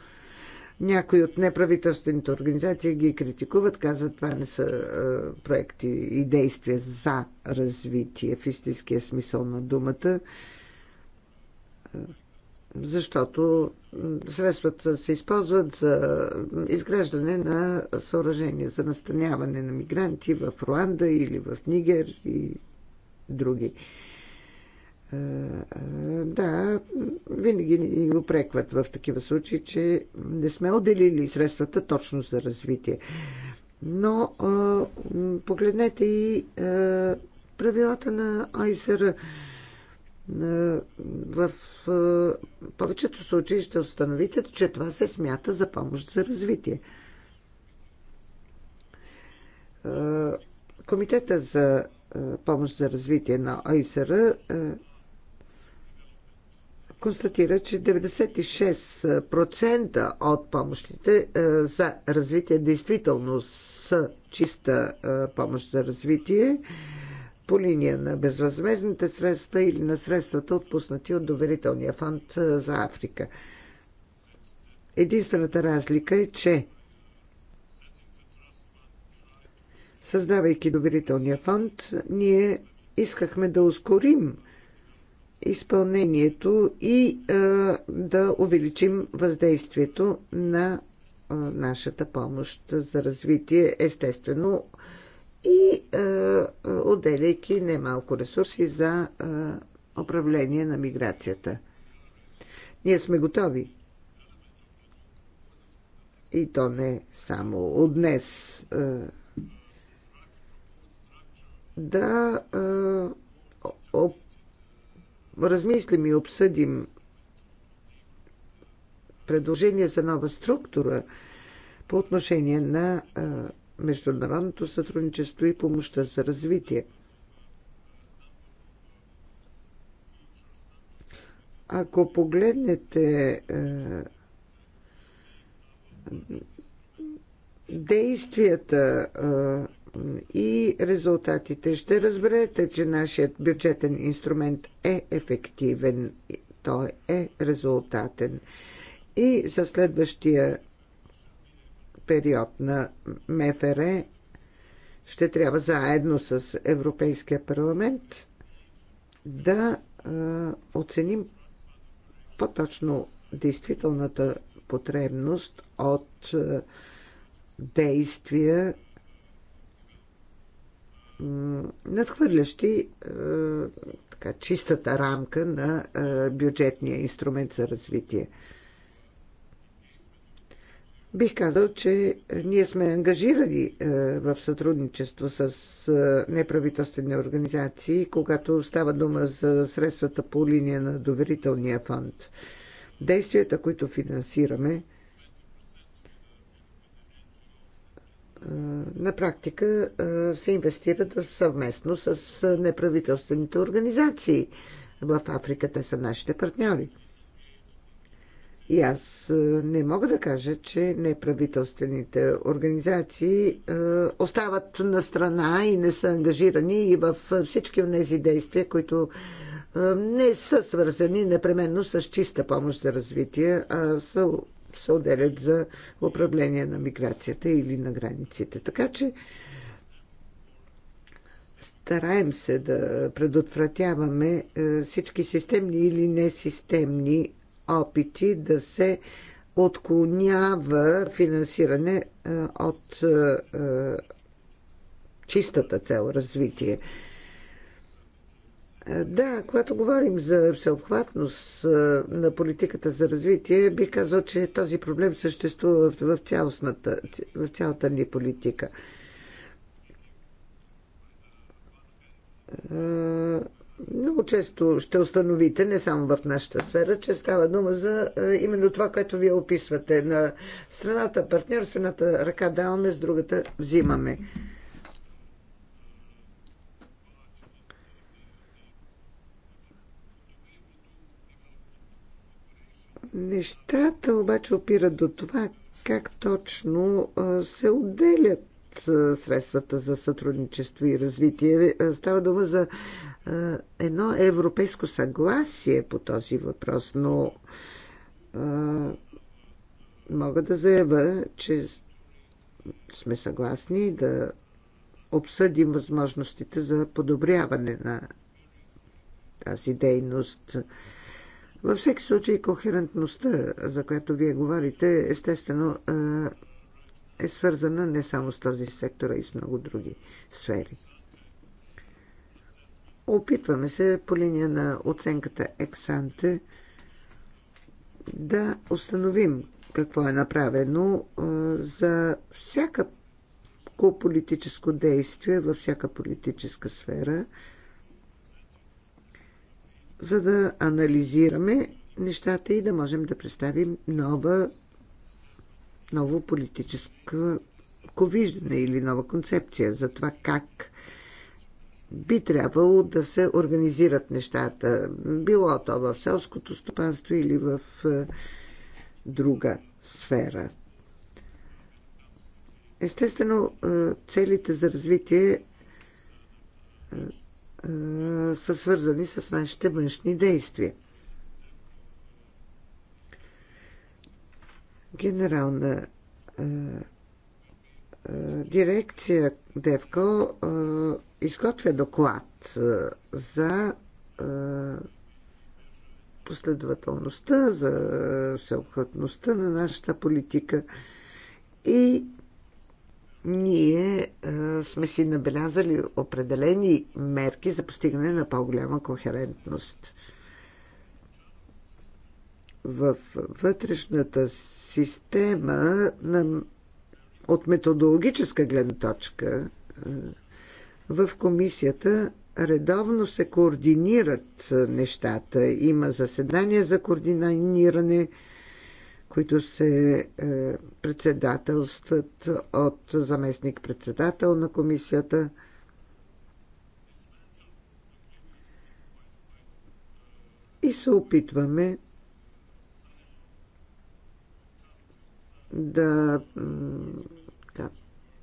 B: Някои от неправителствените организации ги критикуват, казват това не са е, проекти и действия за развитие в истинския смисъл на думата защото средствата се използват за изграждане на съоръжения за настаняване на мигранти в Руанда или в Нигер и други. Е, да, винаги ни опрекват в такива случаи, че не сме отделили средствата точно за развитие. Но е, погледнете и е, правилата на ОИСР. Е, в е, повечето случаи ще установите, че това се смята за помощ за развитие. Е, комитета за помощ за развитие на ОИСР констатира, че 96% от помощите за развитие действително са чиста помощ за развитие по линия на безвъзмезните средства или на средствата отпуснати от доверителния фонд за Африка. Единствената разлика е, че създавайки доверителния фонд, ние искахме да ускорим изпълнението и е, да увеличим въздействието на е, нашата помощ за развитие. Естествено, е, и е, отделяйки немалко ресурси за е, управление на миграцията. Ние сме готови. И то не само от днес. Е, да размислим и обсъдим предложение за нова структура по отношение на международното сътрудничество и помощта за развитие. Ако погледнете е, действията е, и резултатите, ще разберете, че нашият бюджетен инструмент е ефективен, той е резултатен. И за следващия период на МФР ще трябва заедно с Европейския парламент да оценим по-точно действителната потребност от действия, надхвърлящи така, чистата рамка на бюджетния инструмент за развитие. Бих казал, че ние сме ангажирани е, в сътрудничество с е, неправителствени организации, когато става дума за средствата по линия на доверителния фонд. Действията, които финансираме, е, на практика се инвестират съвместно с неправителствените организации в Африка. Те са нашите партньори. И аз е, не мога да кажа, че неправителствените организации е, остават на страна и не са ангажирани и в всички от тези действия, които е, не са свързани непременно с чиста помощ за развитие, а са, се отделят за управление на миграцията или на границите. Така че стараем се да предотвратяваме всички системни или несистемни опити да се отклонява финансиране е, от е, е, чистата цел развитие. Да, когато говорим за всеобхватност на политиката за развитие, би казал, че този проблем съществува в, цялостната, в цялата ни политика много често ще установите, не само в нашата сфера, че става дума за е, именно това, което вие описвате. На страната партньор, с едната ръка даваме, с другата взимаме. Нещата обаче опират до това, как точно е, се отделят е, средствата за сътрудничество и развитие. Става дума за е, едно европейско съгласие по този въпрос, но мога да заявя, че сме съгласни да обсъдим възможностите за подобряване на тази дейност. Във всеки случай, кохерентността, за която вие говорите, естествено е свързана не само с този сектор, а и с много други сфери опитваме се по линия на оценката ексанте да установим какво е направено за всяка политическо действие във всяка политическа сфера, за да анализираме нещата и да можем да представим нова, ново политическо виждане или нова концепция за това как би трябвало да се организират нещата, било то в селското стопанство или в е, друга сфера. Естествено, е, целите за развитие е, са свързани с нашите външни действия. Генерална дирекция ДЕВКО изготвя доклад за последователността, за всеобхватността на нашата политика и ние а, сме си набелязали определени мерки за постигане на по-голяма кохерентност. В вътрешната система на от методологическа гледна точка е, в комисията редовно се координират е, нещата. Има заседания за координиране, които се е, председателстват от заместник-председател на комисията. И се опитваме да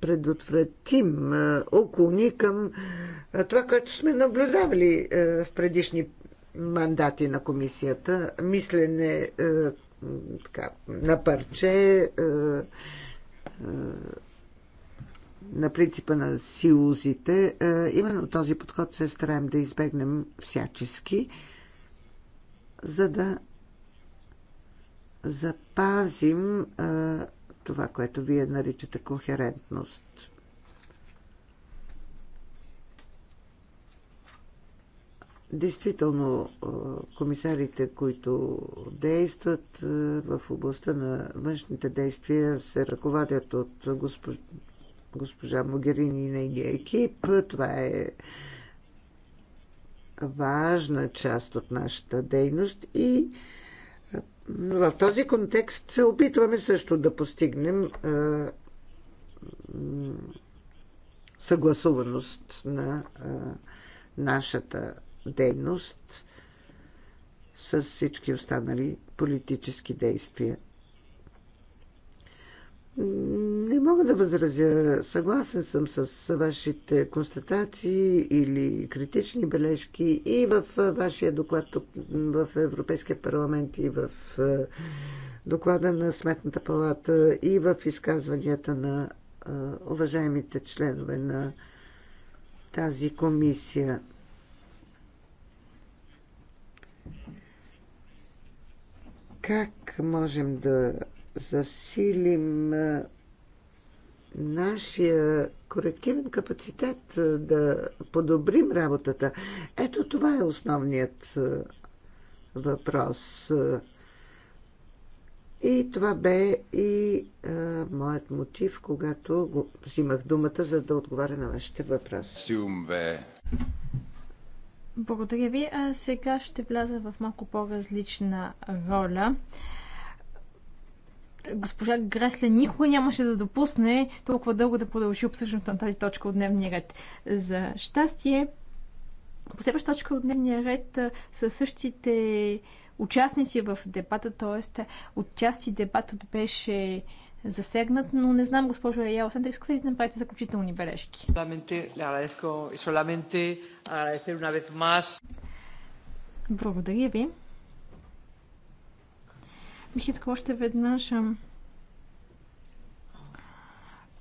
B: предотвратим околни към това, което сме наблюдавали в предишни мандати на комисията. Мислене така, на парче, на принципа на силузите. Именно този подход се стараем да избегнем всячески, за да запазим това, което вие наричате кохерентност. Действително, комисарите, които действат в областта на външните действия, се ръководят от госпож... госпожа Могерини и нейния екип. Това е важна част от нашата дейност и в този контекст се опитваме също да постигнем е, съгласуваност на е, нашата дейност с всички останали политически действия. Не мога да възразя. Съгласен съм с вашите констатации или критични бележки и в вашия доклад тук в Европейския парламент и в доклада на Сметната палата и в изказванията на уважаемите членове на тази комисия. Как можем да засилим нашия корективен капацитет да подобрим работата. Ето това е основният въпрос. И това бе и а, моят мотив, когато го, взимах думата, за да отговаря на вашите въпроси.
C: Благодаря ви. А сега ще вляза в малко по-различна роля госпожа Гресле никога нямаше да допусне толкова дълго да продължи обсъждането на тази точка от дневния ред. За щастие, последваща точка от дневния ред са същите участници в дебата, т.е. отчасти дебатът беше засегнат, но не знам, госпожо Аял да искате ли да направите заключителни бележки? Благодаря ви. Бих искал още веднъж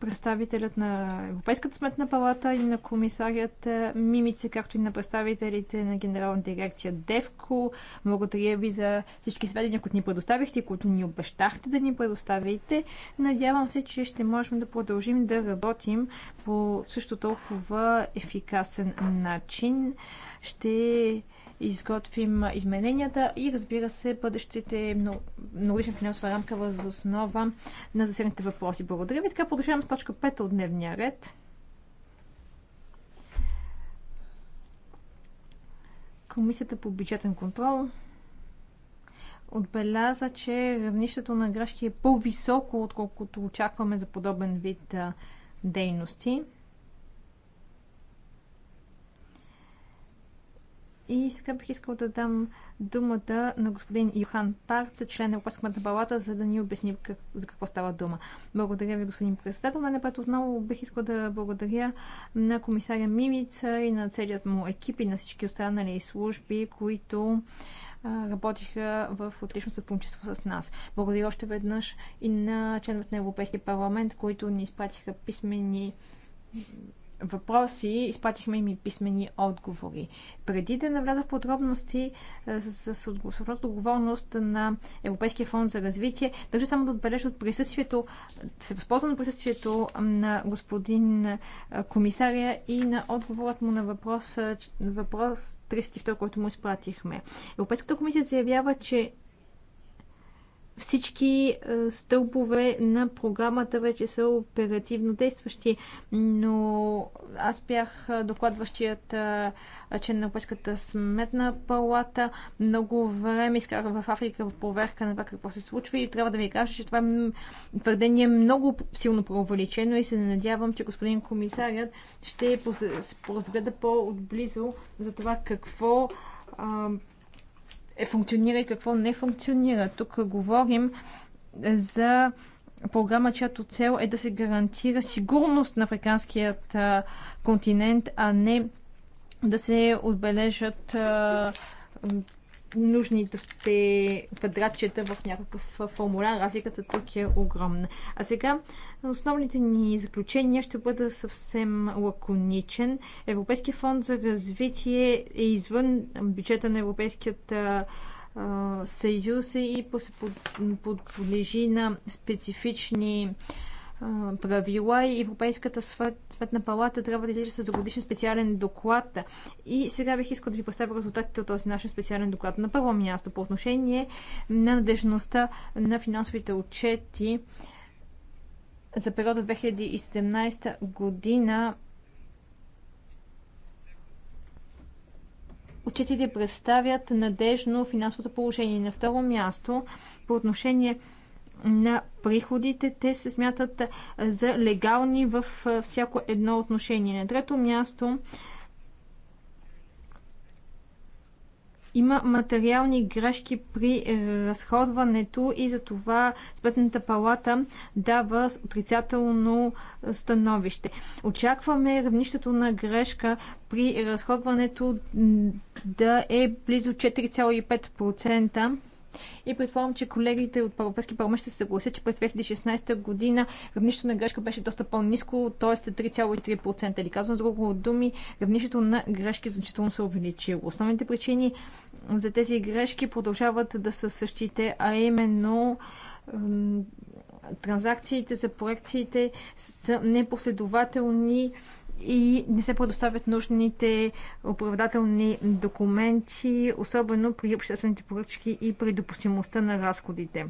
C: представителят на Европейската сметна палата и на комисарият е, Мимици, както и на представителите на генерална дирекция Девко. Благодаря ви за всички сведения, които ни предоставихте и които ни обещахте да ни предоставите. Надявам се, че ще можем да продължим да работим по също толкова ефикасен начин. Ще изготвим измененията и разбира се бъдещите многодишна финансова рамка въз основа на засегнатите въпроси. Благодаря ви. Така продължаваме с точка 5 от дневния ред. Комисията по бюджетен контрол отбеляза, че равнището на грешки е по-високо, отколкото очакваме за подобен вид дейности. И сега бих искал да дам думата на господин Йохан Парц, член на Европейската палата, за да ни обясни как, за какво става дума. Благодаря ви, господин председател. Най-напред отново бих искал да благодаря на комисаря Мимица и на целият му екип и на всички останали служби, които работиха в отлично сътрудничество с нас. Благодаря още веднъж и на членовете на Европейския парламент, които ни изпратиха писмени въпроси, изпратихме им и писмени отговори. Преди да навляза в подробности с, с отговорност на Европейския фонд за развитие, държа само да отбележа от присъствието, да се възползвам от присъствието на господин комисаря и на отговорът му на въпрос, въпрос 32, който му изпратихме. Европейската комисия заявява, че всички е, стълбове на програмата вече са оперативно действащи, но аз бях е, докладващият е, член на Европейската сметна палата. Много време изкарах в Африка в проверка на това какво се случва и трябва да ви кажа, че това е твърдение много силно преувеличено и се надявам, че господин комисарят ще се поразгледа по-отблизо за това какво е, функционира и какво не функционира. Тук говорим е, за програма, чиято цел е да се гарантира сигурност на африканският континент, а не да се отбележат нужните квадратчета в някакъв формуляр. Разликата тук е огромна. А сега основните ни заключения ще бъда съвсем лаконичен. Европейския фонд за развитие е извън бюджета на Европейският съюз и се подлежи на специфични правила и Европейската Светна палата трябва да излиза с годишен специален доклад. И сега бих искал да ви представя резултатите от този наш специален доклад. На първо място, по отношение на надежността на финансовите отчети за периода 2017 година Отчетите представят надежно финансовото положение. На второ място, по отношение на приходите, те се смятат за легални в всяко едно отношение. На трето място има материални грешки при е, разходването и за това Сметната палата дава отрицателно становище. Очакваме равнището на грешка при разходването да е близо 4,5% и предполагам, че колегите от Европейски парламент ще се съгласят, че през 2016 година равнището на грешка беше доста по-низко, т.е. 3,3%. Или казвам с друго думи, равнището на грешки значително се е увеличило. Основните причини за тези грешки продължават да са същите, а именно транзакциите за проекциите са непоследователни и не се предоставят нужните оправдателни документи, особено при обществените поръчки и при допустимостта на разходите.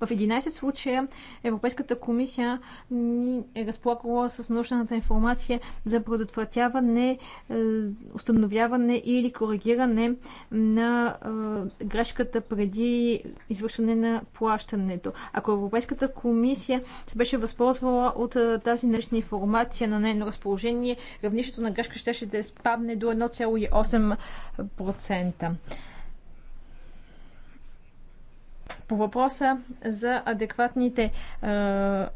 C: В 11 случая Европейската комисия ни е разплакала с научната информация за предотвратяване, е, установяване или коригиране на е, грешката преди извършване на плащането. Ако Европейската комисия се беше възползвала от е, тази научна информация на нейно разположение, равнището на грешка ще ще да спадне до 1,8%. По въпроса за адекватните е,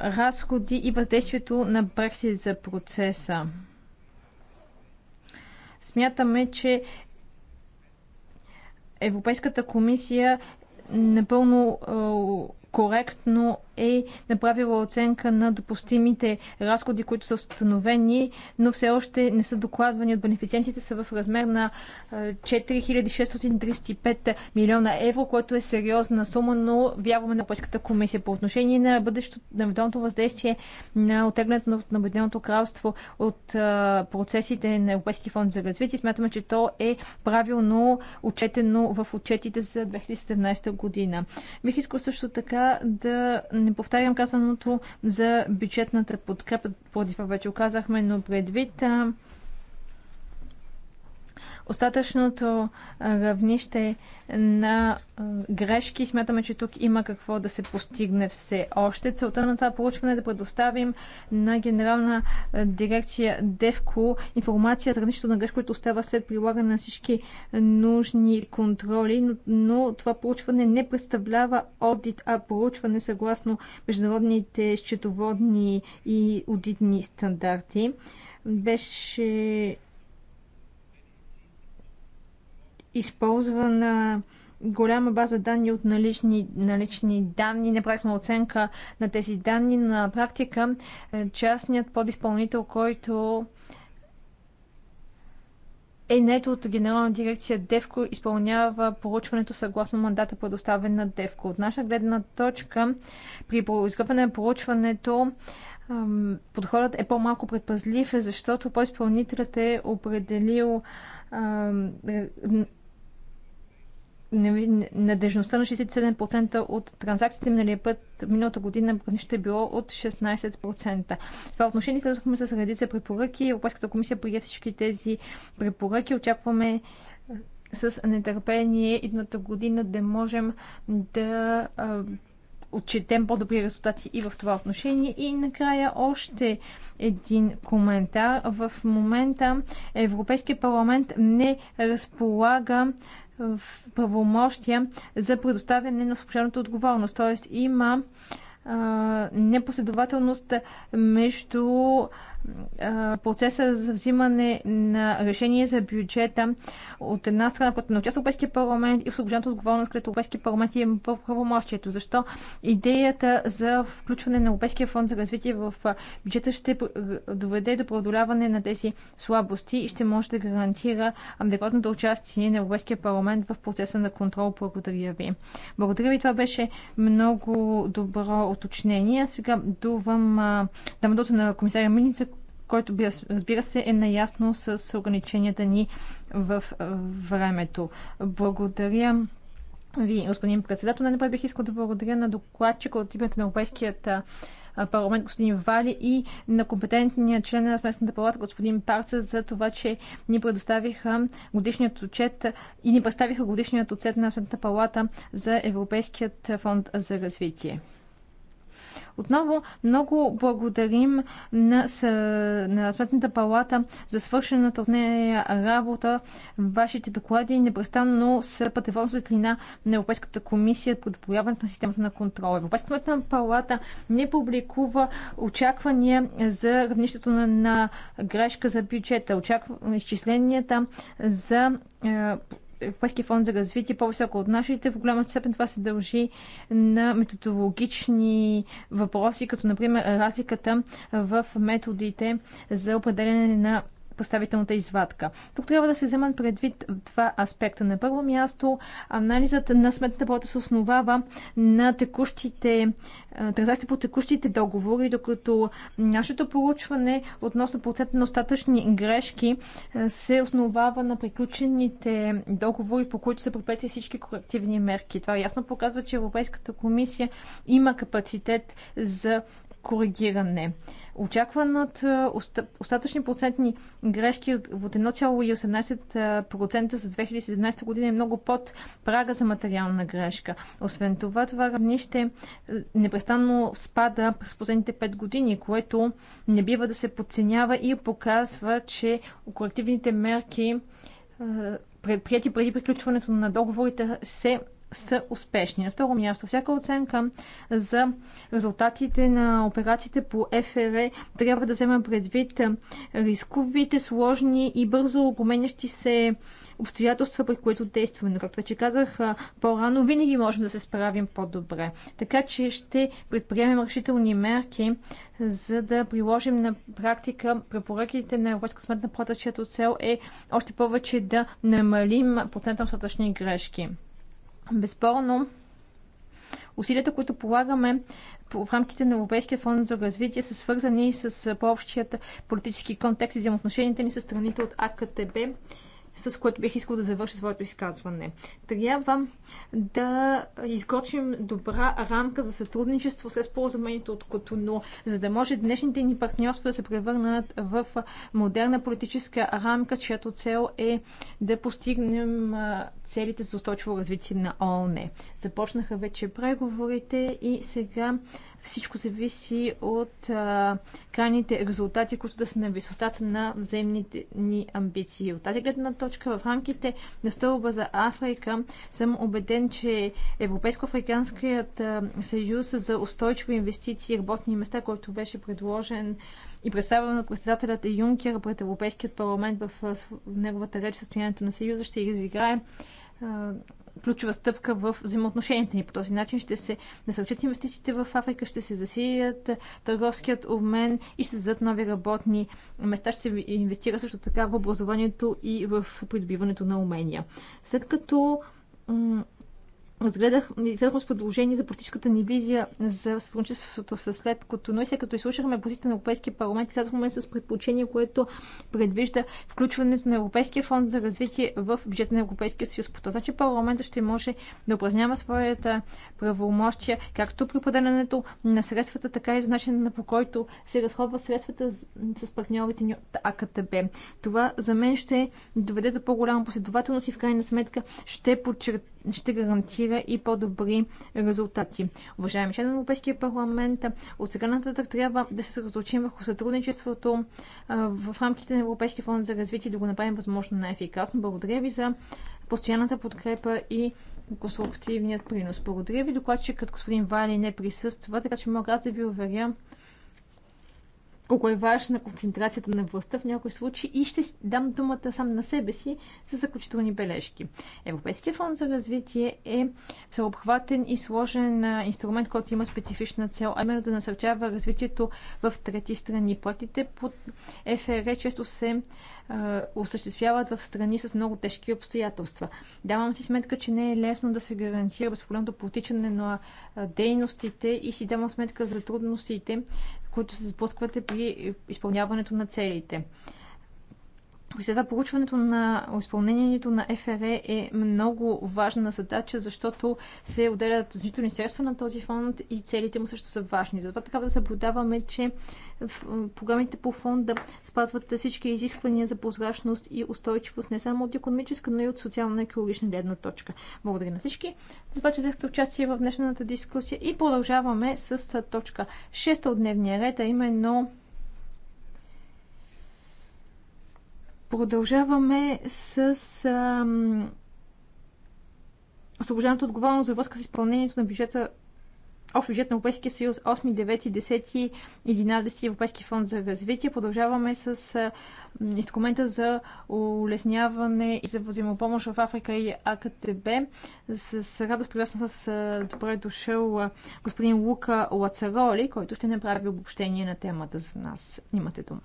C: разходи и въздействието на Брексит за процеса. Смятаме, че Европейската комисия напълно е, коректно е направила оценка на допустимите разходи, които са установени, но все още не са докладвани от бенефициентите, са в размер на 4635 милиона евро, което е сериозна сума, но вярваме на Европейската комисия по отношение на бъдещето на евентуалното въздействие на отеглянето на Обединеното кралство от процесите на Европейския фонд за развитие. Смятаме, че то е правилно отчетено в отчетите за 2017 година. Бих искал също така да не повтарям казаното за бюджетната подкрепа, поради това вече оказахме, но предвид остатъчното равнище на грешки. Смятаме, че тук има какво да се постигне все още. Целта на това проучване е да предоставим на Генерална дирекция ДЕВКО информация за равнището на грешки, което остава след прилагане на всички нужни контроли, но, но това проучване не представлява одит, а проучване съгласно международните счетоводни и одитни стандарти. Беше използвана голяма база данни от налични, налични данни. Направихме оценка на тези данни. На практика е, частният подизпълнител, който е нето от Генерална дирекция ДЕВКО, изпълнява поручването съгласно мандата, предоставен на ДЕВКО. От наша гледна точка, при изготвяне на поручването, подходът е по-малко предпазлив, защото по-изпълнителят е определил надежността на 67% от транзакциите миналия път, миналата година, ще е било от 16%. В това отношение следвахме с редица препоръки. Европейската комисия прие всички тези препоръки. Очакваме с нетърпение идната година да можем да отчетем по-добри резултати и в това отношение. И накрая още един коментар. В момента Европейския парламент не разполага в правомощия за предоставяне на служебната отговорност. Тоест има непоследователност между процеса за взимане на решение за бюджета от една страна, която на участва Европейския парламент и освобождената отговорност, където Европейския парламент е правомощието. Защо идеята за включване на Европейския фонд за развитие в бюджета ще доведе до преодоляване на тези слабости и ще може да гарантира адекватното участие на Европейския парламент в процеса на контрол. Благодаря ви. Благодаря ви. Това беше много добро уточнение. Сега дувам, дам на комисаря Миница, който, разбира се, е наясно с ограниченията ни в времето. Благодаря ви, господин председател. Най-напред бих искал да благодаря на докладчика от името на Европейският парламент господин Вали и на компетентния член на Сметната палата господин Парца за това, че ни предоставиха годишният отчет и ни представиха годишният отчет на Сметната палата за Европейският фонд за развитие. Отново много благодарим на, на Сметната палата за свършената от нея работа. Вашите доклади непрестанно са пътеводна светлина на Европейската комисия по подобряването на системата на контрол. Европейската Сметна палата не публикува очаквания за равнището на, на грешка за бюджета, очаква изчисленията за е, Европейския фонд за развитие по-високо от нашите. В голяма степен това се дължи на методологични въпроси, като например разликата в методите за определене на представителната извадка. Тук трябва да се вземат предвид два аспекта. На първо място, анализът на сметната плата се основава на текущите транзакции по текущите договори, докато нашето получване относно процента на остатъчни грешки се основава на приключените договори, по които са предприяти всички корективни мерки. Това ясно показва, че Европейската комисия има капацитет за коригиране. Очакванат е, остатъчни процентни грешки от 1,18% е, за 2017 година е много под прага за материална грешка. Освен това, това равнище е, непрестанно спада през последните 5 години, което не бива да се подценява и показва, че корективните мерки предприяти преди приключването на договорите се са успешни. На второ място, всяка оценка за резултатите на операциите по ФРВ трябва да взема предвид рисковите, сложни и бързо променящи се обстоятелства, при които действаме. Но, както вече казах по-рано, винаги можем да се справим по-добре. Така че ще предприемем решителни мерки, за да приложим на практика препоръките на Европейска сметна плата, чиято цел е още повече да намалим процента на остатъчни грешки. Безспорно, усилията, които полагаме в рамките на Европейския фонд за развитие, са свързани с по-общият политически контекст и взаимоотношенията ни с страните от АКТБ с което бих искал да завърша своето изказване. Трябва да изготвим добра рамка за сътрудничество с ползването от Котоно, за да може днешните ни партньорства да се превърнат в модерна политическа рамка, чиято цел е да постигнем целите за устойчиво развитие на ООН. Започнаха вече преговорите и сега всичко зависи от крайните резултати, които да са на висотата на взаимните ни амбиции. От тази гледна точка, в рамките на стълба за Африка, съм убеден, че Европейско-Африканският съюз за устойчиви инвестиции и работни места, който беше предложен и представен от председателят Юнкер пред Европейският парламент в неговата реч състоянието на съюза, ще изиграе ключова стъпка в взаимоотношенията ни. По този начин ще се насърчат инвестициите в Африка, ще се засилят е, търговският обмен и ще създадат нови работни места. Ще се инвестира също така в образованието и в придобиването на умения. След като разгледах, изгледахме с предложение за политическата ни визия за сътрудничеството с след като но и след като изслушахме позицията на Европейския парламент, излязохме с предположение, което предвижда включването на Европейския фонд за развитие в бюджета на Европейския съюз. По този начин парламентът ще може да упражнява своята правомощия, както при определенето на средствата, така и за начина по който се разходват средствата с партньорите ни от АКТБ. Това за мен ще доведе до по-голяма последователност и в крайна сметка ще подчерта ще гарантира и по-добри резултати. Уважаеми член, на Европейския парламент, от сега нататък трябва да се съсредоточим върху сътрудничеството в рамките на Европейския фонд за развитие да го направим възможно най-ефикасно. Благодаря ви за постоянната подкрепа и конструктивният принос. Благодаря ви, докладчикът господин Вали не присъства, така че мога да ви уверя, колко е важна концентрацията на властта в някои случаи и ще дам думата сам на себе си за заключителни бележки. Европейския фонд за развитие е всеобхватен и сложен инструмент, който има специфична цел, а именно да насърчава развитието в трети страни. Платите под ФРЕ често се осъществяват в страни с много тежки обстоятелства. Давам си сметка, че не е лесно да се гарантира безпроблемното потичане на дейностите и си давам сметка за трудностите които се сблъсквате при изпълняването на целите след това получването на изпълнението на ФРЕ е много важна задача, защото се отделят значителни средства на този фонд и целите му също са важни. Затова така да съблюдаваме, че в програмите по фонда спазват всички изисквания за прозрачност и устойчивост не само от економическа, но и от социална и екологична гледна точка. Благодаря на всички за това, че взехте участие в днешната дискусия и продължаваме с точка 6 от дневния ред, а именно Продължаваме с ам, освобождената отговорност за връзка с изпълнението на бюджета Общ бюджет на Европейския съюз 8, 9, 10, 11 Европейски фонд за развитие. Продължаваме с инструмента за улесняване и за взаимопомощ в Африка и АКТБ. С радост приветствам с добре дошъл господин Лука Лацароли, който ще направи обобщение на темата за нас. Имате думата.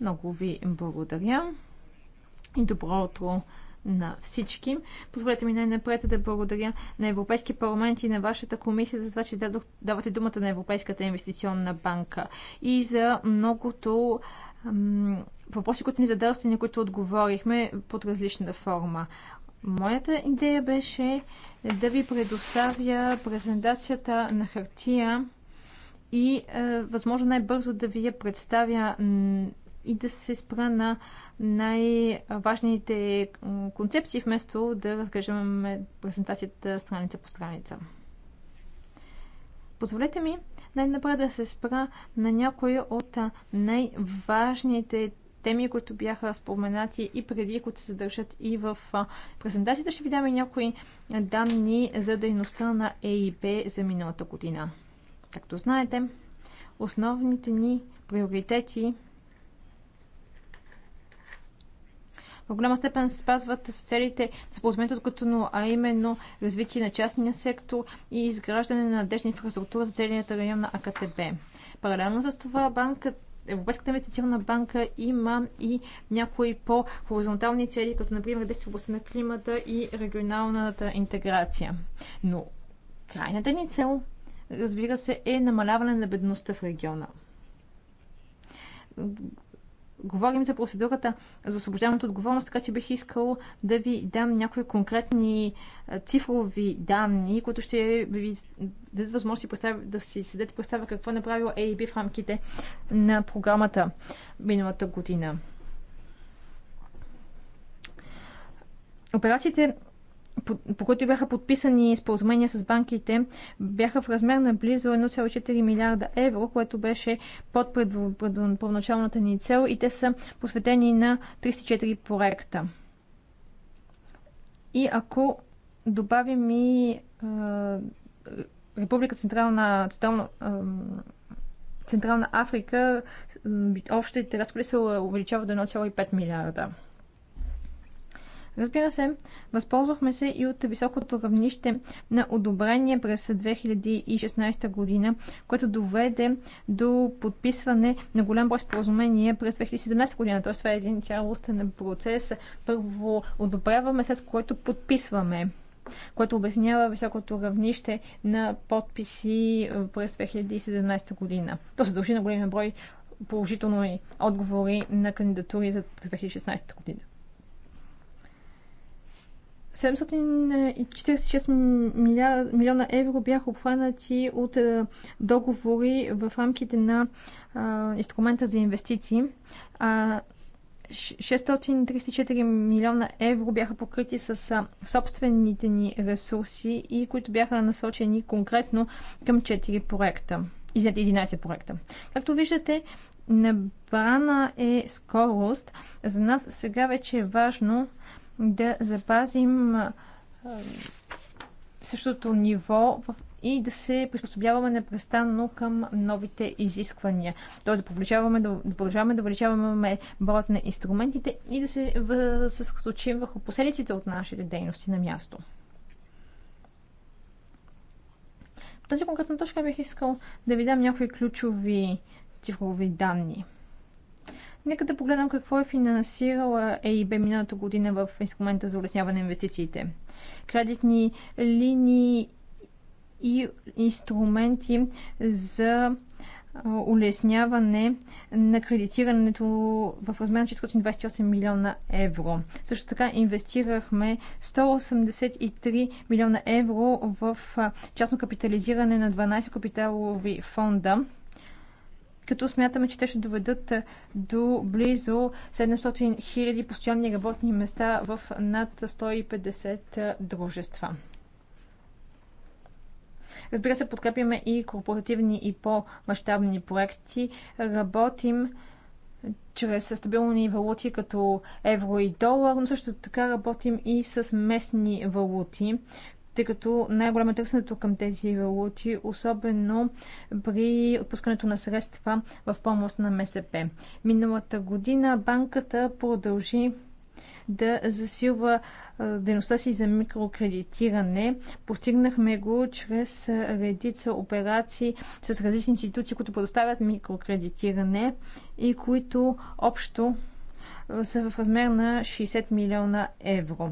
C: Много ви благодаря и добро утро на всички. Позволете ми най-напред да благодаря на Европейския парламент и на вашата комисия за това, че давате думата на Европейската инвестиционна банка и за многото въпроси, които ни зададохте, на които отговорихме под различна форма. Моята идея беше да ви предоставя презентацията на хартия и е, възможно най-бързо да ви я представя и да се спра на най-важните концепции, вместо да разглеждаме презентацията страница по страница. Позволете ми най-напред да се спра на някои от най-важните теми, които бяха споменати и преди, които се задържат и в презентацията. Ще ви дам и някои данни за дейността на ЕИБ за миналата година. Както знаете, основните ни приоритети в голяма степен спазват с целите за ползването, като но, а именно развитие на частния сектор и изграждане на надежна инфраструктура за целият район на АКТБ. Паралелно с това банка Европейската инвестиционна банка има и някои по-хоризонтални цели, като например действие в областта на климата и регионалната интеграция. Но крайната ни цел, разбира се, е намаляване на бедността в региона говорим за процедурата за освобождаването отговорност, така че бих искал да ви дам някои конкретни цифрови данни, които ще ви дадат възможност да си седете представя какво е направил AIB в рамките на програмата миналата година. Операциите по, по които бяха подписани споразумения с банките, бяха в размер на близо 1,4 милиарда евро, което беше под първоначалната ни цел и те са посветени на 34 проекта. И ако добавим и е, Република Централна, Централна, е, Централна Африка, общите разходи се увеличават до 1,5 милиарда. Разбира се, възползвахме се и от високото равнище на одобрение през 2016 година, което доведе до подписване на голям брой споразумение през 2017 година. Тоест това е един цялостен процес. Първо одобряваме, след което подписваме което обяснява високото равнище на подписи през 2017 година. То се дължи на големия брой положителни отговори на кандидатури за 2016 година. 746 милиона евро бяха обхванати от е, договори в рамките на инструмента за инвестиции. 634 милиона евро бяха покрити с собствените ни ресурси и които бяха насочени конкретно към 4 проекта. Извинете, 11 проекта. Както виждате, набрана е скорост. За нас сега вече е важно да запазим същото ниво и да се приспособяваме непрестанно към новите изисквания. Тоест да продължаваме да, продължаваме да увеличаваме броят на инструментите и да се съсредоточим върху последиците от нашите дейности на място. В тази конкретна точка бих искал да ви дам някои ключови цифрови данни – Нека да погледнем какво е финансирала ЕИБ миналата година в инструмента за улесняване на инвестициите. Кредитни линии и инструменти за улесняване на кредитирането в размер на 428 милиона евро. Също така инвестирахме 183 милиона евро в частно капитализиране на 12 капиталови фонда като смятаме, че те ще доведат е, до близо 700 000 постоянни работни места в над 150 е, дружества. Разбира се, подкрепяме и корпоративни и по-масштабни проекти. Работим е, чрез стабилни валути като евро и долар, но също така работим и с местни валути, тъй като най-голямо е търсенето към тези валути, особено при отпускането на средства в помощ на МСП. Миналата година банката продължи да засилва дейността си за микрокредитиране. Постигнахме го чрез редица операции с различни институции, които предоставят микрокредитиране и които общо са в размер на 60 милиона евро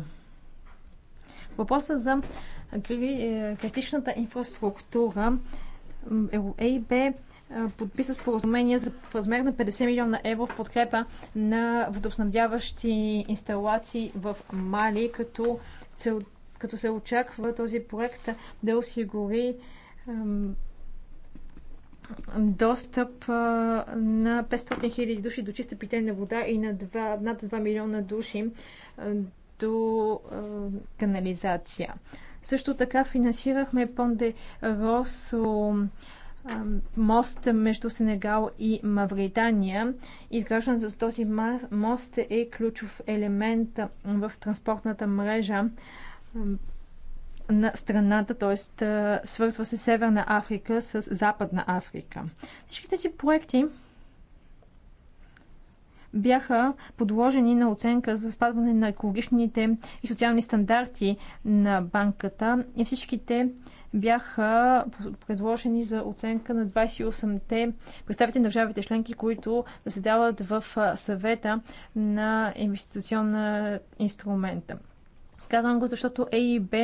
C: въпроса за е, критичната инфраструктура ЕИБ е, подписа споразумение за, в размер на 50 милиона евро в подкрепа на водоснабдяващи инсталации в Мали, като, цел, като се очаква този проект да осигури достъп на 500 хиляди души до чиста питейна вода и на 2, над 2 милиона души до е, канализация. Също така финансирахме Понде Росо мост между Сенегал и Мавритания. Изграждането за този мост е ключов елемент в транспортната мрежа на страната, т.е. свързва се Северна Африка с Западна Африка. Всички тези проекти бяха подложени на оценка за спазване на екологичните и социални стандарти на банката и всичките бяха предложени за оценка на 28-те представители на държавите членки, които заседават в съвета на инвестиционна инструмента. Казвам го, защото ЕИБ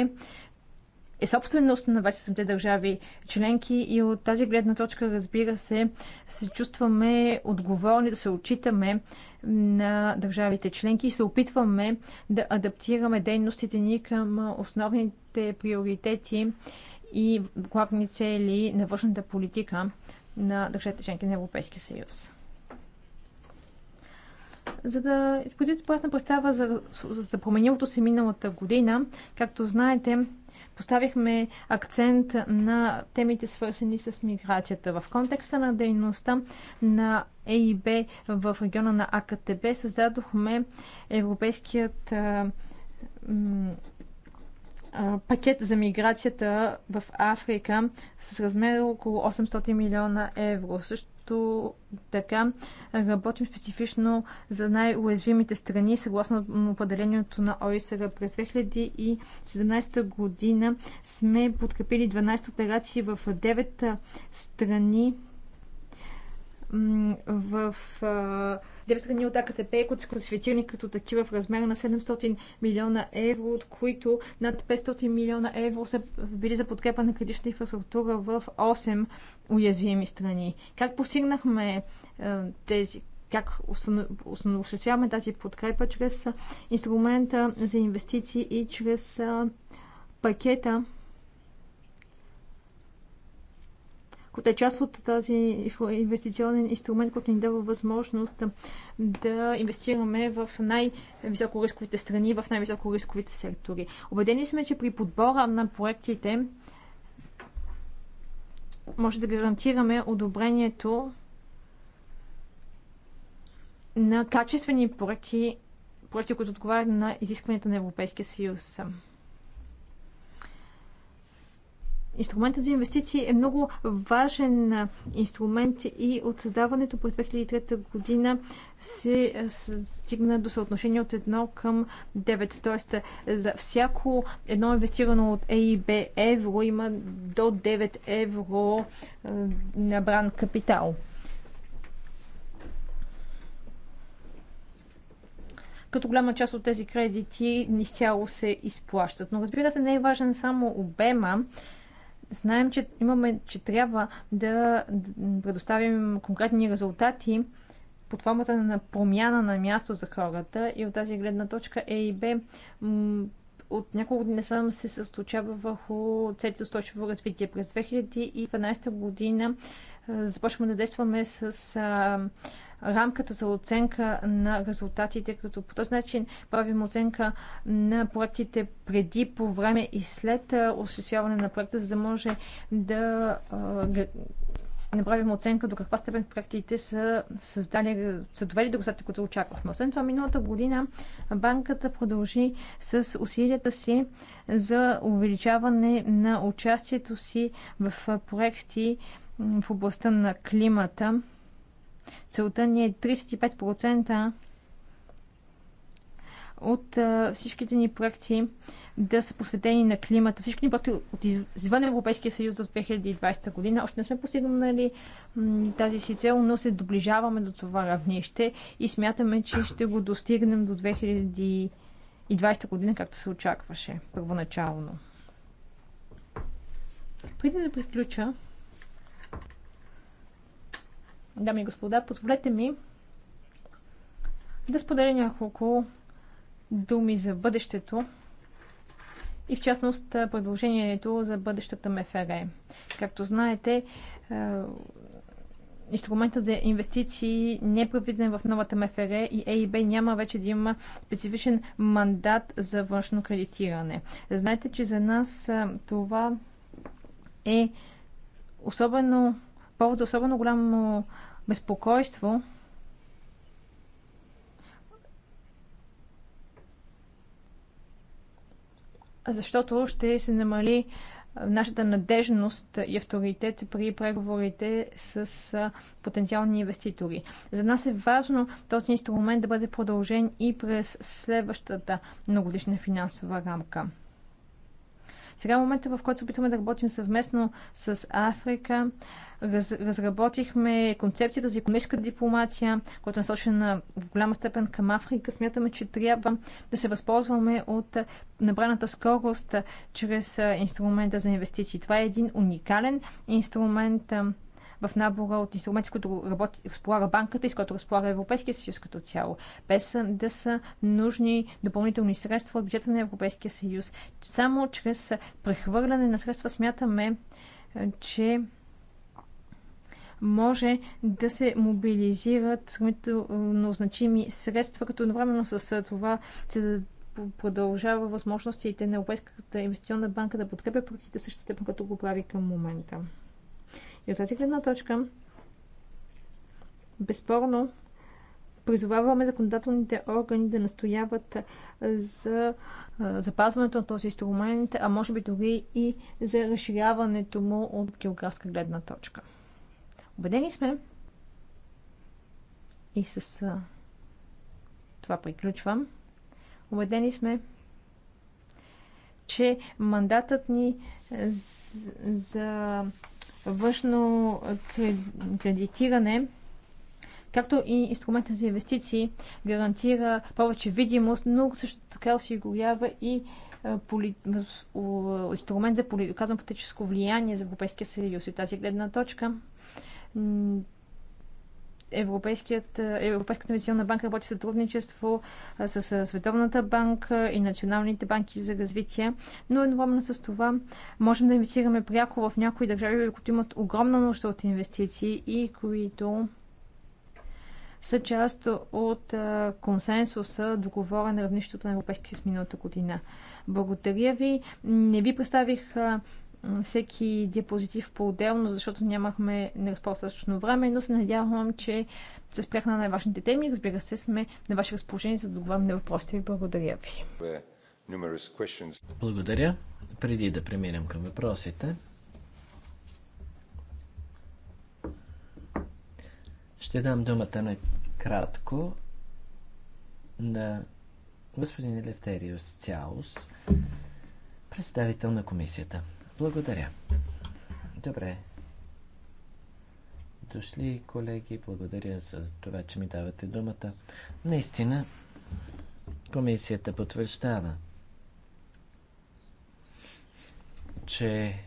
C: е собственост на 28-те държави членки и от тази гледна точка, разбира се, се чувстваме отговорни да се отчитаме на държавите членки и се опитваме да адаптираме дейностите ни към основните приоритети и главни цели на външната политика на държавите членки на Европейския съюз. За да бъдете пластна представа за, за променилото се миналата година, както знаете, поставихме акцент на темите свързани с миграцията. В контекста на дейността на ЕИБ в региона на АКТБ създадохме Европейският пакет за миграцията в Африка с размер около 800 милиона евро. Също също така работим специфично за най-уязвимите страни, съгласно определението на ОИСР. През 2017 година сме подкрепили 12 операции в 9 страни в Девската ни от АКТП, е които са класифицирани като такива в размер на 700 милиона евро, от които над 500 милиона евро са били за подкрепа на критична инфраструктура в 8 уязвими страни. Как постигнахме тези, как осъществяваме тази подкрепа чрез инструмента за инвестиции и чрез пакета който е част от тази инвестиционен инструмент, който ни дава възможност да инвестираме в най-високо рисковите страни, в най-високо рисковите сектори. Обедени сме, че при подбора на проектите може да гарантираме одобрението на качествени проекти, проекти, които отговарят на изискванията на Европейския съюз. Инструментът за инвестиции е много важен инструмент и от създаването през 2003 година се стигна до съотношение от 1 към 9. Тоест за всяко едно инвестирано от ЕИБ евро има до 9 евро набран капитал. като голяма част от тези кредити изцяло се изплащат. Но разбира се, не е важен само обема, знаем, че имаме, че трябва да предоставим конкретни резултати под формата на промяна на място за хората и от тази гледна точка Е и Б от няколко дни сам се състочава върху за устойчиво развитие. През 2012 година започваме да действаме с рамката за оценка на резултатите, като по този начин правим оценка на проектите преди, по време и след осъществяване на проекта, за да може да направим оценка до каква степен проектите са създали, са довели до резултатите, които очаквахме. Освен това, миналата година банката продължи с усилията си за увеличаване на участието си в проекти в областта на климата Целта ни е 35% от всичките ни проекти да са посветени на климата. Всички ни проекти от извън Европейския съюз до 2020 година. Още не сме постигнали нали, тази си цел, но се доближаваме до това равнище и смятаме, че ще го достигнем до 2020 година, както се очакваше първоначално. Преди да приключа, дами и господа, позволете ми да споделя няколко думи за бъдещето и в частност предложението за бъдещата МФР. Както знаете, инструментът за инвестиции не е предвиден в новата МФР и ЕИБ няма вече да има специфичен мандат за външно кредитиране. Знаете, че за нас това е особено повод за особено голямо безпокойство защото ще се намали нашата надежност и авторитет при преговорите с потенциални инвеститори. За нас е важно този инструмент да бъде продължен и през следващата многодишна финансова рамка. Сега в е момента, в който се опитваме да работим съвместно с Африка. разработихме концепцията за економическа дипломация, която е насочена в голяма степен към Африка. Смятаме, че трябва да се възползваме от набраната скорост чрез инструмента за инвестиции. Това е един уникален инструмент в набора от инструменти, с които работи, разполага банката и с които разполага Европейския съюз като цяло, без да са нужни допълнителни средства от бюджета на Европейския съюз. Само чрез прехвърляне на средства смятаме, е, че може да се мобилизират сравнително значими средства, като едновременно с е, това се продължава възможностите на Европейската инвестиционна банка да подкрепя проектите същата степен, като го прави към момента. И от тази гледна точка, безспорно, призоваваме законодателните органи да настояват за запазването на този инструмент, а може би дори и за разширяването му от географска гледна точка. Обедени сме и с това приключвам. Обедени сме, че мандатът ни за външно кредитиране, както и инструмента за инвестиции, гарантира повече видимост, но също така осигурява и поли... инструмент за политическо влияние за Европейския съюз. И тази гледна точка Европейският, е, Европейската инвестиционна банка работи в сътрудничество с Световната банка и националните банки за развитие, но едновременно с това можем да инвестираме пряко в някои държави, които имат огромна нужда от инвестиции и които са част от консенсуса, договора на равнището на Европейския съюз миналата година. Благодаря ви. Не ви представих всеки диапозитив по-отделно, защото нямахме недостатъчно време, но се надявам, че се спрях на най-важните теми. Разбира се, сме на ваше разположение, за да отговорим на въпросите ви. Благодаря ви.
A: Благодаря. Преди да преминем към въпросите, ще дам думата на кратко на господин Елефтериус Цяус, представител на комисията. Благодаря. Добре. Дошли, колеги. Благодаря за това, че ми давате думата. Наистина, комисията потвърждава, че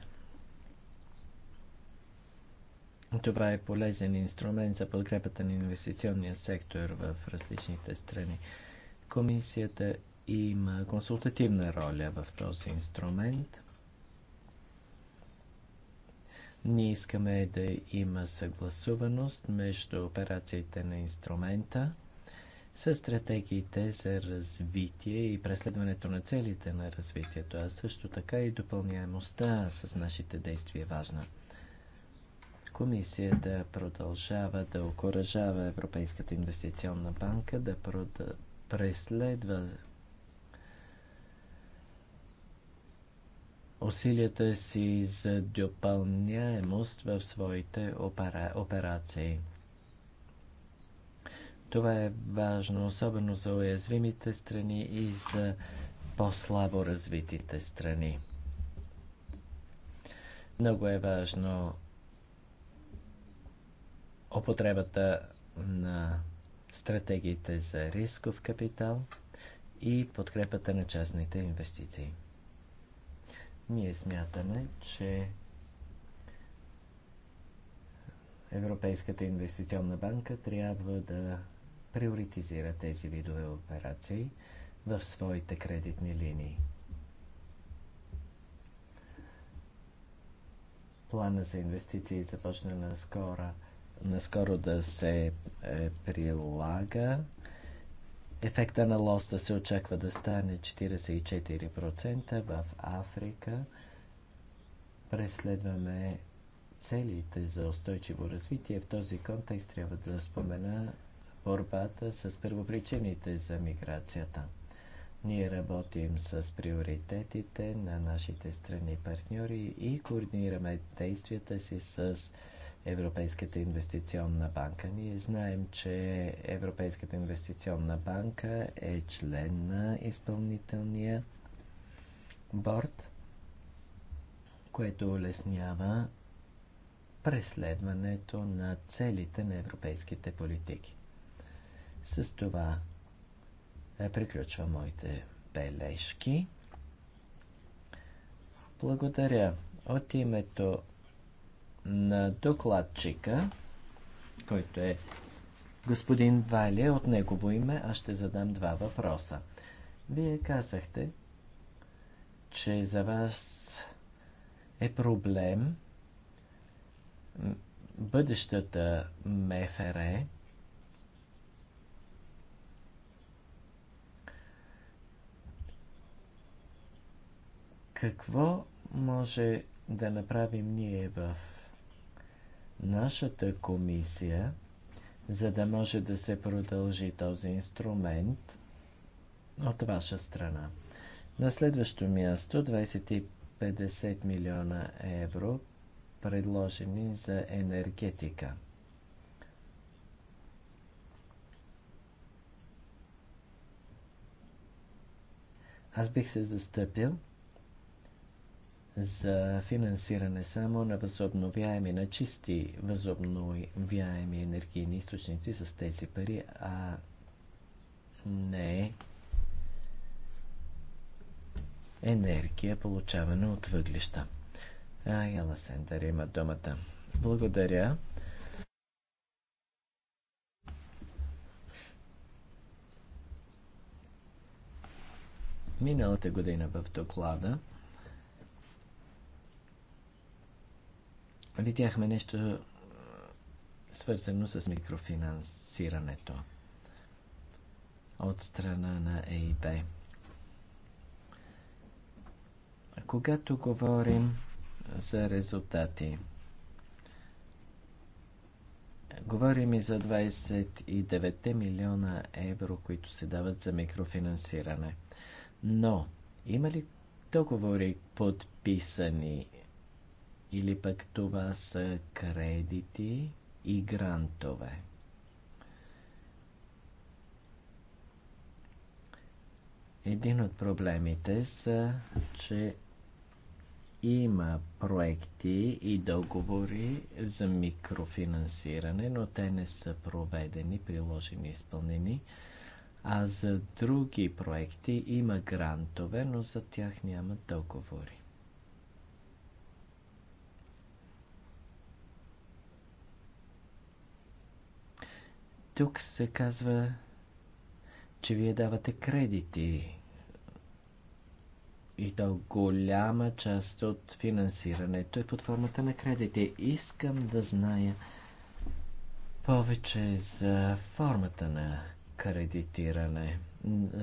A: това е полезен инструмент за подкрепата на инвестиционния сектор в различните страни. Комисията има консултативна роля в този инструмент. Ние искаме да има съгласуваност между операциите на инструмента с стратегиите за развитие и преследването на целите на развитието, а също така и допълняемостта с нашите действия е важна. Комисията продължава да окоръжава Европейската инвестиционна банка да преследва усилията си за допълняемост в своите опера... операции. Това е важно, особено за уязвимите страни и за по-слабо развитите страни. Много е важно употребата на стратегиите за рисков капитал и подкрепата на частните инвестиции. Ние смятаме, че Европейската инвестиционна банка трябва да приоритизира тези видове операции в своите кредитни линии. Плана за инвестиции започна наскоро, наскоро да се е, прилага. Ефекта на лоста се очаква да стане 44% в Африка. Преследваме целите за устойчиво развитие. В този контекст трябва да спомена борбата с първопричините за миграцията. Ние работим с приоритетите на нашите страни партньори и координираме действията си с Европейската инвестиционна банка. Ние знаем, че Европейската инвестиционна банка е член на изпълнителния борт, което улеснява преследването на целите на европейските политики. С това е, приключвам моите бележки. Благодаря от името на докладчика, който е господин Вале, от негово име аз ще задам два въпроса. Вие казахте, че за вас е проблем бъдещата МФР какво може да направим ние в нашата комисия, за да може да се продължи този инструмент от ваша страна. На следващо място 250 милиона евро предложени за енергетика. Аз бих се застъпил за финансиране само на възобновяеми, на чисти възобновяеми енергийни източници с тези пари, а не енергия, получавана от въглища. А, Яла Сендър има думата. Благодаря. Миналата година в доклада видяхме нещо свързано с микрофинансирането от страна на ЕИБ. Когато говорим за резултати, говорим и за 29 милиона евро, които се дават за микрофинансиране. Но има ли договори подписани или пък това са кредити и грантове. Един от проблемите са, че има проекти и договори за микрофинансиране, но те не са проведени, приложени, изпълнени. А за други проекти има грантове, но за тях няма договори. Тук се казва, че вие давате кредити и до голяма част от финансирането е под формата на кредити. Искам да зная повече за формата на кредитиране,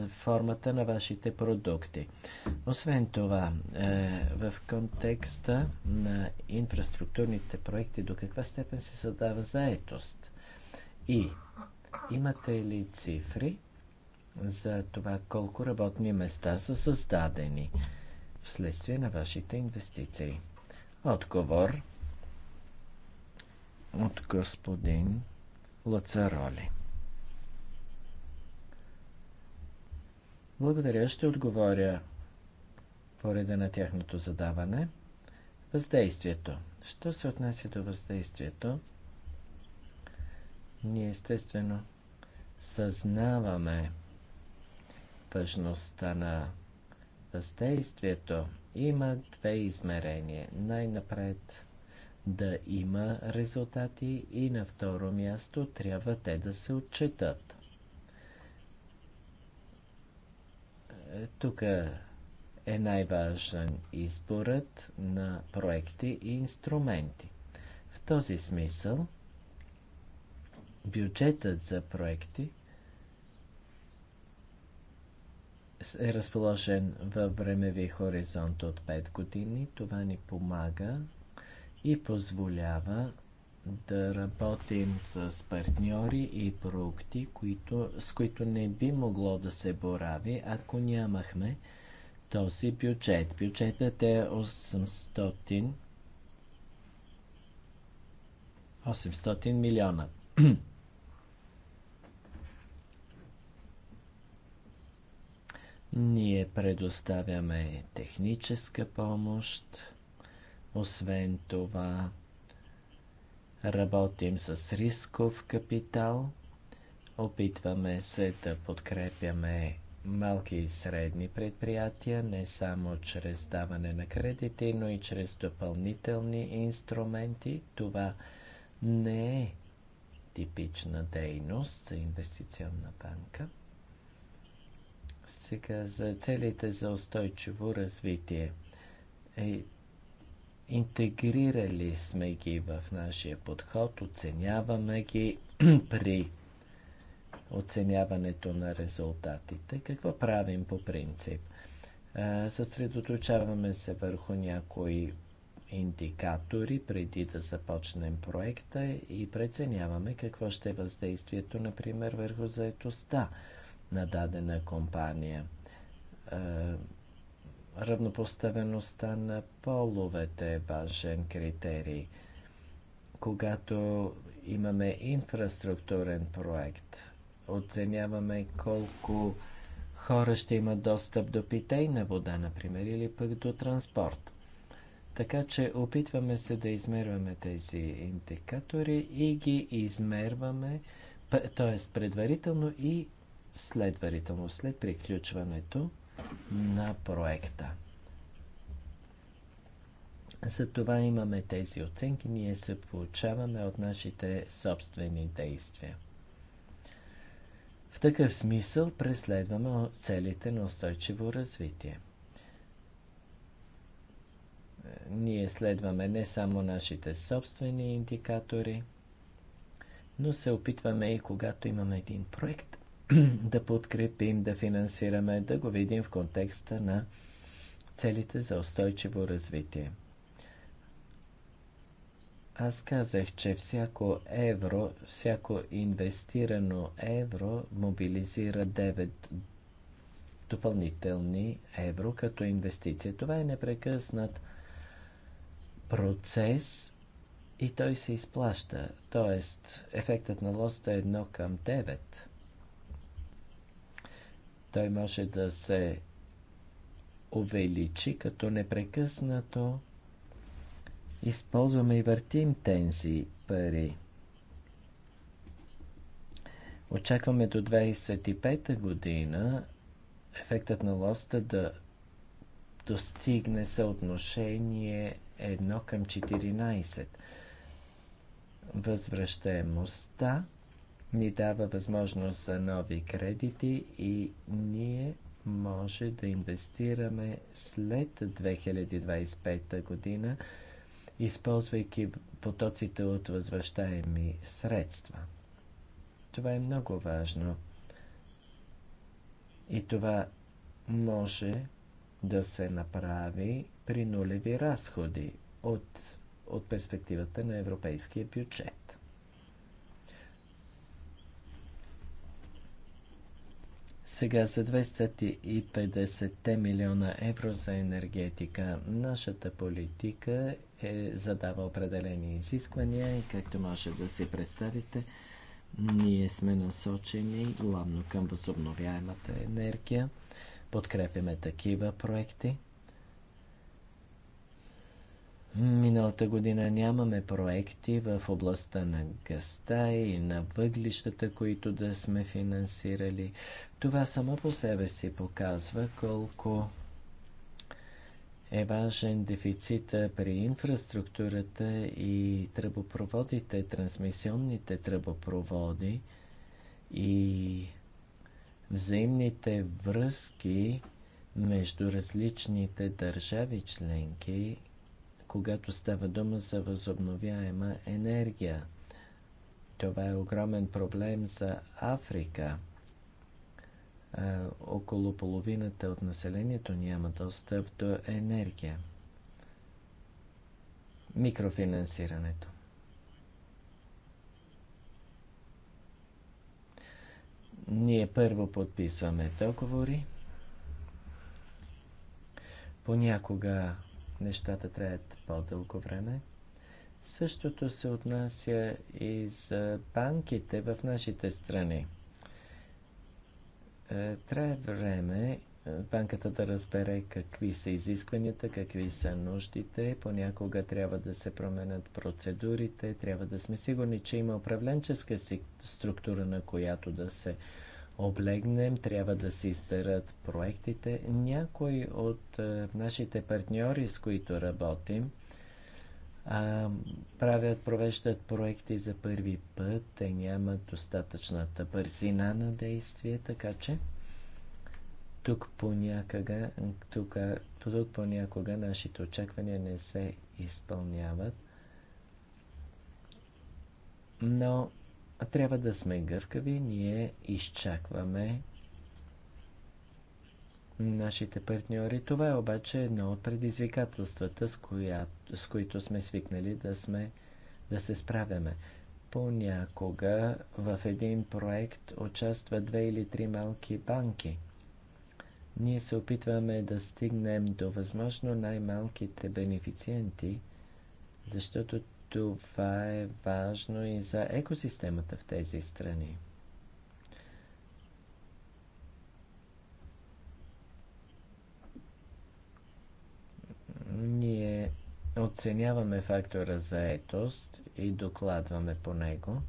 A: формата на вашите продукти. Освен това, е, в контекста на инфраструктурните проекти, до каква степен се създава заетост? И Имате ли цифри за това колко работни места са създадени вследствие на вашите инвестиции? Отговор от господин Лацароли. Благодаря, ще отговоря по реда на тяхното задаване. Въздействието. Що се отнася до въздействието? Ние естествено съзнаваме важността на въздействието. Има две измерения. Най-напред да има резултати и на второ място трябва те да се отчитат. Тук е най-важен изборът на проекти и инструменти. В този смисъл – бюджетът за проекти е разположен във времеви хоризонт от 5 години. Това ни помага и позволява да работим с партньори и проекти, които, с които не би могло да се борави, ако нямахме този бюджет. Бюджетът е 800, 800 милиона. Ние предоставяме техническа помощ. Освен това, работим с рисков капитал. Опитваме се да подкрепяме малки и средни предприятия, не само чрез даване на кредити, но и чрез допълнителни инструменти. Това не е типична дейност за инвестиционна банка. Сега за целите за устойчиво развитие. Е, интегрирали сме ги в нашия подход, оценяваме ги при оценяването на резултатите. Какво правим по принцип? Е, съсредоточаваме се върху някои индикатори преди да започнем проекта и преценяваме какво ще е въздействието, например, върху заетостта на дадена компания. Е, равнопоставеността на половете е важен критерий. Когато имаме инфраструктурен проект, оценяваме колко хора ще имат достъп до питейна вода, например, или пък до транспорт. Така че опитваме се да измерваме тези индикатори и ги измерваме, т.е. предварително и следварително след приключването на проекта. Затова имаме тези оценки, ние се получаваме от нашите собствени действия. В такъв смисъл преследваме целите на устойчиво развитие. Ние следваме не само нашите собствени индикатори, но се опитваме и когато имаме един проект да подкрепим, да финансираме, да го видим в контекста на целите за устойчиво развитие. Аз казах, че всяко евро, всяко инвестирано евро мобилизира 9 допълнителни евро като инвестиция. Това е непрекъснат процес и той се изплаща. Тоест, ефектът на лоста е 1 към 9. Той може да се увеличи, като непрекъснато използваме и въртим тези пари. Очакваме до 25-та година ефектът на лоста да достигне съотношение 1 към 14. Възвръщаемостта ни дава възможност за нови кредити и ние може да инвестираме след 2025 година, използвайки потоците от възвръщаеми средства. Това е много важно. И това може да се направи при нулеви разходи от, от перспективата на европейския бюджет. Сега за 250 милиона евро за енергетика. Нашата политика е, задава определени изисквания и както може да си представите, ние сме насочени главно към възобновяемата енергия. Подкрепяме такива проекти. Миналата година нямаме проекти в областта на гъста и на въглищата, които да сме финансирали. Това само по себе си показва колко е важен дефицита при инфраструктурата и тръбопроводите, трансмисионните тръбопроводи и взаимните връзки между различните държави членки, когато става дума за възобновяема енергия. Това е огромен проблем за Африка – е, около половината от населението няма достъп до енергия. Микрофинансирането. Ние първо подписваме договори. Понякога нещата траят по-дълго време. Същото се отнася и за банките в нашите страни. Е, трябва време е, банката да разбере какви са изискванията, какви са нуждите. Понякога трябва да се променят процедурите, трябва да сме сигурни, че има управленческа структура, на която да се облегнем, трябва да се изберат проектите. Някои от е, нашите партньори, с които работим, а, правят, провеждат проекти за първи път, те нямат достатъчната бързина на действие, така че тук понякога, тук, тук понякога нашите очаквания не се изпълняват. Но трябва да сме гъвкави, ние изчакваме нашите партньори. Това е обаче едно от предизвикателствата, с, коя, с които сме свикнали да, сме, да се справяме. Понякога в един проект участват две или три малки банки. Ние се опитваме да стигнем до възможно най-малките бенефициенти, защото това е важно и за екосистемата в тези страни. Ние оценяваме фактора за етост и докладваме по него.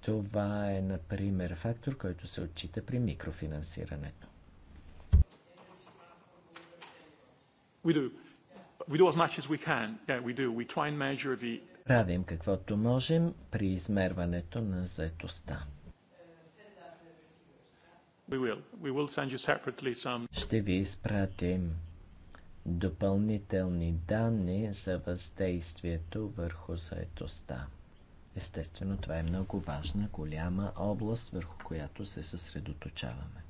A: Това е, например, фактор, който се отчита при микрофинансирането.
B: We do. We do as much as we can. Yeah, we do. We try and measure the...
A: Правим каквото можем при измерването на заетостта.
B: We will. We will some...
A: Ще ви изпратим допълнителни данни за въздействието върху заедостта. Естествено, това е много важна, голяма област, върху която се съсредоточаваме.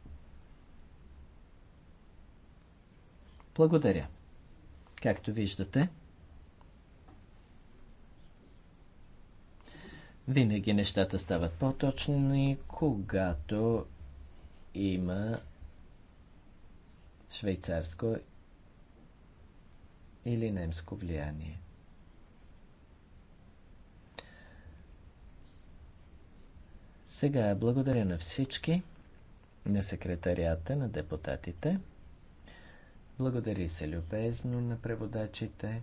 A: Благодаря. Както виждате, винаги нещата стават по-точни, когато има швейцарско или немско влияние. Сега благодаря на всички, на секретарията, на депутатите. Благодаря се любезно на преводачите.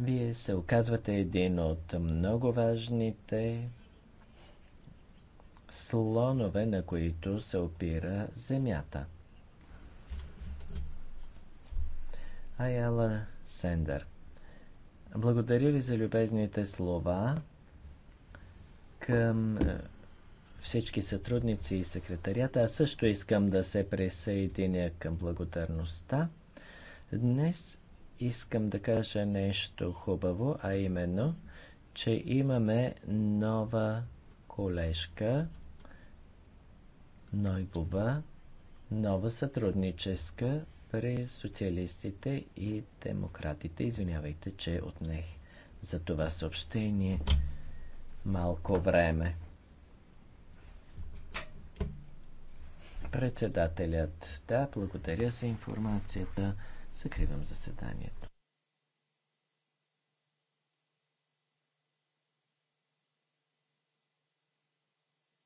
A: Вие се оказвате един от много важните слонове, на които се опира земята. Аяла Сендър. Благодаря ви за любезните слова към е, всички сътрудници и секретарията. Аз също искам да се присъединя към благодарността. Днес искам да кажа нещо хубаво, а именно, че имаме нова колежка, Нойгова, нова сътрудническа при социалистите и демократите. Извинявайте, че отнех за това съобщение малко време. Председателят, да, благодаря за информацията. Закривам заседанието.